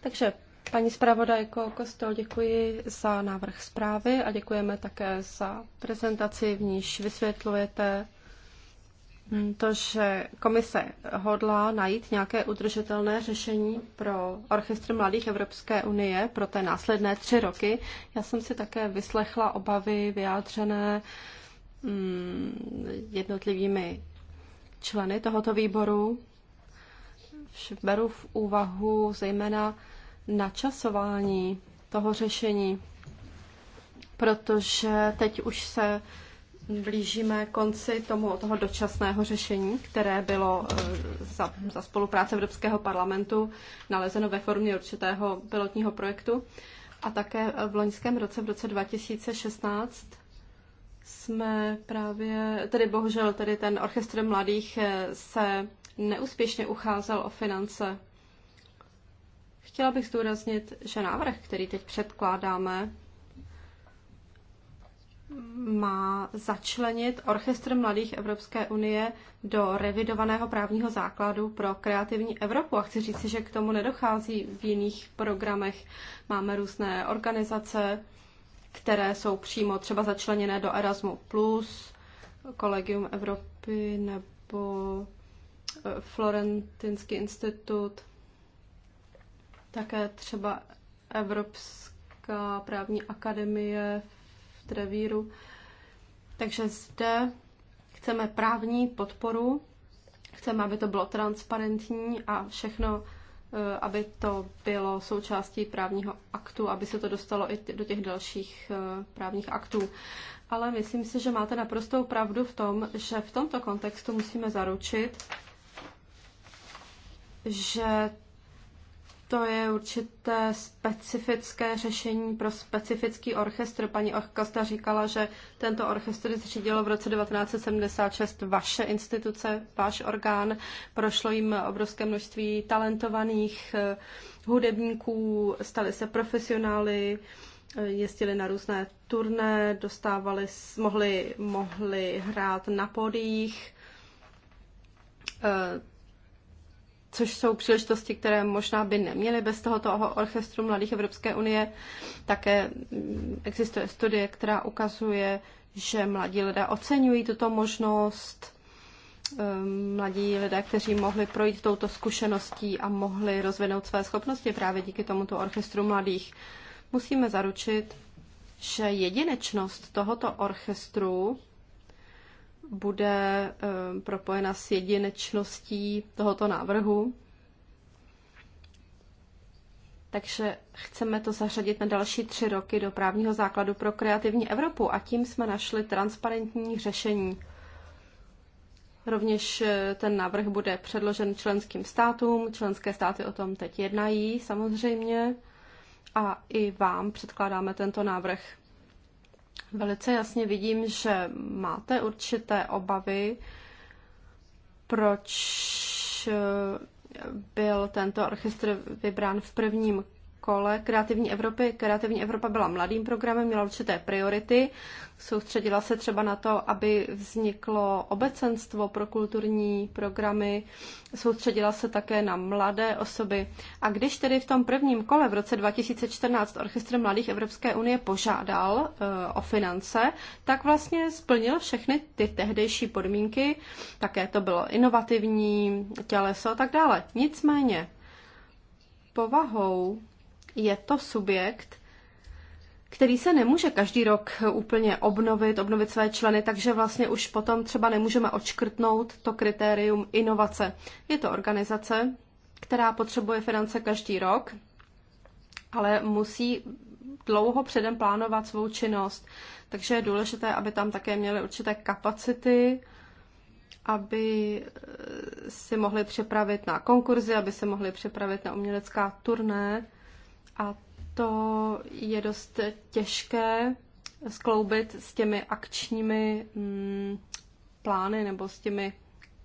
Takže paní zpravodajko Kosto, děkuji za návrh zprávy a děkujeme také za prezentaci, v níž vysvětlujete to, že komise hodlá najít nějaké udržitelné řešení pro orchestr mladých Evropské unie pro té následné tři roky. Já jsem si také vyslechla obavy vyjádřené mm, jednotlivými členy tohoto výboru. Beru v úvahu zejména načasování toho řešení, protože teď už se blížíme konci tomu toho dočasného řešení, které bylo eh, za, za spolupráce Evropského parlamentu nalezeno ve formě určitého pilotního projektu. A také v loňském roce, v roce 2016, jsme právě, tedy bohužel, tedy ten orchestr mladých eh, se neúspěšně ucházel o finance. Chtěla bych zdůraznit, že návrh, který teď předkládáme, má začlenit Orchestr mladých Evropské unie do revidovaného právního základu pro kreativní Evropu. A chci říct, že k tomu nedochází v jiných programech. Máme různé organizace, které jsou přímo třeba začleněné do Erasmu+, Kolegium Evropy nebo eh, Florentinský institut, také třeba Evropská právní akademie v Trevíru. Takže zde chceme právní podporu, chceme, aby to bylo transparentní a všechno, eh, aby to bylo součástí právního aktu, aby se to dostalo i do těch dalších eh, právních aktů. Ale myslím si, že máte naprostou pravdu v tom, že v tomto kontextu musíme zaručit, že to je určité specifické řešení pro specifický orchestr. Paní Kosta říkala, že tento orchestr zřídilo v roce 1976 vaše instituce, váš orgán. Prošlo jim obrovské množství talentovaných eh, hudebníků, stali se profesionály, eh, jezdili na různé turné, dostávali, mohli, mohli hrát na podích eh, což jsou příležitosti, které možná by neměly bez tohoto orchestru Mladých Evropské unie. Také existuje studie, která ukazuje, že mladí lidé oceňují tuto možnost. Ehm, mladí lidé, kteří mohli projít touto zkušeností a mohli rozvinout své schopnosti právě díky tomuto orchestru mladých, musíme zaručit, že jedinečnost tohoto orchestru bude eh, propojena s jedinečností tohoto návrhu. Takže chceme to zařadit na další tři roky do právního základu pro kreativní Evropu a tím jsme našli transparentní řešení. Rovněž eh, ten návrh bude předložen členským státům. Členské státy o tom teď jednají samozřejmě a i vám předkládáme tento návrh. Velice jasně vidím, že máte určité obavy, proč eh, byl tento orchestr vybrán v prvním kole Kreativní Evropy. Kreativní Evropa byla mladým programem, měla určité priority. Soustředila se třeba na to, aby vzniklo obecenstvo pro kulturní programy. Soustředila se také na mladé osoby. A když tedy v tom prvním kole v roce 2014 Orchestr mladých Evropské unie požádal eh, o finance, tak vlastně splnil všechny ty tehdejší podmínky. Také to bylo inovativní, těleso a tak dále. Nicméně povahou je to subjekt, který se nemůže každý rok úplně obnovit, obnovit své členy, takže vlastně už potom třeba nemůžeme očkrtnout to kritérium inovace. Je to organizace, která potřebuje finance každý rok, ale musí dlouho předem plánovat svou činnost. Takže je důležité, aby tam také měly určité kapacity, aby eh, si mohli připravit na konkurzy, aby se mohli připravit na umělecká turné. A to je dost těžké skloubit s těmi akčními mm, plány nebo s těmi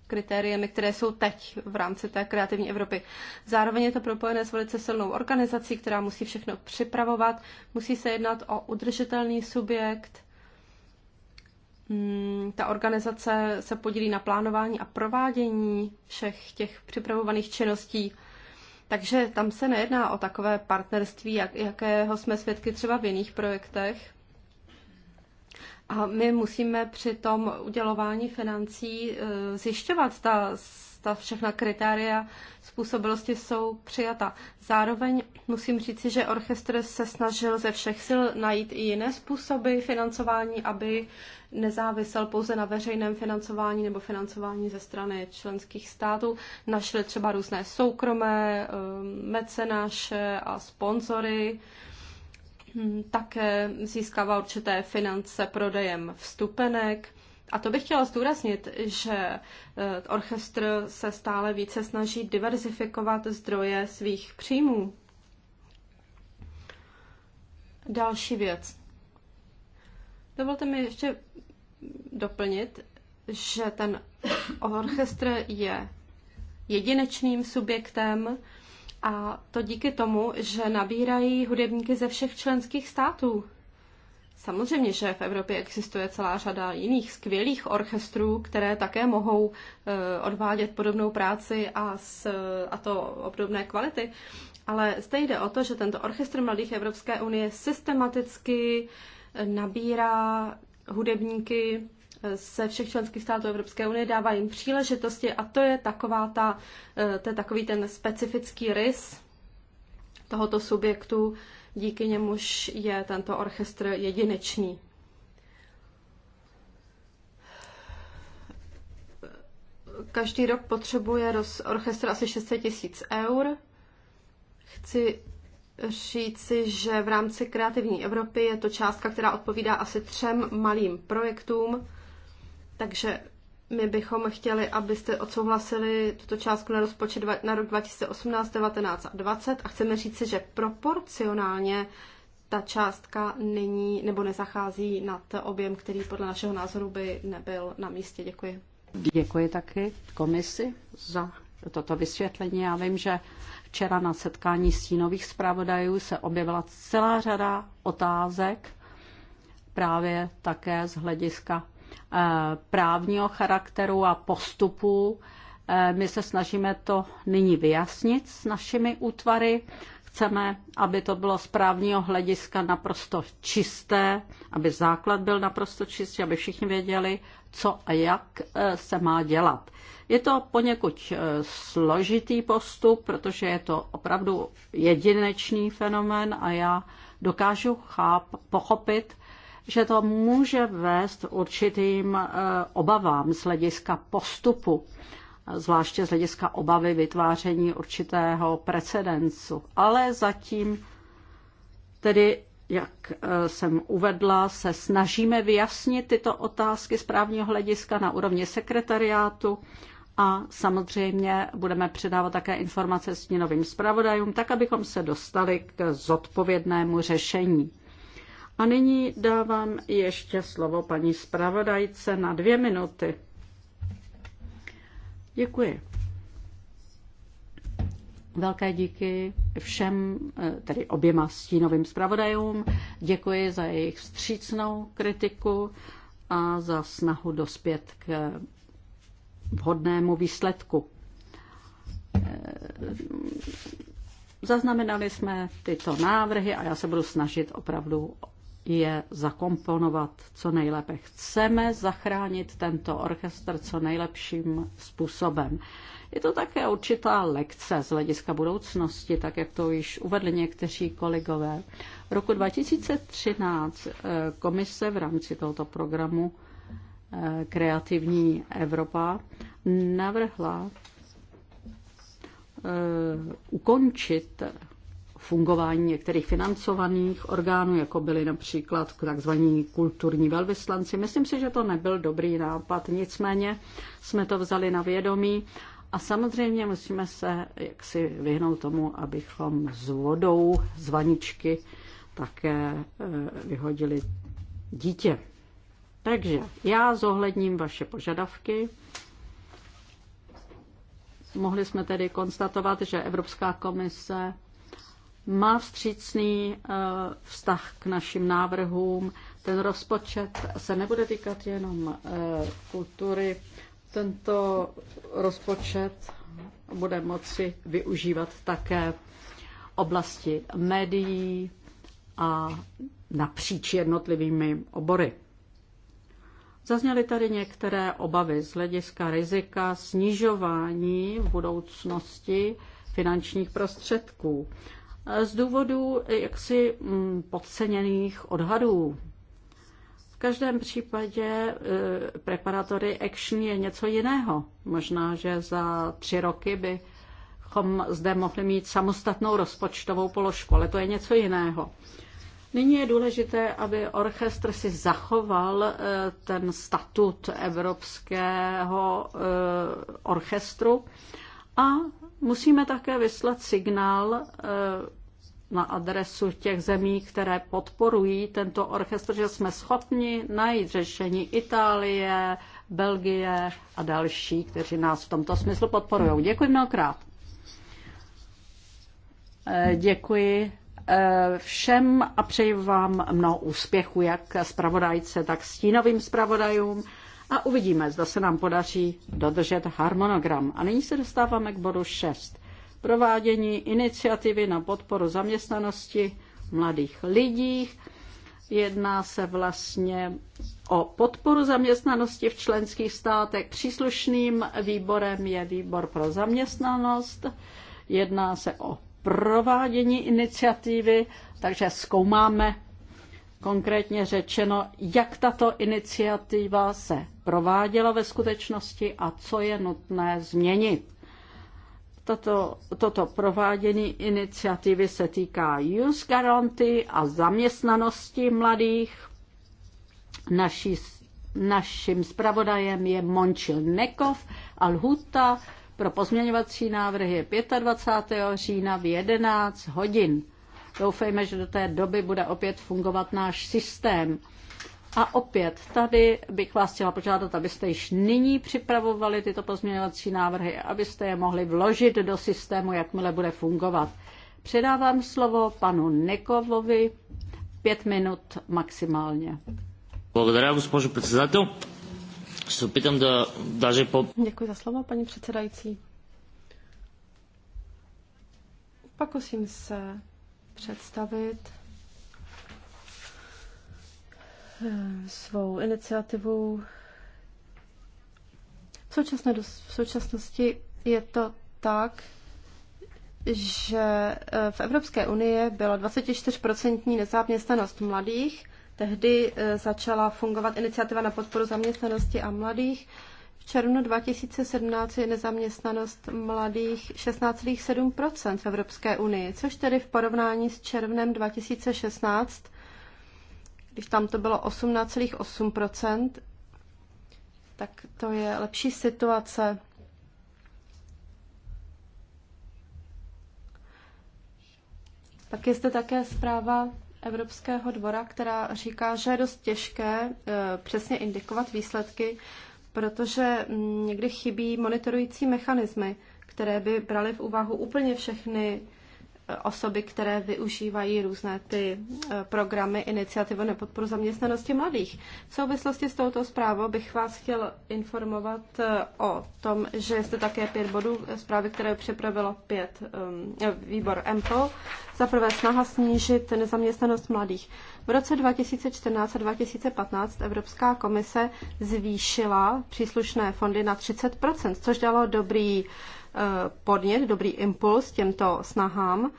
kritériemi, které jsou teď v rámci té kreativní Evropy. Zároveň je to propojené s velice silnou organizací, která musí všechno připravovat. Musí se jednat o udržitelný subjekt. Mm, ta organizace se podílí na plánování a provádění všech těch připravovaných činností. Takže tam se nejedná o takové partnerství, jak, jakého jsme svědky třeba v jiných projektech. A my musíme při tom udělování financí eh, zjišťovat, zda ta všechna kritéria způsobilosti jsou přijata. Zároveň musím říci, že orchestr se snažil ze všech sil najít i jiné způsoby financování, aby nezávisel pouze na veřejném financování nebo financování ze strany členských států. Našli třeba různé soukromé um, mecenáše a sponzory. Hm, také získává určité finance prodejem vstupenek a to bych chtěla zdůraznit, že e, orchestr se stále více snaží diverzifikovat zdroje svých příjmů. Další věc. Dovolte mi ještě doplnit, že ten orchestr je jedinečným subjektem a to díky tomu, že nabírají hudebníky ze všech členských států. Samozřejmě, že v Evropě existuje celá řada jiných skvělých orchestrů, které také mohou eh, odvádět podobnou práci a, s, a to obdobné kvality. Ale zde jde o to, že tento orchestr Mladých Evropské unie systematicky eh, nabírá hudebníky se eh, všech členských států Evropské unie, dává jim příležitosti a to je, taková ta, to je takový ten specifický rys tohoto subjektu, díky němuž je tento orchestr jedinečný. Každý rok potřebuje roz, orchestr asi 600 tisíc eur. Chci říci, že v rámci kreativní Evropy je to částka, která odpovídá asi třem malým projektům, takže my bychom chtěli, abyste odsouhlasili tuto částku na rozpočet na rok 2018, 19 a 20 a chceme říct, že proporcionálně ta částka není nebo nezachází nad objem, který podle našeho názoru by nebyl na místě. Děkuji. Děkuji taky komisi za toto vysvětlení. Já vím, že včera na setkání stínových zpravodajů se objevila celá řada otázek právě také z hlediska Eh, právního charakteru a postupu. Eh, my se snažíme to nyní vyjasnit s našimi útvary. Chceme, aby to bylo z právního hlediska naprosto čisté, aby základ byl naprosto čistý, aby všichni věděli, co a jak eh, se má dělat. Je to poněkud složitý postup, protože je to opravdu jedinečný fenomén a já dokážu cháp, pochopit, že to může vést určitým eh, obavám z hlediska postupu, zvláště z hlediska obavy vytváření určitého precedencu. Ale zatím tedy jak eh, jsem uvedla, se snažíme vyjasnit tyto otázky z právního hlediska na úrovni sekretariátu a samozřejmě budeme předávat také informace s novým zpravodajům, tak abychom se dostali k zodpovědnému řešení. A nyní dávám ještě slovo paní zpravodajce na dvě minuty. Děkuji. Velké díky všem, eh, tedy oběma stínovým zpravodajům. Děkuji za jejich vstřícnou kritiku a za snahu dospět k vhodnému výsledku. Eh, zaznamenali jsme tyto návrhy a já se budu snažit opravdu je zakomponovat co nejlépe. Chceme zachránit tento orchestr co nejlepším způsobem. Je to také určitá lekce z hlediska budoucnosti, tak jak to již uvedli někteří kolegové. V roku 2013 eh, komise v rámci tohoto programu eh, Kreativní Evropa navrhla eh, ukončit fungování některých financovaných orgánů, jako byly například tzv. kulturní velvyslanci. Myslím si, že to nebyl dobrý nápad, nicméně jsme to vzali na vědomí a samozřejmě musíme se jaksi vyhnout tomu, abychom s vodou z vaničky také e, vyhodili dítě. Takže já zohledním vaše požadavky. Mohli jsme tedy konstatovat, že Evropská komise má vstřícný eh, vztah k našim návrhům. Ten rozpočet se nebude týkat jenom eh, kultury. Tento rozpočet bude moci využívat také oblasti médií a napříč jednotlivými obory. Zazněly tady některé obavy z hlediska rizika snižování v budoucnosti finančních prostředků z důvodu jaksi mm, podceněných odhadů. V každém případě eh, preparatory Action je něco jiného. Možná, že za tři roky by bychom zde mohli mít samostatnou rozpočtovou položku, ale to je něco jiného. Nyní je důležité, aby orchestr si zachoval eh, ten statut evropského eh, orchestru a Musíme také vyslat signál eh, na adresu těch zemí, které podporují tento orchestr, že jsme schopni najít řešení Itálie, Belgie a další, kteří nás v tomto smyslu podporují. Děkuji mnohokrát. Eh, děkuji eh, všem a přeji vám mnoho úspěchu, jak zpravodajce, tak stínovým zpravodajům a uvidíme, zda se nám podaří dodržet harmonogram. A nyní se dostáváme k bodu 6. Provádění iniciativy na podporu zaměstnanosti mladých lidí. Jedná se vlastně o podporu zaměstnanosti v členských státech. Příslušným výborem je výbor pro zaměstnanost. Jedná se o provádění iniciativy, takže zkoumáme konkrétně řečeno, jak tato iniciativa se prováděla ve skutečnosti a co je nutné změnit. Toto, toto provádění iniciativy se týká Youth Guarantee a zaměstnanosti mladých. Naší, naším zpravodajem je Mončil Nekov a lhuta pro pozměňovací návrhy je 25. října v 11 hodin. Doufejme, že do té doby bude opět fungovat náš systém. A opět, tady bych vás chtěla požádat, abyste již nyní připravovali tyto pozměňovací návrhy, abyste je mohli vložit do systému, jakmile bude fungovat. Předávám slovo panu Nekovovi, pět minut maximálně. Děkuji za slovo, paní předsedající. Pokusím se představit eh, svou iniciativu. V, současné, v současnosti je to tak, že eh, v Evropské unii byla 24% nezaměstnanost mladých. Tehdy eh, začala fungovat iniciativa na podporu zaměstnanosti a mladých červnu 2017 je nezaměstnanost mladých 16,7 v Evropské unii, což tedy v porovnání s červnem 2016, když tam to bylo 18,8 tak to je lepší situace. Pak je zde také zpráva Evropského dvora, která říká, že je dost těžké eh, přesně indikovat výsledky protože mm, někdy chybí monitorující mechanismy, které by braly v úvahu úplně všechny e, osoby, které využívají různé ty e, programy, iniciativy na podporu zaměstnanosti mladých. V souvislosti s touto zprávou bych vás chtěl informovat e, o tom, že jste také pět bodů zprávy, které připravilo pět um, výbor MPO. Za prvé snaha snížit nezaměstnanost mladých. V roce 2014 a 2015 Evropská komise zvýšila příslušné fondy na 30 což dalo dobrý eh, podnět, dobrý impuls těmto snahám.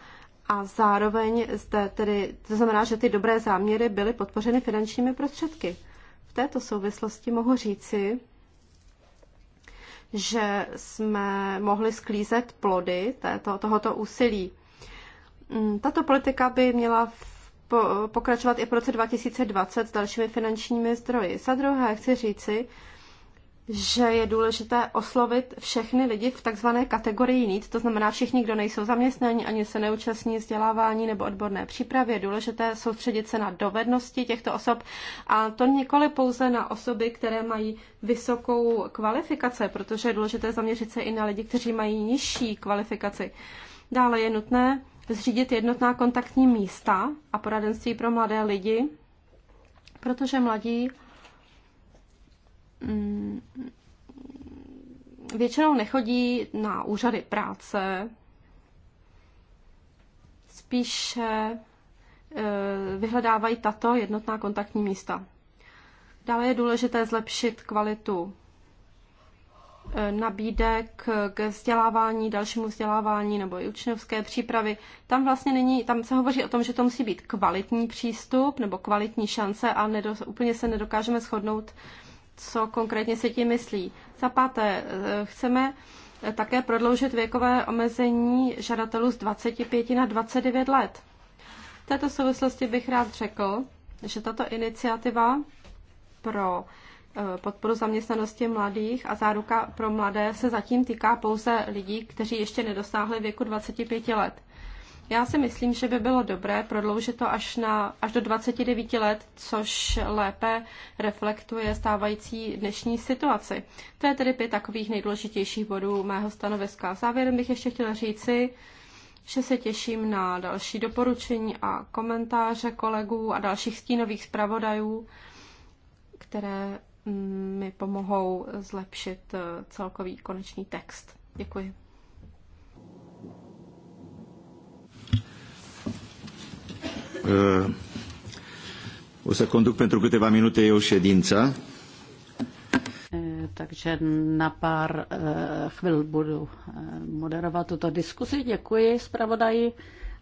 A zároveň zde tedy, to znamená, že ty dobré záměry byly podpořeny finančními prostředky. V této souvislosti mohu říci, že jsme mohli sklízet plody této, tohoto úsilí. Hm, tato politika by měla po, pokračovat i v roce 2020 s dalšími finančními zdroji. Za druhé chci říci, že je důležité oslovit všechny lidi v takzvané kategorii need, to znamená všichni, kdo nejsou zaměstnaní, ani se neúčastní vzdělávání nebo odborné přípravy. Je důležité soustředit se na dovednosti těchto osob a to nikoli pouze na osoby, které mají vysokou kvalifikaci, protože je důležité zaměřit se i na lidi, kteří mají nižší kvalifikaci. Dále je nutné zřídit jednotná kontaktní místa a poradenství pro mladé lidi, protože mladí mm, většinou nechodí na úřady práce, spíše eh, vyhledávají tato jednotná kontaktní místa. Dále je důležité zlepšit kvalitu nabídek k vzdělávání, dalšímu vzdělávání nebo i učňovské přípravy. Tam vlastně není, tam se hovoří o tom, že to musí být kvalitní přístup nebo kvalitní šance a nedo, úplně se nedokážeme shodnout, co konkrétně se tím myslí. Za páté, eh, chceme eh, také prodloužit věkové omezení žadatelů z 25 na 29 let. V této souvislosti bych rád řekl, že tato iniciativa pro Eh, podporu zaměstnanosti mladých a záruka pro mladé se zatím týká pouze lidí, kteří ještě nedosáhli věku 25 let. Já si myslím, že by bylo dobré prodloužit to až, na, až do 29 let, což lépe reflektuje stávající dnešní situaci. To je tedy pět takových nejdůležitějších bodů mého stanoviska. Závěrem bych ještě chtěla říci, že se těším na další doporučení a komentáře kolegů a dalších stínových zpravodajů, které mi pomohou zlepšit eh, celkový konečný text. Děkuji. Eh, o se conduc pentru câteva minute eu ședința. Eh, takže na pár chvil budu moderovat tuto diskusi. Děkuji zpravodaji.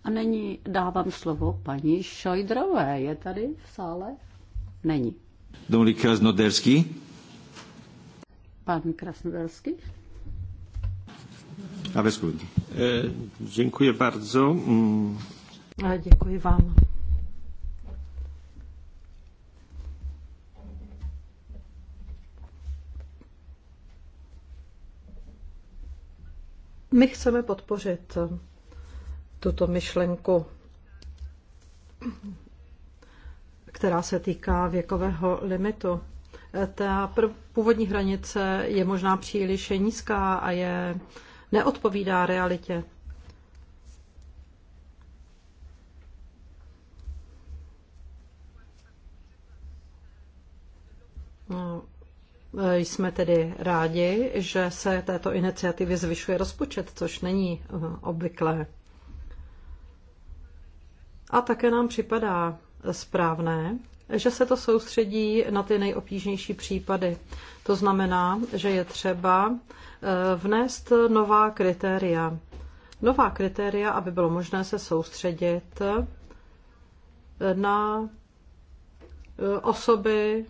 A nyní dávám slovo paní Šojdrové. Je tady v sále? Není. Domnul Krasnoderský. Pan Krasnoderský. E, mm. A bez Děkuji bardzo. A děkuji vám. My chceme podpořit tuto myšlenku která se týká věkového limitu. Ta původní hranice je možná příliš nízká a je neodpovídá realitě. No. Jsme tedy rádi, že se této iniciativy zvyšuje rozpočet, což není eh, obvyklé. A také nám připadá správné, že se to soustředí na ty nejobtížnější případy. To znamená, že je třeba eh, vnést nová kritéria. Nová kritéria, aby bylo možné se soustředit eh, na eh, osoby,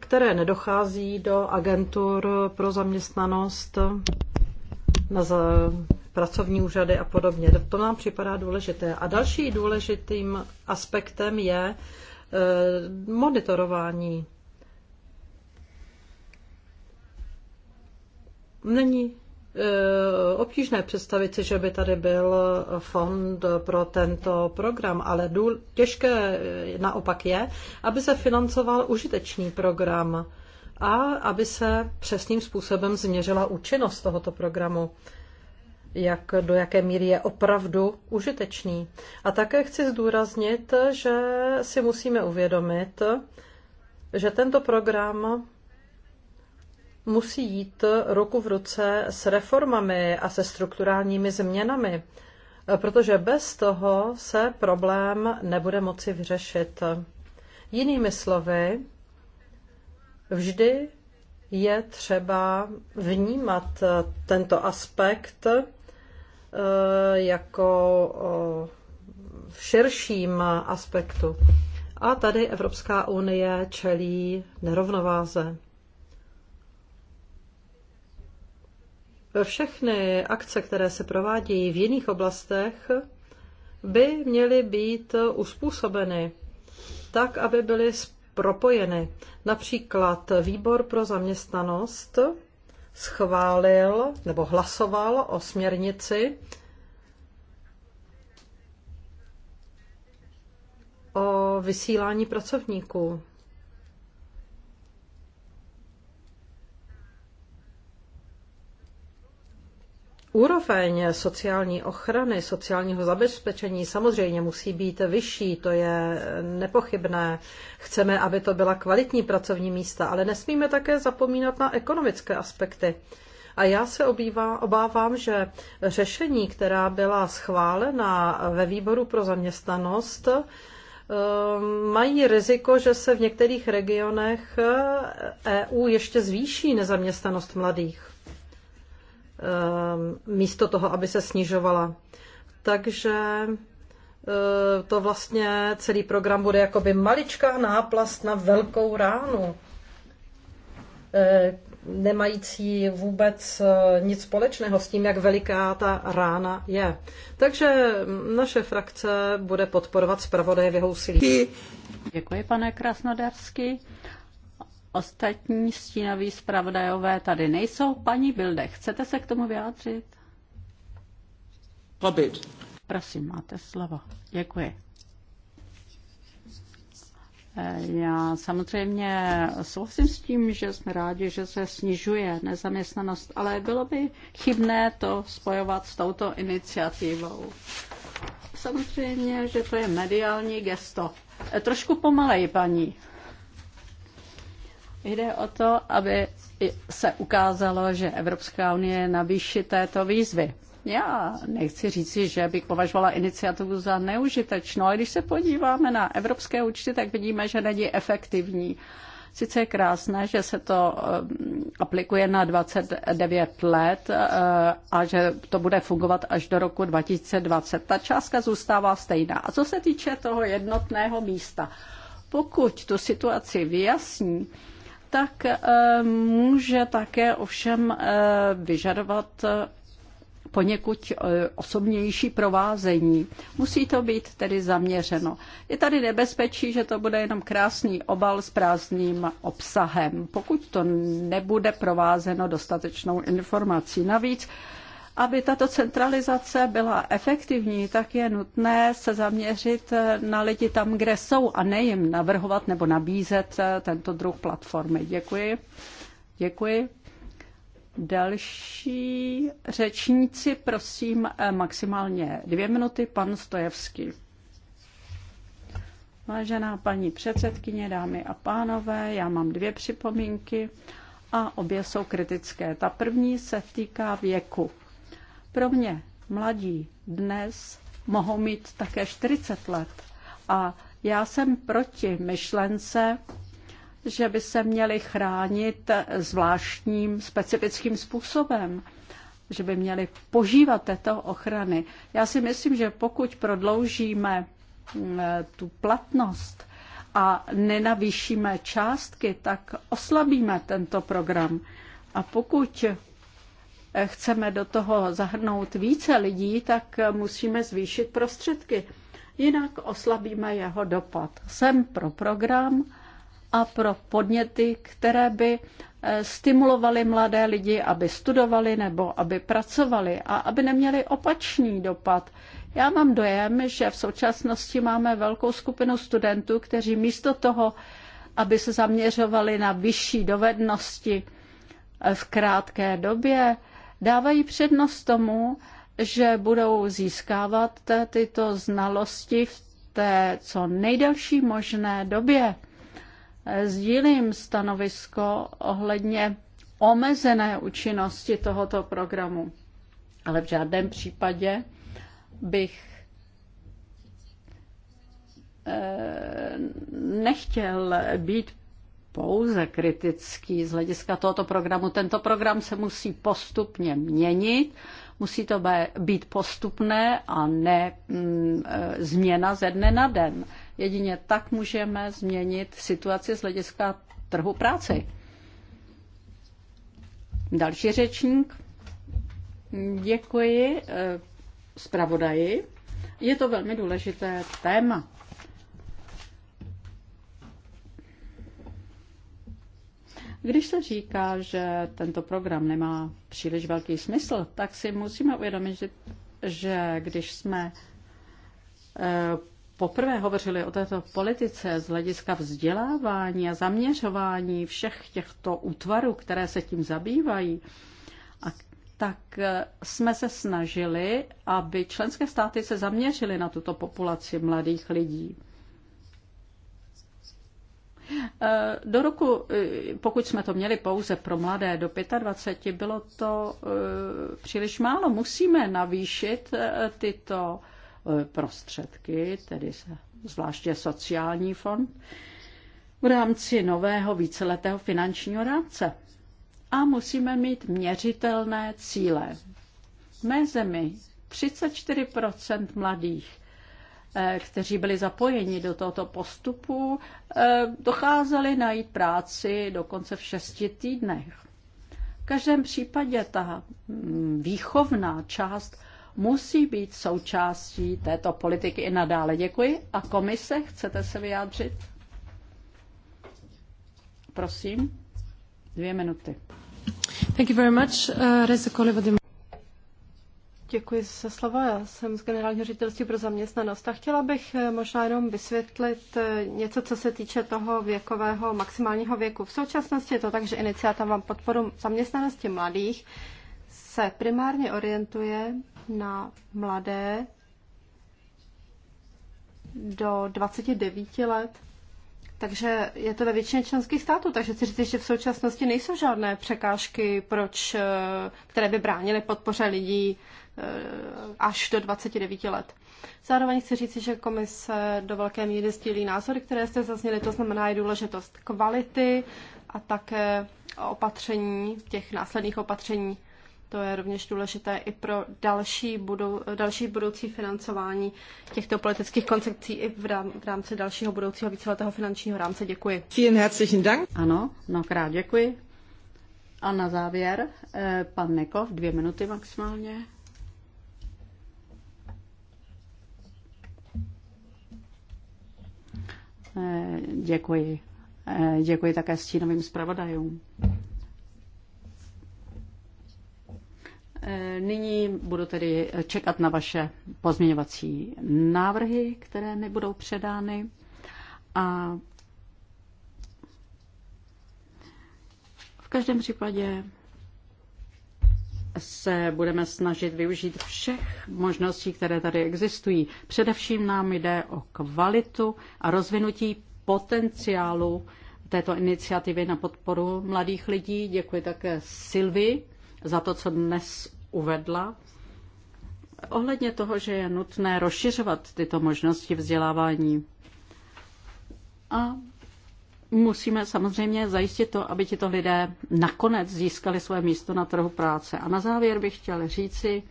které nedochází do agentur pro zaměstnanost na pracovní úřady a podobně. To nám připadá důležité. A další důležitým aspektem je eh, monitorování. Není eh, obtížné představit si, že by tady byl fond pro tento program, ale těžké eh, naopak je, aby se financoval užitečný program a aby se přesným způsobem změřila účinnost tohoto programu jak, do jaké míry je opravdu užitečný. A také chci zdůraznit, že si musíme uvědomit, že tento program musí jít ruku v ruce s reformami a se strukturálními změnami, protože bez toho se problém nebude moci vyřešit. Jinými slovy, vždy je třeba vnímat tento aspekt Eh, jako eh, v širším aspektu. A tady Evropská unie čelí nerovnováze. Všechny akce, které se provádějí v jiných oblastech, by měly být uspůsobeny tak, aby byly propojeny. Například výbor pro zaměstnanost schválil nebo hlasoval o směrnici o vysílání pracovníků. Úroveň sociální ochrany, sociálního zabezpečení samozřejmě musí být vyšší, to je nepochybné. Chceme, aby to byla kvalitní pracovní místa, ale nesmíme také zapomínat na ekonomické aspekty. A já se obývá, obávám, že řešení, která byla schválena ve výboru pro zaměstnanost, eh, mají riziko, že se v některých regionech EU eh, e ještě zvýší nezaměstnanost mladých. Ehm, místo toho, aby se snižovala. Takže eh, to vlastně celý program bude jakoby maličká náplast na velkou ránu, eh, nemající vůbec eh, nic společného s tím, jak veliká ta rána je. Takže naše frakce bude podporovat zpravodaje v jeho úsilí. Děkuji, pane Krasnodarsky. Ostatní stínoví zpravodajové tady nejsou. Paní Bilde, chcete se k tomu vyjádřit? Pobyt. Prosím, máte slovo. Děkuji. Eh, já samozřejmě souhlasím s tím, že jsme rádi, že se snižuje nezaměstnanost, ale bylo by chybné to spojovat s touto iniciativou. Samozřejmě, že to je mediální gesto. Eh, trošku pomalej, paní. Jde o to, aby se ukázalo, že Evropská unie je na výši této výzvy. Já nechci říci, že bych považovala iniciativu za neužitečnou, ale když se podíváme na evropské účty, tak vidíme, že není efektivní. Sice je krásné, že se to eh, aplikuje na 29 let eh, a že to bude fungovat až do roku 2020. Ta částka zůstává stejná. A co se týče toho jednotného místa, pokud tu situaci vyjasní, tak eh, může také ovšem eh, vyžadovat eh, poněkud osobnější provázení. Musí to být tedy zaměřeno. Je tady nebezpečí, že to bude jenom krásný obal s prázdným obsahem, pokud to nebude provázeno dostatečnou informací. Navíc aby tato centralizace byla efektivní, tak je nutné se zaměřit na lidi tam, kde jsou a ne jim navrhovat nebo nabízet eh, tento druh platformy. Děkuji. Děkuji. Další řečníci, prosím, eh, maximálně dvě minuty, pan Stojevský. Vážená paní předsedkyně, dámy a pánové, já mám dvě připomínky a obě jsou kritické. Ta první se týká věku. Pro mě mladí dnes mohou mít také 40 let a já jsem proti myšlence, že by se měli chránit zvláštním specifickým způsobem, že by měli požívat této ochrany. Já si myslím, že pokud prodloužíme mm, tu platnost a nenavýšíme částky, tak oslabíme tento program. A pokud chceme do toho zahrnout více lidí, tak musíme zvýšit prostředky. Jinak oslabíme jeho dopad. Jsem pro program a pro podněty, které by eh, stimulovaly mladé lidi, aby studovali nebo aby pracovali a aby neměli opačný dopad. Já mám dojem, že v současnosti máme velkou skupinu studentů, kteří místo toho, aby se zaměřovali na vyšší dovednosti eh, v krátké době, dávají přednost tomu, že budou získávat tyto znalosti v té co nejdelší možné době. Sdílím stanovisko ohledně omezené účinnosti tohoto programu, ale v žádném případě bych eh, nechtěl být pouze kritický z hlediska tohoto programu. Tento program se musí postupně měnit, musí to být postupné a ne mm, e, změna ze dne na den. Jedině tak můžeme změnit situaci z hlediska trhu práce. Další řečník. Děkuji e, zpravodaji. Je to velmi důležité téma. Když se říká, že tento program nemá příliš velký smysl, tak si musíme uvědomit, že, že když jsme eh, poprvé hovořili o této politice z hlediska vzdělávání a zaměřování všech těchto útvarů, které se tím zabývají, a tak eh, jsme se snažili, aby členské státy se zaměřily na tuto populaci mladých lidí. Eh, do roku, eh, pokud jsme to měli pouze pro mladé do 25, bylo to eh, příliš málo. Musíme navýšit tyto prostředky, tedy zvláště sociální fond, v rámci nového víceletého finančního rámce. A musíme mít měřitelné cíle. V mé zemi 34 mladých Eh, kteří byli zapojeni do tohoto postupu, eh, docházeli najít práci dokonce v šesti týdnech. V každém případě ta mm, výchovná část musí být součástí této politiky i nadále. Děkuji. A komise, chcete se vyjádřit? Prosím, dvě minuty. Thank you very much. Uh, Děkuji za slovo. Já jsem z Generálního ředitelství pro zaměstnanost a chtěla bych eh, možná jenom vysvětlit eh, něco, co se týče toho věkového, maximálního věku. V současnosti je to tak, že iniciativa podporu zaměstnanosti mladých se primárně orientuje na mladé do 29 let. Takže je to ve většině členských států, takže chci říct, že v současnosti nejsou žádné překážky, proč, eh, které by bránily podpoře lidí Eh, až do 29 let. Zároveň chci říci, že komise do velké míry sdílí názory, které jste zazněli, to znamená je důležitost kvality a také opatření, těch následných opatření. To je rovněž důležité i pro další, budou, další budoucí financování těchto politických koncepcí i v, rám, v rámci dalšího budoucího víceletého finančního rámce. Děkuji. Vielen herzlichen Dank. Ano, mnohokrát děkuji. A na závěr, eh, pan Nekov, dvě minuty maximálně. Eh, děkuji. Eh, děkuji také stínovým zpravodajům. Eh, nyní budu tedy čekat na vaše pozměňovací návrhy, které mi budou předány. A v každém případě se budeme snažit využít všech možností, které tady existují. Především nám jde o kvalitu a rozvinutí potenciálu této iniciativy na podporu mladých lidí. Děkuji také Silvi za to, co dnes uvedla. Ohledně toho, že je nutné rozšiřovat tyto možnosti vzdělávání. A musíme samozřejmě zajistit to, aby tito lidé nakonec získali své místo na trhu práce. A na závěr bych chtěl říci,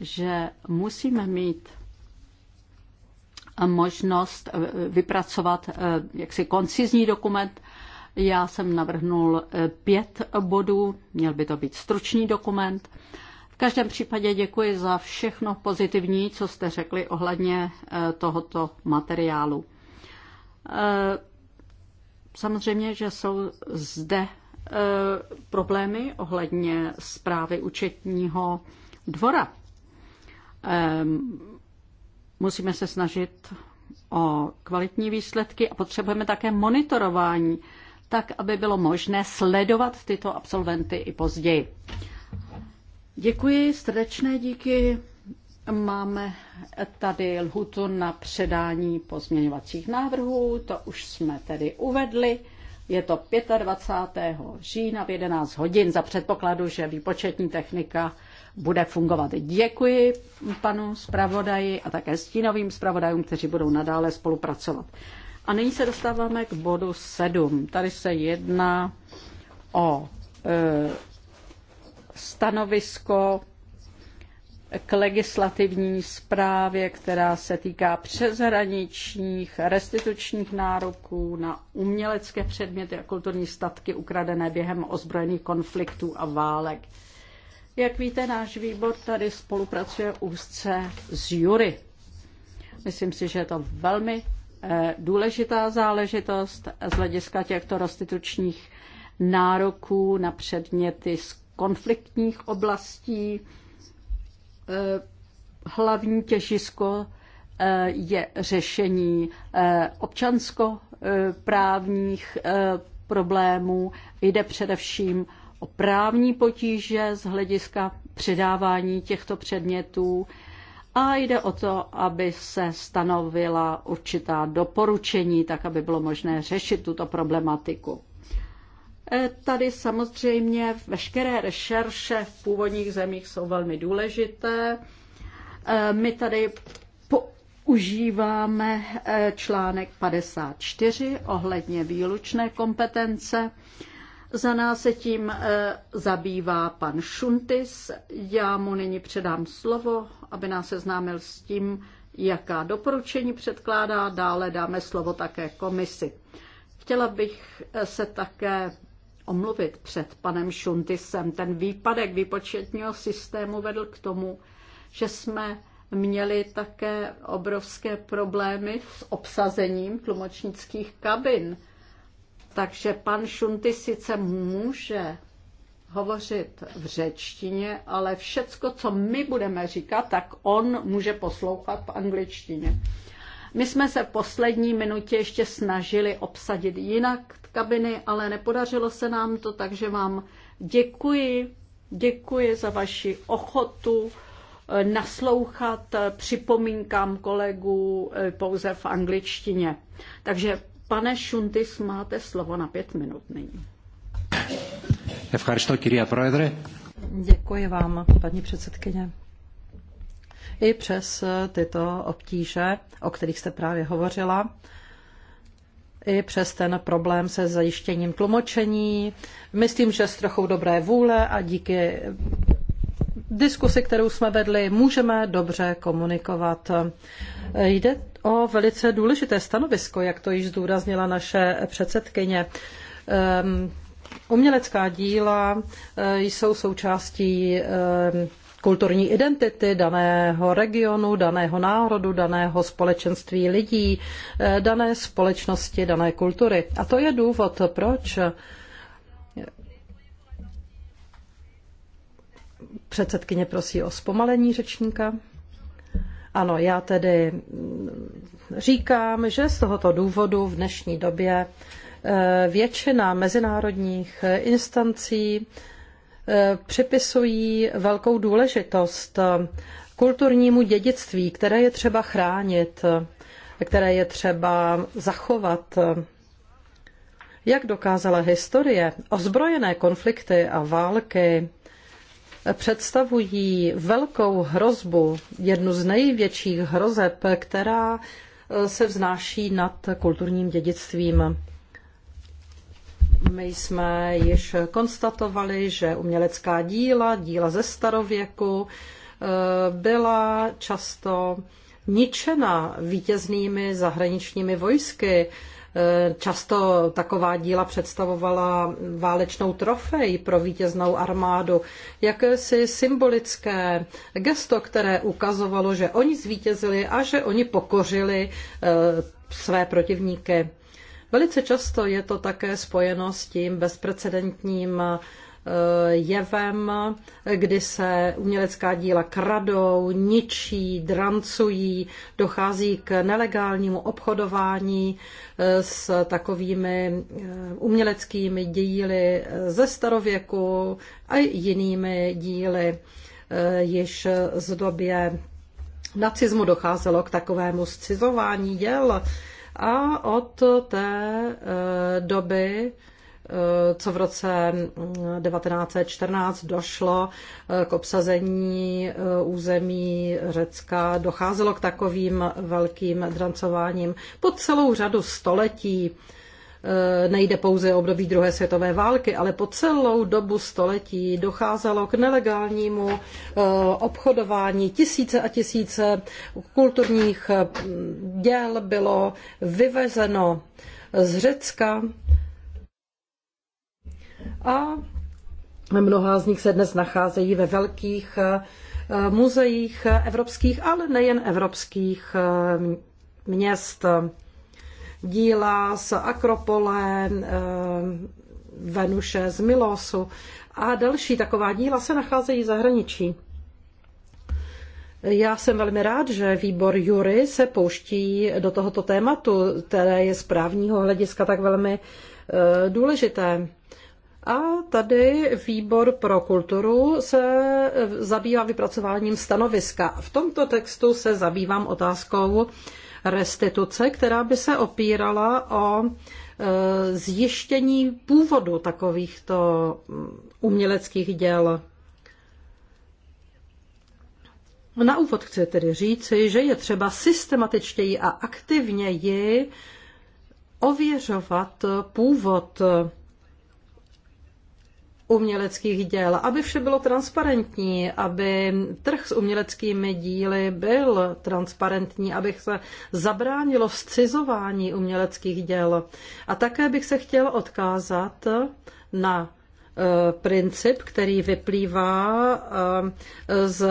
že musíme mít možnost vypracovat eh, jaksi koncizní dokument. Já jsem navrhnul eh, pět bodů, měl by to být stručný dokument. V každém případě děkuji za všechno pozitivní, co jste řekli ohledně eh, tohoto materiálu. Samozřejmě, že jsou zde e, problémy ohledně zprávy účetního dvora. E, musíme se snažit o kvalitní výsledky a potřebujeme také monitorování, tak aby bylo možné sledovat tyto absolventy i později. Děkuji, srdečné díky. Máme tady lhutu na předání pozměňovacích návrhů, to už jsme tedy uvedli. Je to 25. října v 11 hodin za předpokladu, že výpočetní technika bude fungovat. Děkuji panu zpravodaji a také stínovým zpravodajům, kteří budou nadále spolupracovat. A nyní se dostáváme k bodu 7. Tady se jedná o e, stanovisko k legislativní zprávě, která se týká přeshraničních restitučních nároků na umělecké předměty a kulturní statky ukradené během ozbrojených konfliktů a válek. Jak víte, náš výbor tady spolupracuje úzce s jury. Myslím si, že je to velmi eh, důležitá záležitost z hlediska těchto restitučních nároků na předměty z konfliktních oblastí Eh, hlavní těžisko eh, je řešení eh, občanskoprávních problémů. Jde především o právní potíže z hlediska předávání těchto předmětů a jde o to, aby se stanovila určitá doporučení, tak aby bylo možné řešit tuto problematiku. E, tady samozřejmě veškeré rešerše v původních zemích jsou velmi důležité. E, my tady používáme e, článek 54 ohledně výlučné kompetence. Za nás se tím zabývá pan Šuntis. Já mu nyní předám slovo, aby nás seznámil s tím, jaká doporučení předkládá. Dále dáme slovo také komisi. Chtěla bych se také omluvit před panem Šuntisem. Ten výpadek výpočetního systému vedl k tomu, že jsme měli také obrovské problémy s obsazením tlumočnických kabin. Takže pan Šunty sice může hovořit v řečtině, ale všecko, co my budeme říkat, tak on může poslouchat v angličtině. My jsme se v poslední minutě ještě snažili obsadit jinak kabiny, ale nepodařilo se nám to, takže vám děkuji. Děkuji za vaši ochotu eh, naslouchat eh, připomínkám kolegů eh, pouze v angličtině. Takže pane Šuntis, máte slovo na pět minut nyní. Děkuji vám, paní předsedkyně i přes eh, tyto obtíže, o kterých jste právě hovořila, i přes ten problém se zajištěním tlumočení. Myslím, že s trochou dobré vůle a díky diskusi, kterou jsme vedli, můžeme dobře komunikovat. Jde o velice důležité stanovisko, jak to již zdůraznila naše předsedkyně. Ehm, umělecká díla eh, jsou součástí ehm, kulturní identity daného regionu, daného národu, daného společenství lidí, eh, dané společnosti, dané kultury. A to je důvod, proč Předsedkyně prosí o zpomalení řečníka. Ano, já tedy říkám, že z tohoto důvodu v dnešní době eh, většina mezinárodních eh, instancí připisují velkou důležitost kulturnímu dědictví, které je třeba chránit, které je třeba zachovat. Jak dokázala historie, ozbrojené konflikty a války představují velkou hrozbu, jednu z největších hrozeb, která se vznáší nad kulturním dědictvím. My jsme již konstatovali, že umělecká díla, díla ze starověku, eh, byla často ničena vítěznými zahraničními vojsky. Eh, často taková díla představovala válečnou trofej pro vítěznou armádu, jakési symbolické gesto, které ukazovalo, že oni zvítězili a že oni pokořili eh, své protivníky. Velice často je to také spojeno s tím bezprecedentním eh, jevem, kdy se umělecká díla kradou, ničí, drancují, dochází k nelegálnímu obchodování eh, s takovými eh, uměleckými díly ze starověku a jinými díly. Již z době nacismu docházelo k takovému scizování děl a od té eh, doby eh, co v roce 1914 mm, došlo eh, k obsazení území Řecka, docházelo k takovým velkým drancováním po celou řadu století Eh, nejde pouze o období druhé světové války, ale po celou dobu století docházelo k nelegálnímu eh, obchodování. Tisíce a tisíce kulturních eh, děl bylo vyvezeno z Řecka a mnoha z nich se dnes nacházejí ve velkých muzeích evropských, ale nejen evropských měst díla z Akropole, eh, Venuše z Milosu a další taková díla se nacházejí v zahraničí. Já jsem velmi rád, že výbor Jury se pouští do tohoto tématu, které je z právního hlediska tak velmi eh, důležité. A tady výbor pro kulturu se eh, zabývá vypracováním stanoviska. V tomto textu se zabývám otázkou restituce, která by se opírala o e, zjištění původu takovýchto mm, uměleckých děl. Na úvod chci tedy říci, že je třeba systematičtěji a aktivněji ověřovat původ uměleckých děl, aby vše bylo transparentní, aby trh s uměleckými díly byl transparentní, abych se zabránilo vzcizování uměleckých děl. A také bych se chtěl odkázat na eh, princip, který vyplývá eh, z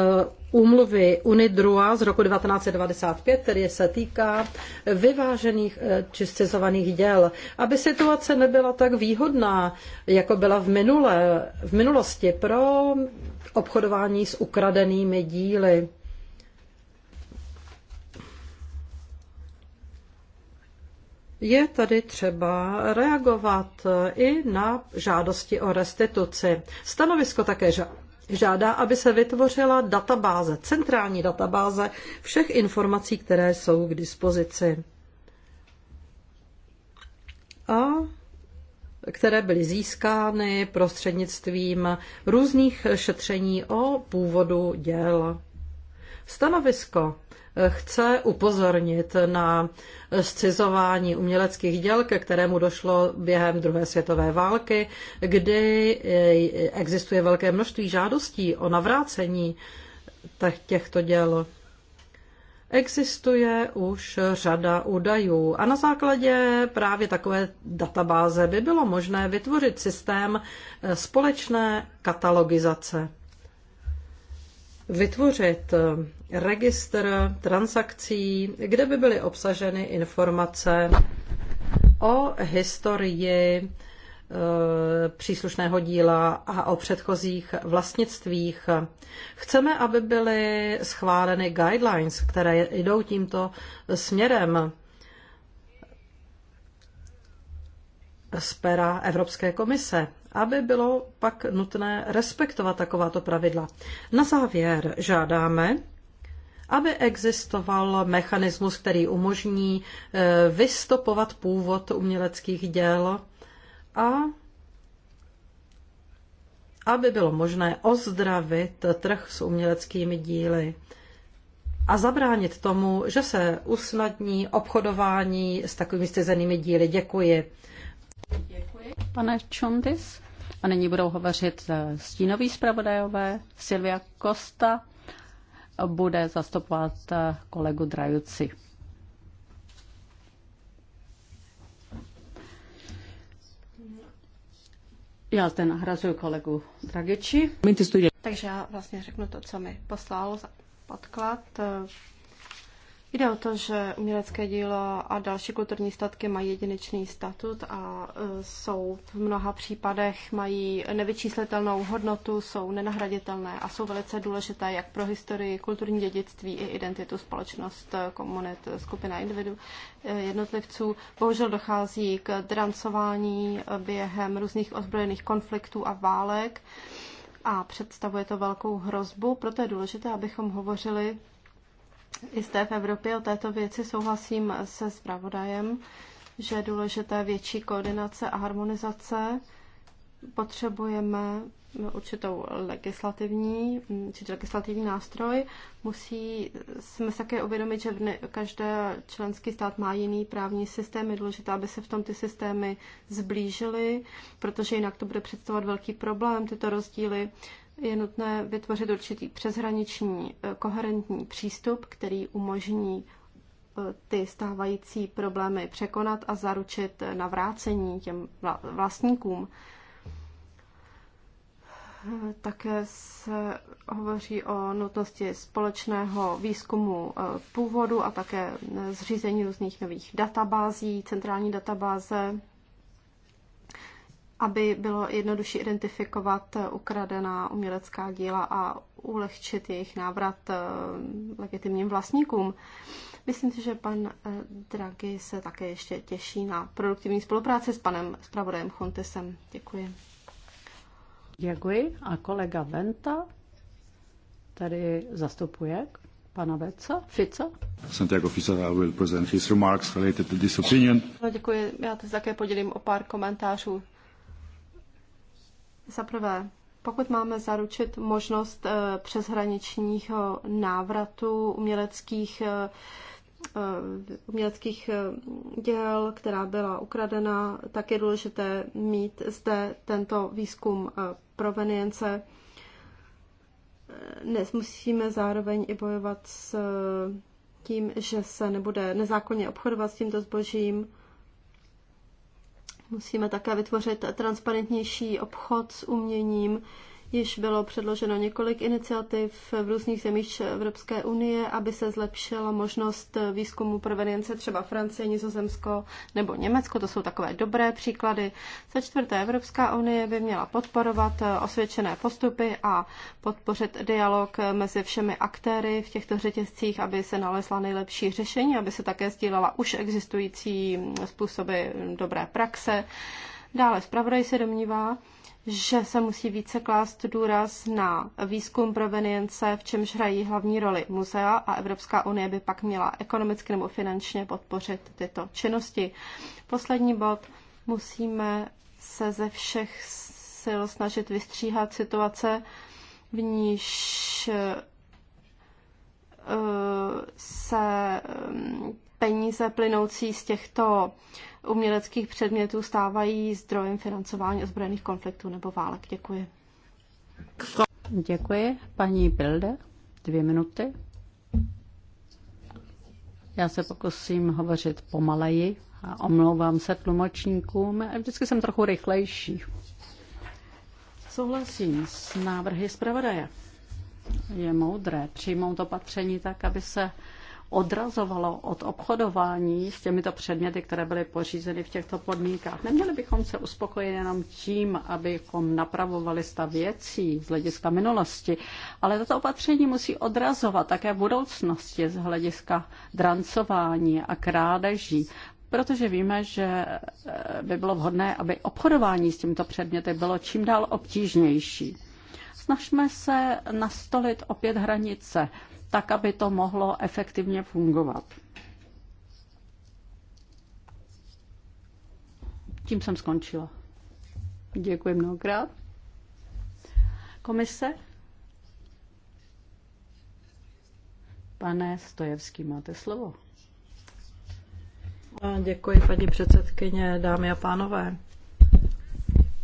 úmluvy UNIDRUA z roku 1995, který se týká vyvážených eh, či scizovaných děl, aby situace nebyla tak výhodná, jako byla v, minule, v minulosti pro obchodování s ukradenými díly. Je tady třeba reagovat eh, i na žádosti o restituci. Stanovisko také žádá, aby se vytvořila databáze, centrální databáze všech informací, které jsou k dispozici. A které byly získány prostřednictvím různých šetření o původu děl. Stanovisko chce upozornit na scizování uměleckých děl, ke kterému došlo během druhé světové války, kdy eh, existuje velké množství žádostí o navrácení těchto děl. Existuje už řada údajů a na základě právě takové databáze by bylo možné vytvořit systém eh, společné katalogizace vytvořit eh, registr transakcí, kde by byly obsaženy informace o historii eh, příslušného díla a o předchozích vlastnictvích. Chceme, aby byly schváleny guidelines, které jdou tímto směrem z pera Evropské komise aby bylo pak nutné respektovat takováto pravidla. Na závěr žádáme, aby existoval mechanismus, který umožní eh, vystopovat původ uměleckých děl a aby bylo možné ozdravit trh s uměleckými díly a zabránit tomu, že se usnadní obchodování s takovými stezenými díly. Děkuji. Děkuji. Pane Čundis. A nyní budou hovořit eh, stínoví zpravodajové. Silvia Costa bude zastupovat eh, kolegu Drajuci. Já zde nahrazuju kolegu Dragiči. Takže já vlastně řeknu to, co mi poslal za podklad. Jde o to, že umělecké dílo a další kulturní statky mají jedinečný statut a e, jsou v mnoha případech, mají nevyčíslitelnou hodnotu, jsou nenahraditelné a jsou velice důležité jak pro historii, kulturní dědictví i identitu společnost, e, komunit, e, skupina individu, jednotlivců. Bohužel dochází k drancování během různých ozbrojených konfliktů a válek a představuje to velkou hrozbu, proto je důležité, abychom hovořili i zde v Evropě o této věci souhlasím se zpravodajem, že je důležité větší koordinace a harmonizace potřebujeme určitou legislativní, určitý legislativní nástroj. Musí jsme se také uvědomit, že každý členský stát má jiný právní systém. Je důležité, aby se v tom ty systémy zblížily, protože jinak to bude představovat velký problém, tyto rozdíly. Je nutné vytvořit určitý přeshraniční eh, koherentní přístup, který umožní eh, ty stávající problémy překonat a zaručit eh, navrácení těm vlastníkům. Také se hovoří o nutnosti společného výzkumu eh, původu a také zřízení různých nových databází, centrální databáze, aby bylo jednodušší identifikovat eh, ukradená umělecká díla a ulehčit jejich návrat eh, legitimním vlastníkům. Myslím si, že pan Draghi se také ještě těší na produktivní spolupráci s panem zpravodajem Chontesem. Děkuji. Děkuji. A kolega Venta tady zastupuje pana Veca, Fica. Santiago Fica will present his remarks related to this opinion. No, děkuji. Já to také podělím o pár komentářů. Za prvé, pokud máme zaručit možnost eh, přeshraničního návratu uměleckých eh, eh, uměleckých děl, která byla ukradena, tak je důležité mít zde tento výzkum provenience. Dnes musíme zároveň i bojovat s tím, že se nebude nezákonně obchodovat s tímto zbožím. Musíme také vytvořit transparentnější obchod s uměním, Již bylo předloženo několik iniciativ v různých zemích Evropské unie, aby se zlepšila možnost výzkumu provenience třeba Francie, Nizozemsko nebo Německo. To jsou takové dobré příklady. Za čtvrté, Evropská unie by měla podporovat eh, osvědčené postupy a podpořit dialog eh, mezi všemi aktéry v těchto řetězcích, aby se nalezla nejlepší řešení, aby se také sdílela už existující mm, způsoby mm, dobré praxe. Dále zpravodaj se domnívá, že se musí více klást důraz na výzkum provenience, v čemž hrají hlavní roli muzea a Evropská unie by pak měla ekonomicky nebo finančně podpořit tyto činnosti. Poslední bod. Musíme se ze všech sil snažit vystříhat situace, v níž eh, se peníze plynoucí z těchto uměleckých předmětů stávají zdrojem financování ozbrojených konfliktů nebo válek. Děkuji. Děkuji. Paní Bilde, dvě minuty. Já se pokusím hovořit pomaleji a omlouvám se tlumočníkům. Vždycky jsem trochu rychlejší. Souhlasím s návrhy zpravodaje. Je moudré přijmout opatření tak, aby se odrazovalo od obchodování s těmito předměty, které byly pořízeny v těchto podmínkách. Neměli bychom se uspokojit jenom tím, abychom napravovali stav věcí z hlediska minulosti, ale toto opatření musí odrazovat také v budoucnosti z hlediska drancování a krádeží, protože víme, že eh, by bylo vhodné, aby obchodování s těmito předměty bylo čím dál obtížnější. Snažme se nastolit opět hranice tak aby to mohlo efektivně fungovat. Tím jsem skončila. Děkuji mnohokrát. Komise? Pane Stojevský, máte slovo. Děkuji, paní předsedkyně, dámy a pánové.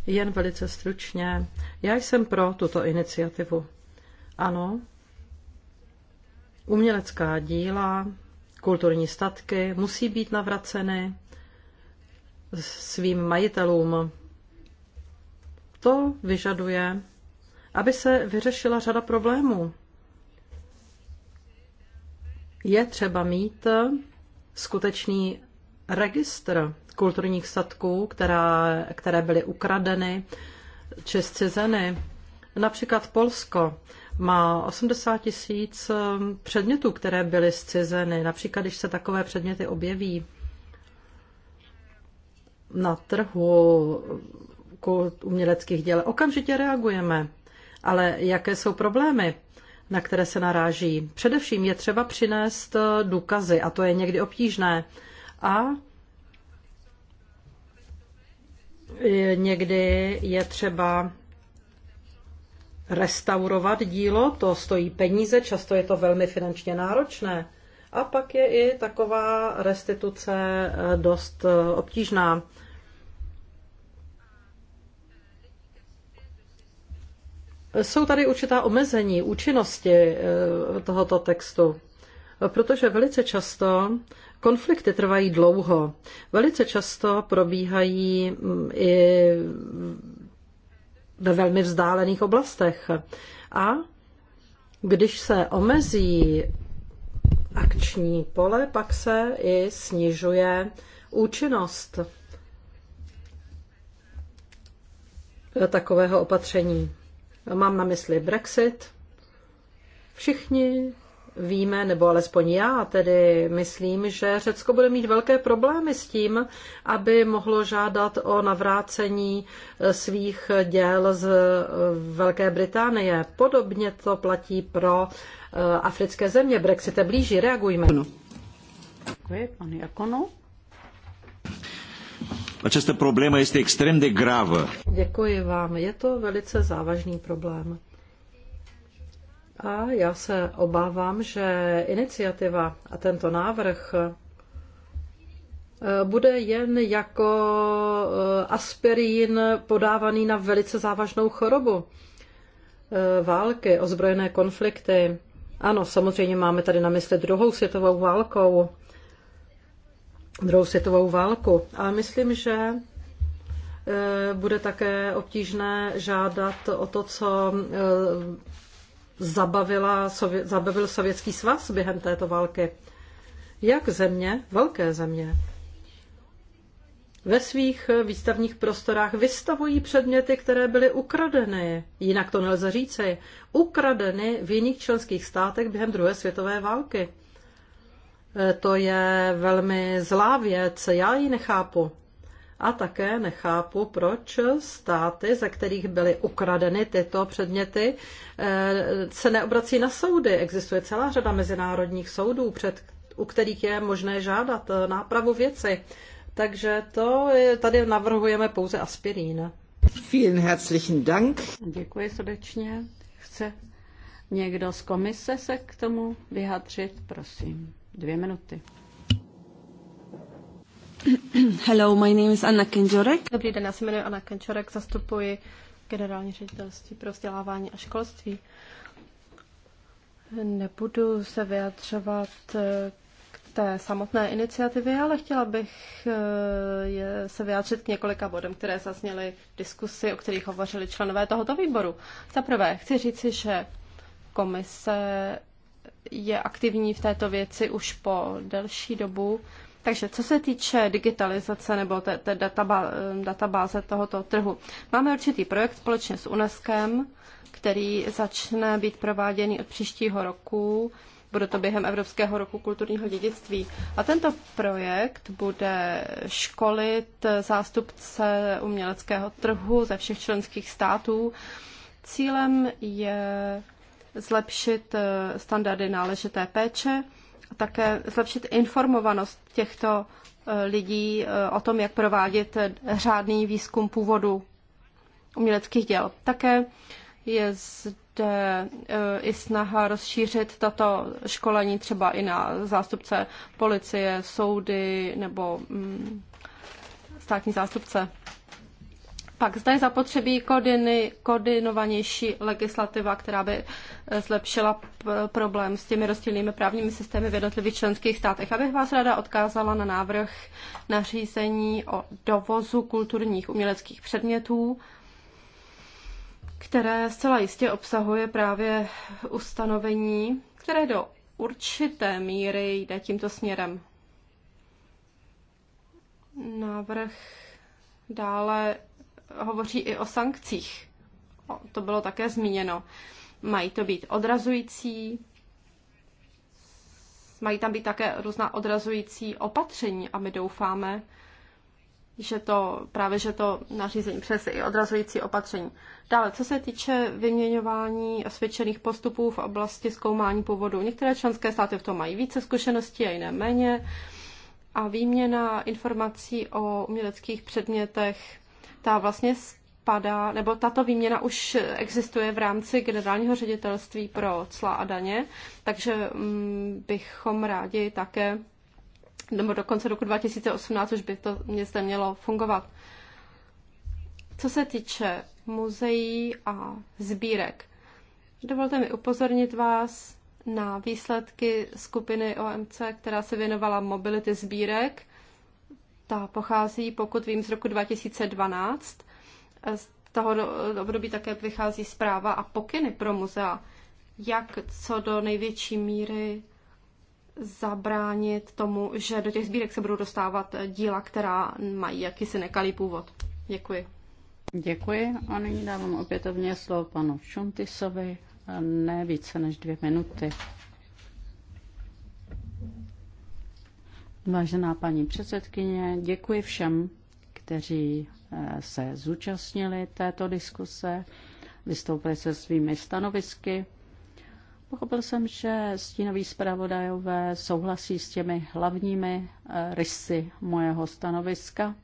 Jen velice stručně. Já jsem pro tuto iniciativu. Ano, Umělecká díla, kulturní statky musí být navraceny svým majitelům. To vyžaduje, aby se vyřešila řada problémů. Je třeba mít skutečný registr kulturních statků, která, které byly ukradeny či zcizeny. Například Polsko má 80 tisíc ehm, předmětů, které byly zcizeny. Například, když se takové předměty objeví na trhu eh, uměleckých děl, okamžitě reagujeme. Ale jaké jsou problémy, na které se naráží? Především je třeba přinést eh, důkazy, a to je někdy obtížné. A někdy je třeba restaurovat dílo, to stojí peníze, často je to velmi finančně náročné. A pak je i taková restituce eh, dost eh, obtížná. Jsou tady určitá omezení účinnosti eh, tohoto textu, protože velice často konflikty trvají dlouho. Velice často probíhají mm, i ve velmi vzdálených oblastech. A když se omezí akční pole, pak se i snižuje účinnost takového opatření. Mám na mysli Brexit. Všichni víme, nebo alespoň já tedy myslím, že Řecko bude mít velké problémy s tím, aby mohlo žádat o navrácení eh, svých děl z eh, Velké Británie. Podobně to platí pro eh, africké země. Brexit je blíží, reagujme. Děkuji, pan Jakono. Această problemă este extrem de gravă. Děkuji vám. Je to velice závažný problém. A já se obávám, že iniciativa a tento návrh eh, bude jen jako eh, aspirín podávaný na velice závažnou chorobu. Eh, války, ozbrojené konflikty. Ano, samozřejmě máme tady na mysli druhou světovou válkou, druhou světovou válku. Ale myslím, že bude také obtížné žádat o to, co zabavila, Sově, zabavil Sovětský svaz během této války. Jak země, velké země, ve svých eh, výstavních prostorách vystavují předměty, které byly ukradeny, jinak to nelze říci, ukradeny v jiných členských státech během druhé světové války. Eh, to je velmi zlá věc, já ji nechápu. A také nechápu, proč státy, ze kterých byly ukradeny tyto předměty, eh, se neobrací na soudy. Existuje celá řada mezinárodních soudů, před, u kterých je možné žádat eh, nápravu věci. Takže to je, tady navrhujeme pouze aspirín. Vielen herzlichen Dank. Děkuji srdečně. Chce někdo z komise se k tomu vyhatřit? Prosím, dvě minuty. Hello, my name is Anna Kenčorek. Dobrý den, já se jmenuji Anna Kenčorek, zastupuji generální ředitelství pro vzdělávání a školství. Nebudu se vyjadřovat eh, k té samotné iniciativě, ale chtěla bych eh, se vyjádřit k několika bodům, které zazněly v diskusi, o kterých hovořili členové tohoto výboru. Za prvé, chci říci, že komise je aktivní v této věci už po delší dobu. Takže co se týče digitalizace nebo té, té databá, eh, databáze tohoto trhu, máme určitý projekt společně s UNESCO, který začne být prováděný od příštího roku. Bude to během Evropského roku kulturního dědictví. A tento projekt bude školit zástupce uměleckého trhu ze všech členských států. Cílem je zlepšit eh, standardy náležité péče také zlepšit informovanost těchto e, lidí e, o tom, jak provádět e, řádný výzkum původu uměleckých děl. Také je zde i snaha rozšířit tato školení třeba i na zástupce policie, soudy nebo mm, státní zástupce. Pak zda je zapotřebí koordiny, koordinovanější legislativa, která by eh, zlepšila problém s těmi rozdílnými právními systémy v jednotlivých členských státech. Abych vás ráda odkázala na návrh nařízení o dovozu kulturních uměleckých předmětů, které zcela jistě obsahuje právě ustanovení, které do určité míry jde tímto směrem. Návrh dále hovoří i o sankcích. O, to bylo také zmíněno. Mají to být odrazující, mají tam být také různá odrazující opatření a my doufáme, že to právě, že to nařízení přes i odrazující opatření. Dále, co se týče vyměňování osvědčených postupů v oblasti zkoumání původu, některé členské státy v tom mají více zkušeností a jiné méně. A výměna informací o uměleckých předmětech ta vlastně spadá, nebo tato výměna už existuje v rámci generálního ředitelství pro cla a daně, takže mm, bychom rádi také, nebo do konce roku 2018 už by to město mělo fungovat. Co se týče muzeí a sbírek, dovolte mi upozornit vás na výsledky skupiny OMC, která se věnovala mobility sbírek. Ta pochází, pokud vím, z roku 2012. Z toho období také vychází zpráva a pokyny pro muzea, jak co do největší míry zabránit tomu, že do těch sbírek se budou dostávat díla, která mají jakýsi nekalý původ. Děkuji. Děkuji a nyní dávám opětovně slovo panu Šuntisovi, ne více než dvě minuty. Vážená paní předsedkyně, děkuji všem, kteří eh, se zúčastnili této diskuse, vystoupili se svými stanovisky. Pochopil jsem, že stínoví zpravodajové souhlasí s těmi hlavními eh, rysy mojeho stanoviska,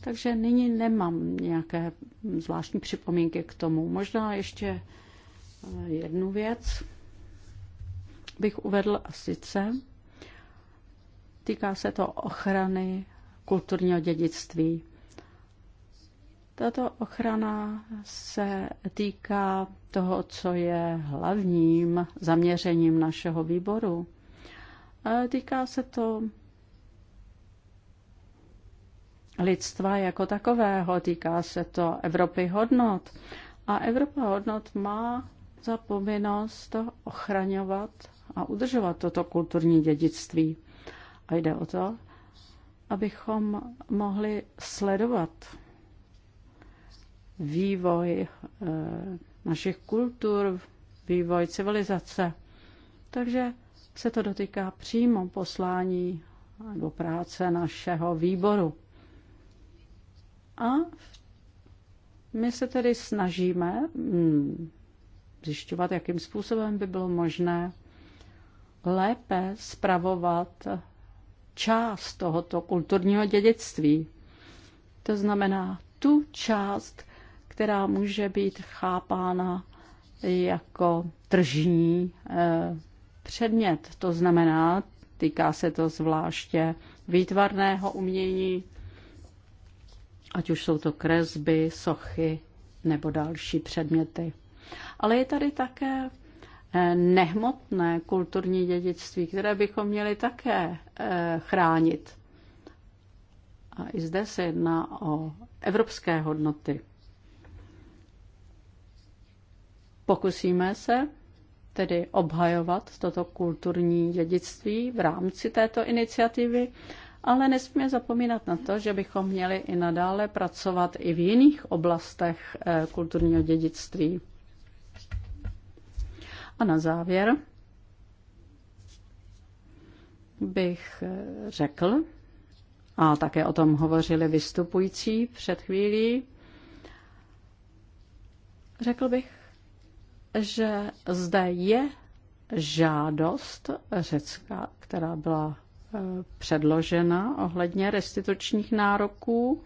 takže nyní nemám nějaké zvláštní připomínky k tomu. Možná ještě eh, jednu věc bych uvedl a sice, Týká se to ochrany kulturního dědictví. Tato ochrana se týká toho, co je hlavním zaměřením našeho výboru. Týká se to lidstva jako takového, týká se to Evropy hodnot. A Evropa hodnot má za povinnost ochraňovat a udržovat toto kulturní dědictví. A jde o to, abychom mohli sledovat vývoj eh, našich kultur, vývoj civilizace. Takže se to dotýká přímo poslání nebo práce našeho výboru. A my se tedy snažíme hmm, zjišťovat, jakým způsobem by bylo možné lépe spravovat část tohoto kulturního dědictví. To znamená tu část, která může být chápána jako tržní eh, předmět. To znamená, týká se to zvláště výtvarného umění, ať už jsou to kresby, sochy nebo další předměty. Ale je tady také nehmotné kulturní dědictví, které bychom měli také eh, chránit. A i zde se jedná o evropské hodnoty. Pokusíme se tedy obhajovat toto kulturní dědictví v rámci této iniciativy, ale nesmíme zapomínat na to, že bychom měli i nadále pracovat i v jiných oblastech eh, kulturního dědictví. A na závěr bych řekl, a také o tom hovořili vystupující před chvílí, řekl bych, že zde je žádost Řecka, která byla eh, předložena ohledně restitučních nároků.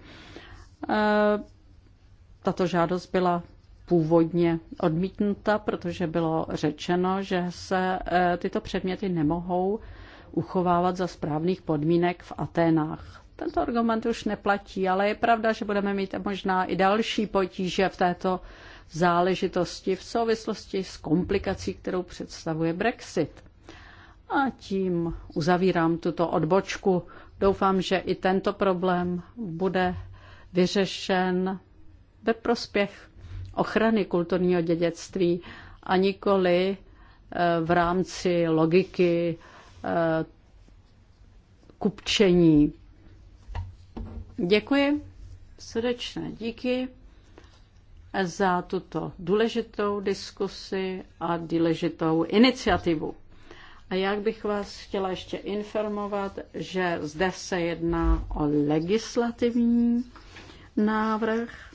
Eh, tato žádost byla původně odmítnuta, protože bylo řečeno, že se e, tyto předměty nemohou uchovávat za správných podmínek v Aténách. Tento argument už neplatí, ale je pravda, že budeme mít možná i další potíže v této záležitosti v souvislosti s komplikací, kterou představuje Brexit. A tím uzavírám tuto odbočku. Doufám, že i tento problém bude vyřešen ve prospěch ochrany kulturního dědictví a nikoli eh, v rámci logiky eh, kupčení. Děkuji, srdečné díky za tuto důležitou diskusi a důležitou iniciativu. A jak bych vás chtěla ještě informovat, že zde se jedná o legislativní návrh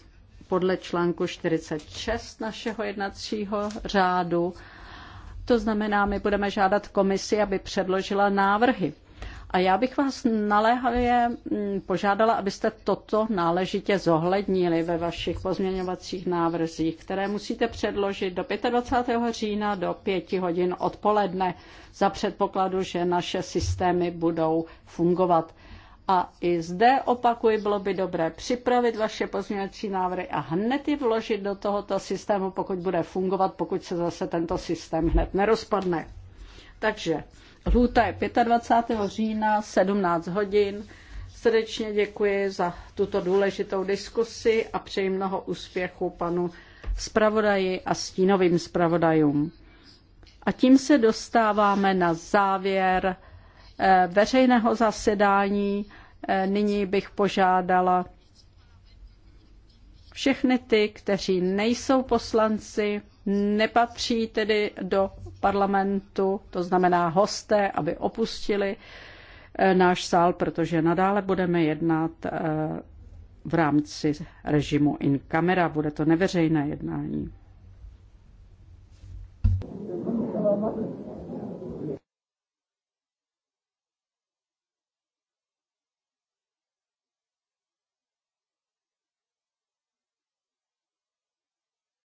podle článku 46 našeho jednacího řádu. To znamená, my budeme žádat komisi, aby předložila návrhy. A já bych vás naléhavě mm, požádala, abyste toto náležitě zohlednili ve vašich pozměňovacích návrzích, které musíte předložit do 25. října do 5 hodin odpoledne za předpokladu, že naše systémy budou fungovat. A i zde opakuji, bylo by dobré připravit vaše pozměňovací návrhy a hned je vložit do tohoto systému, pokud bude fungovat, pokud se zase tento systém hned nerozpadne. Takže lhůta je 25. října, 17 hodin. Srdečně děkuji za tuto důležitou diskusi a přeji mnoho úspěchu panu zpravodaji a stínovým zpravodajům. A tím se dostáváme na závěr Eh, veřejného zasedání. Eh, nyní bych požádala všechny ty, kteří nejsou poslanci, nepatří tedy do parlamentu, to znamená hosté, aby opustili eh, náš sál, protože nadále budeme jednat v rámci režimu in camera. Bude to neveřejné jednání.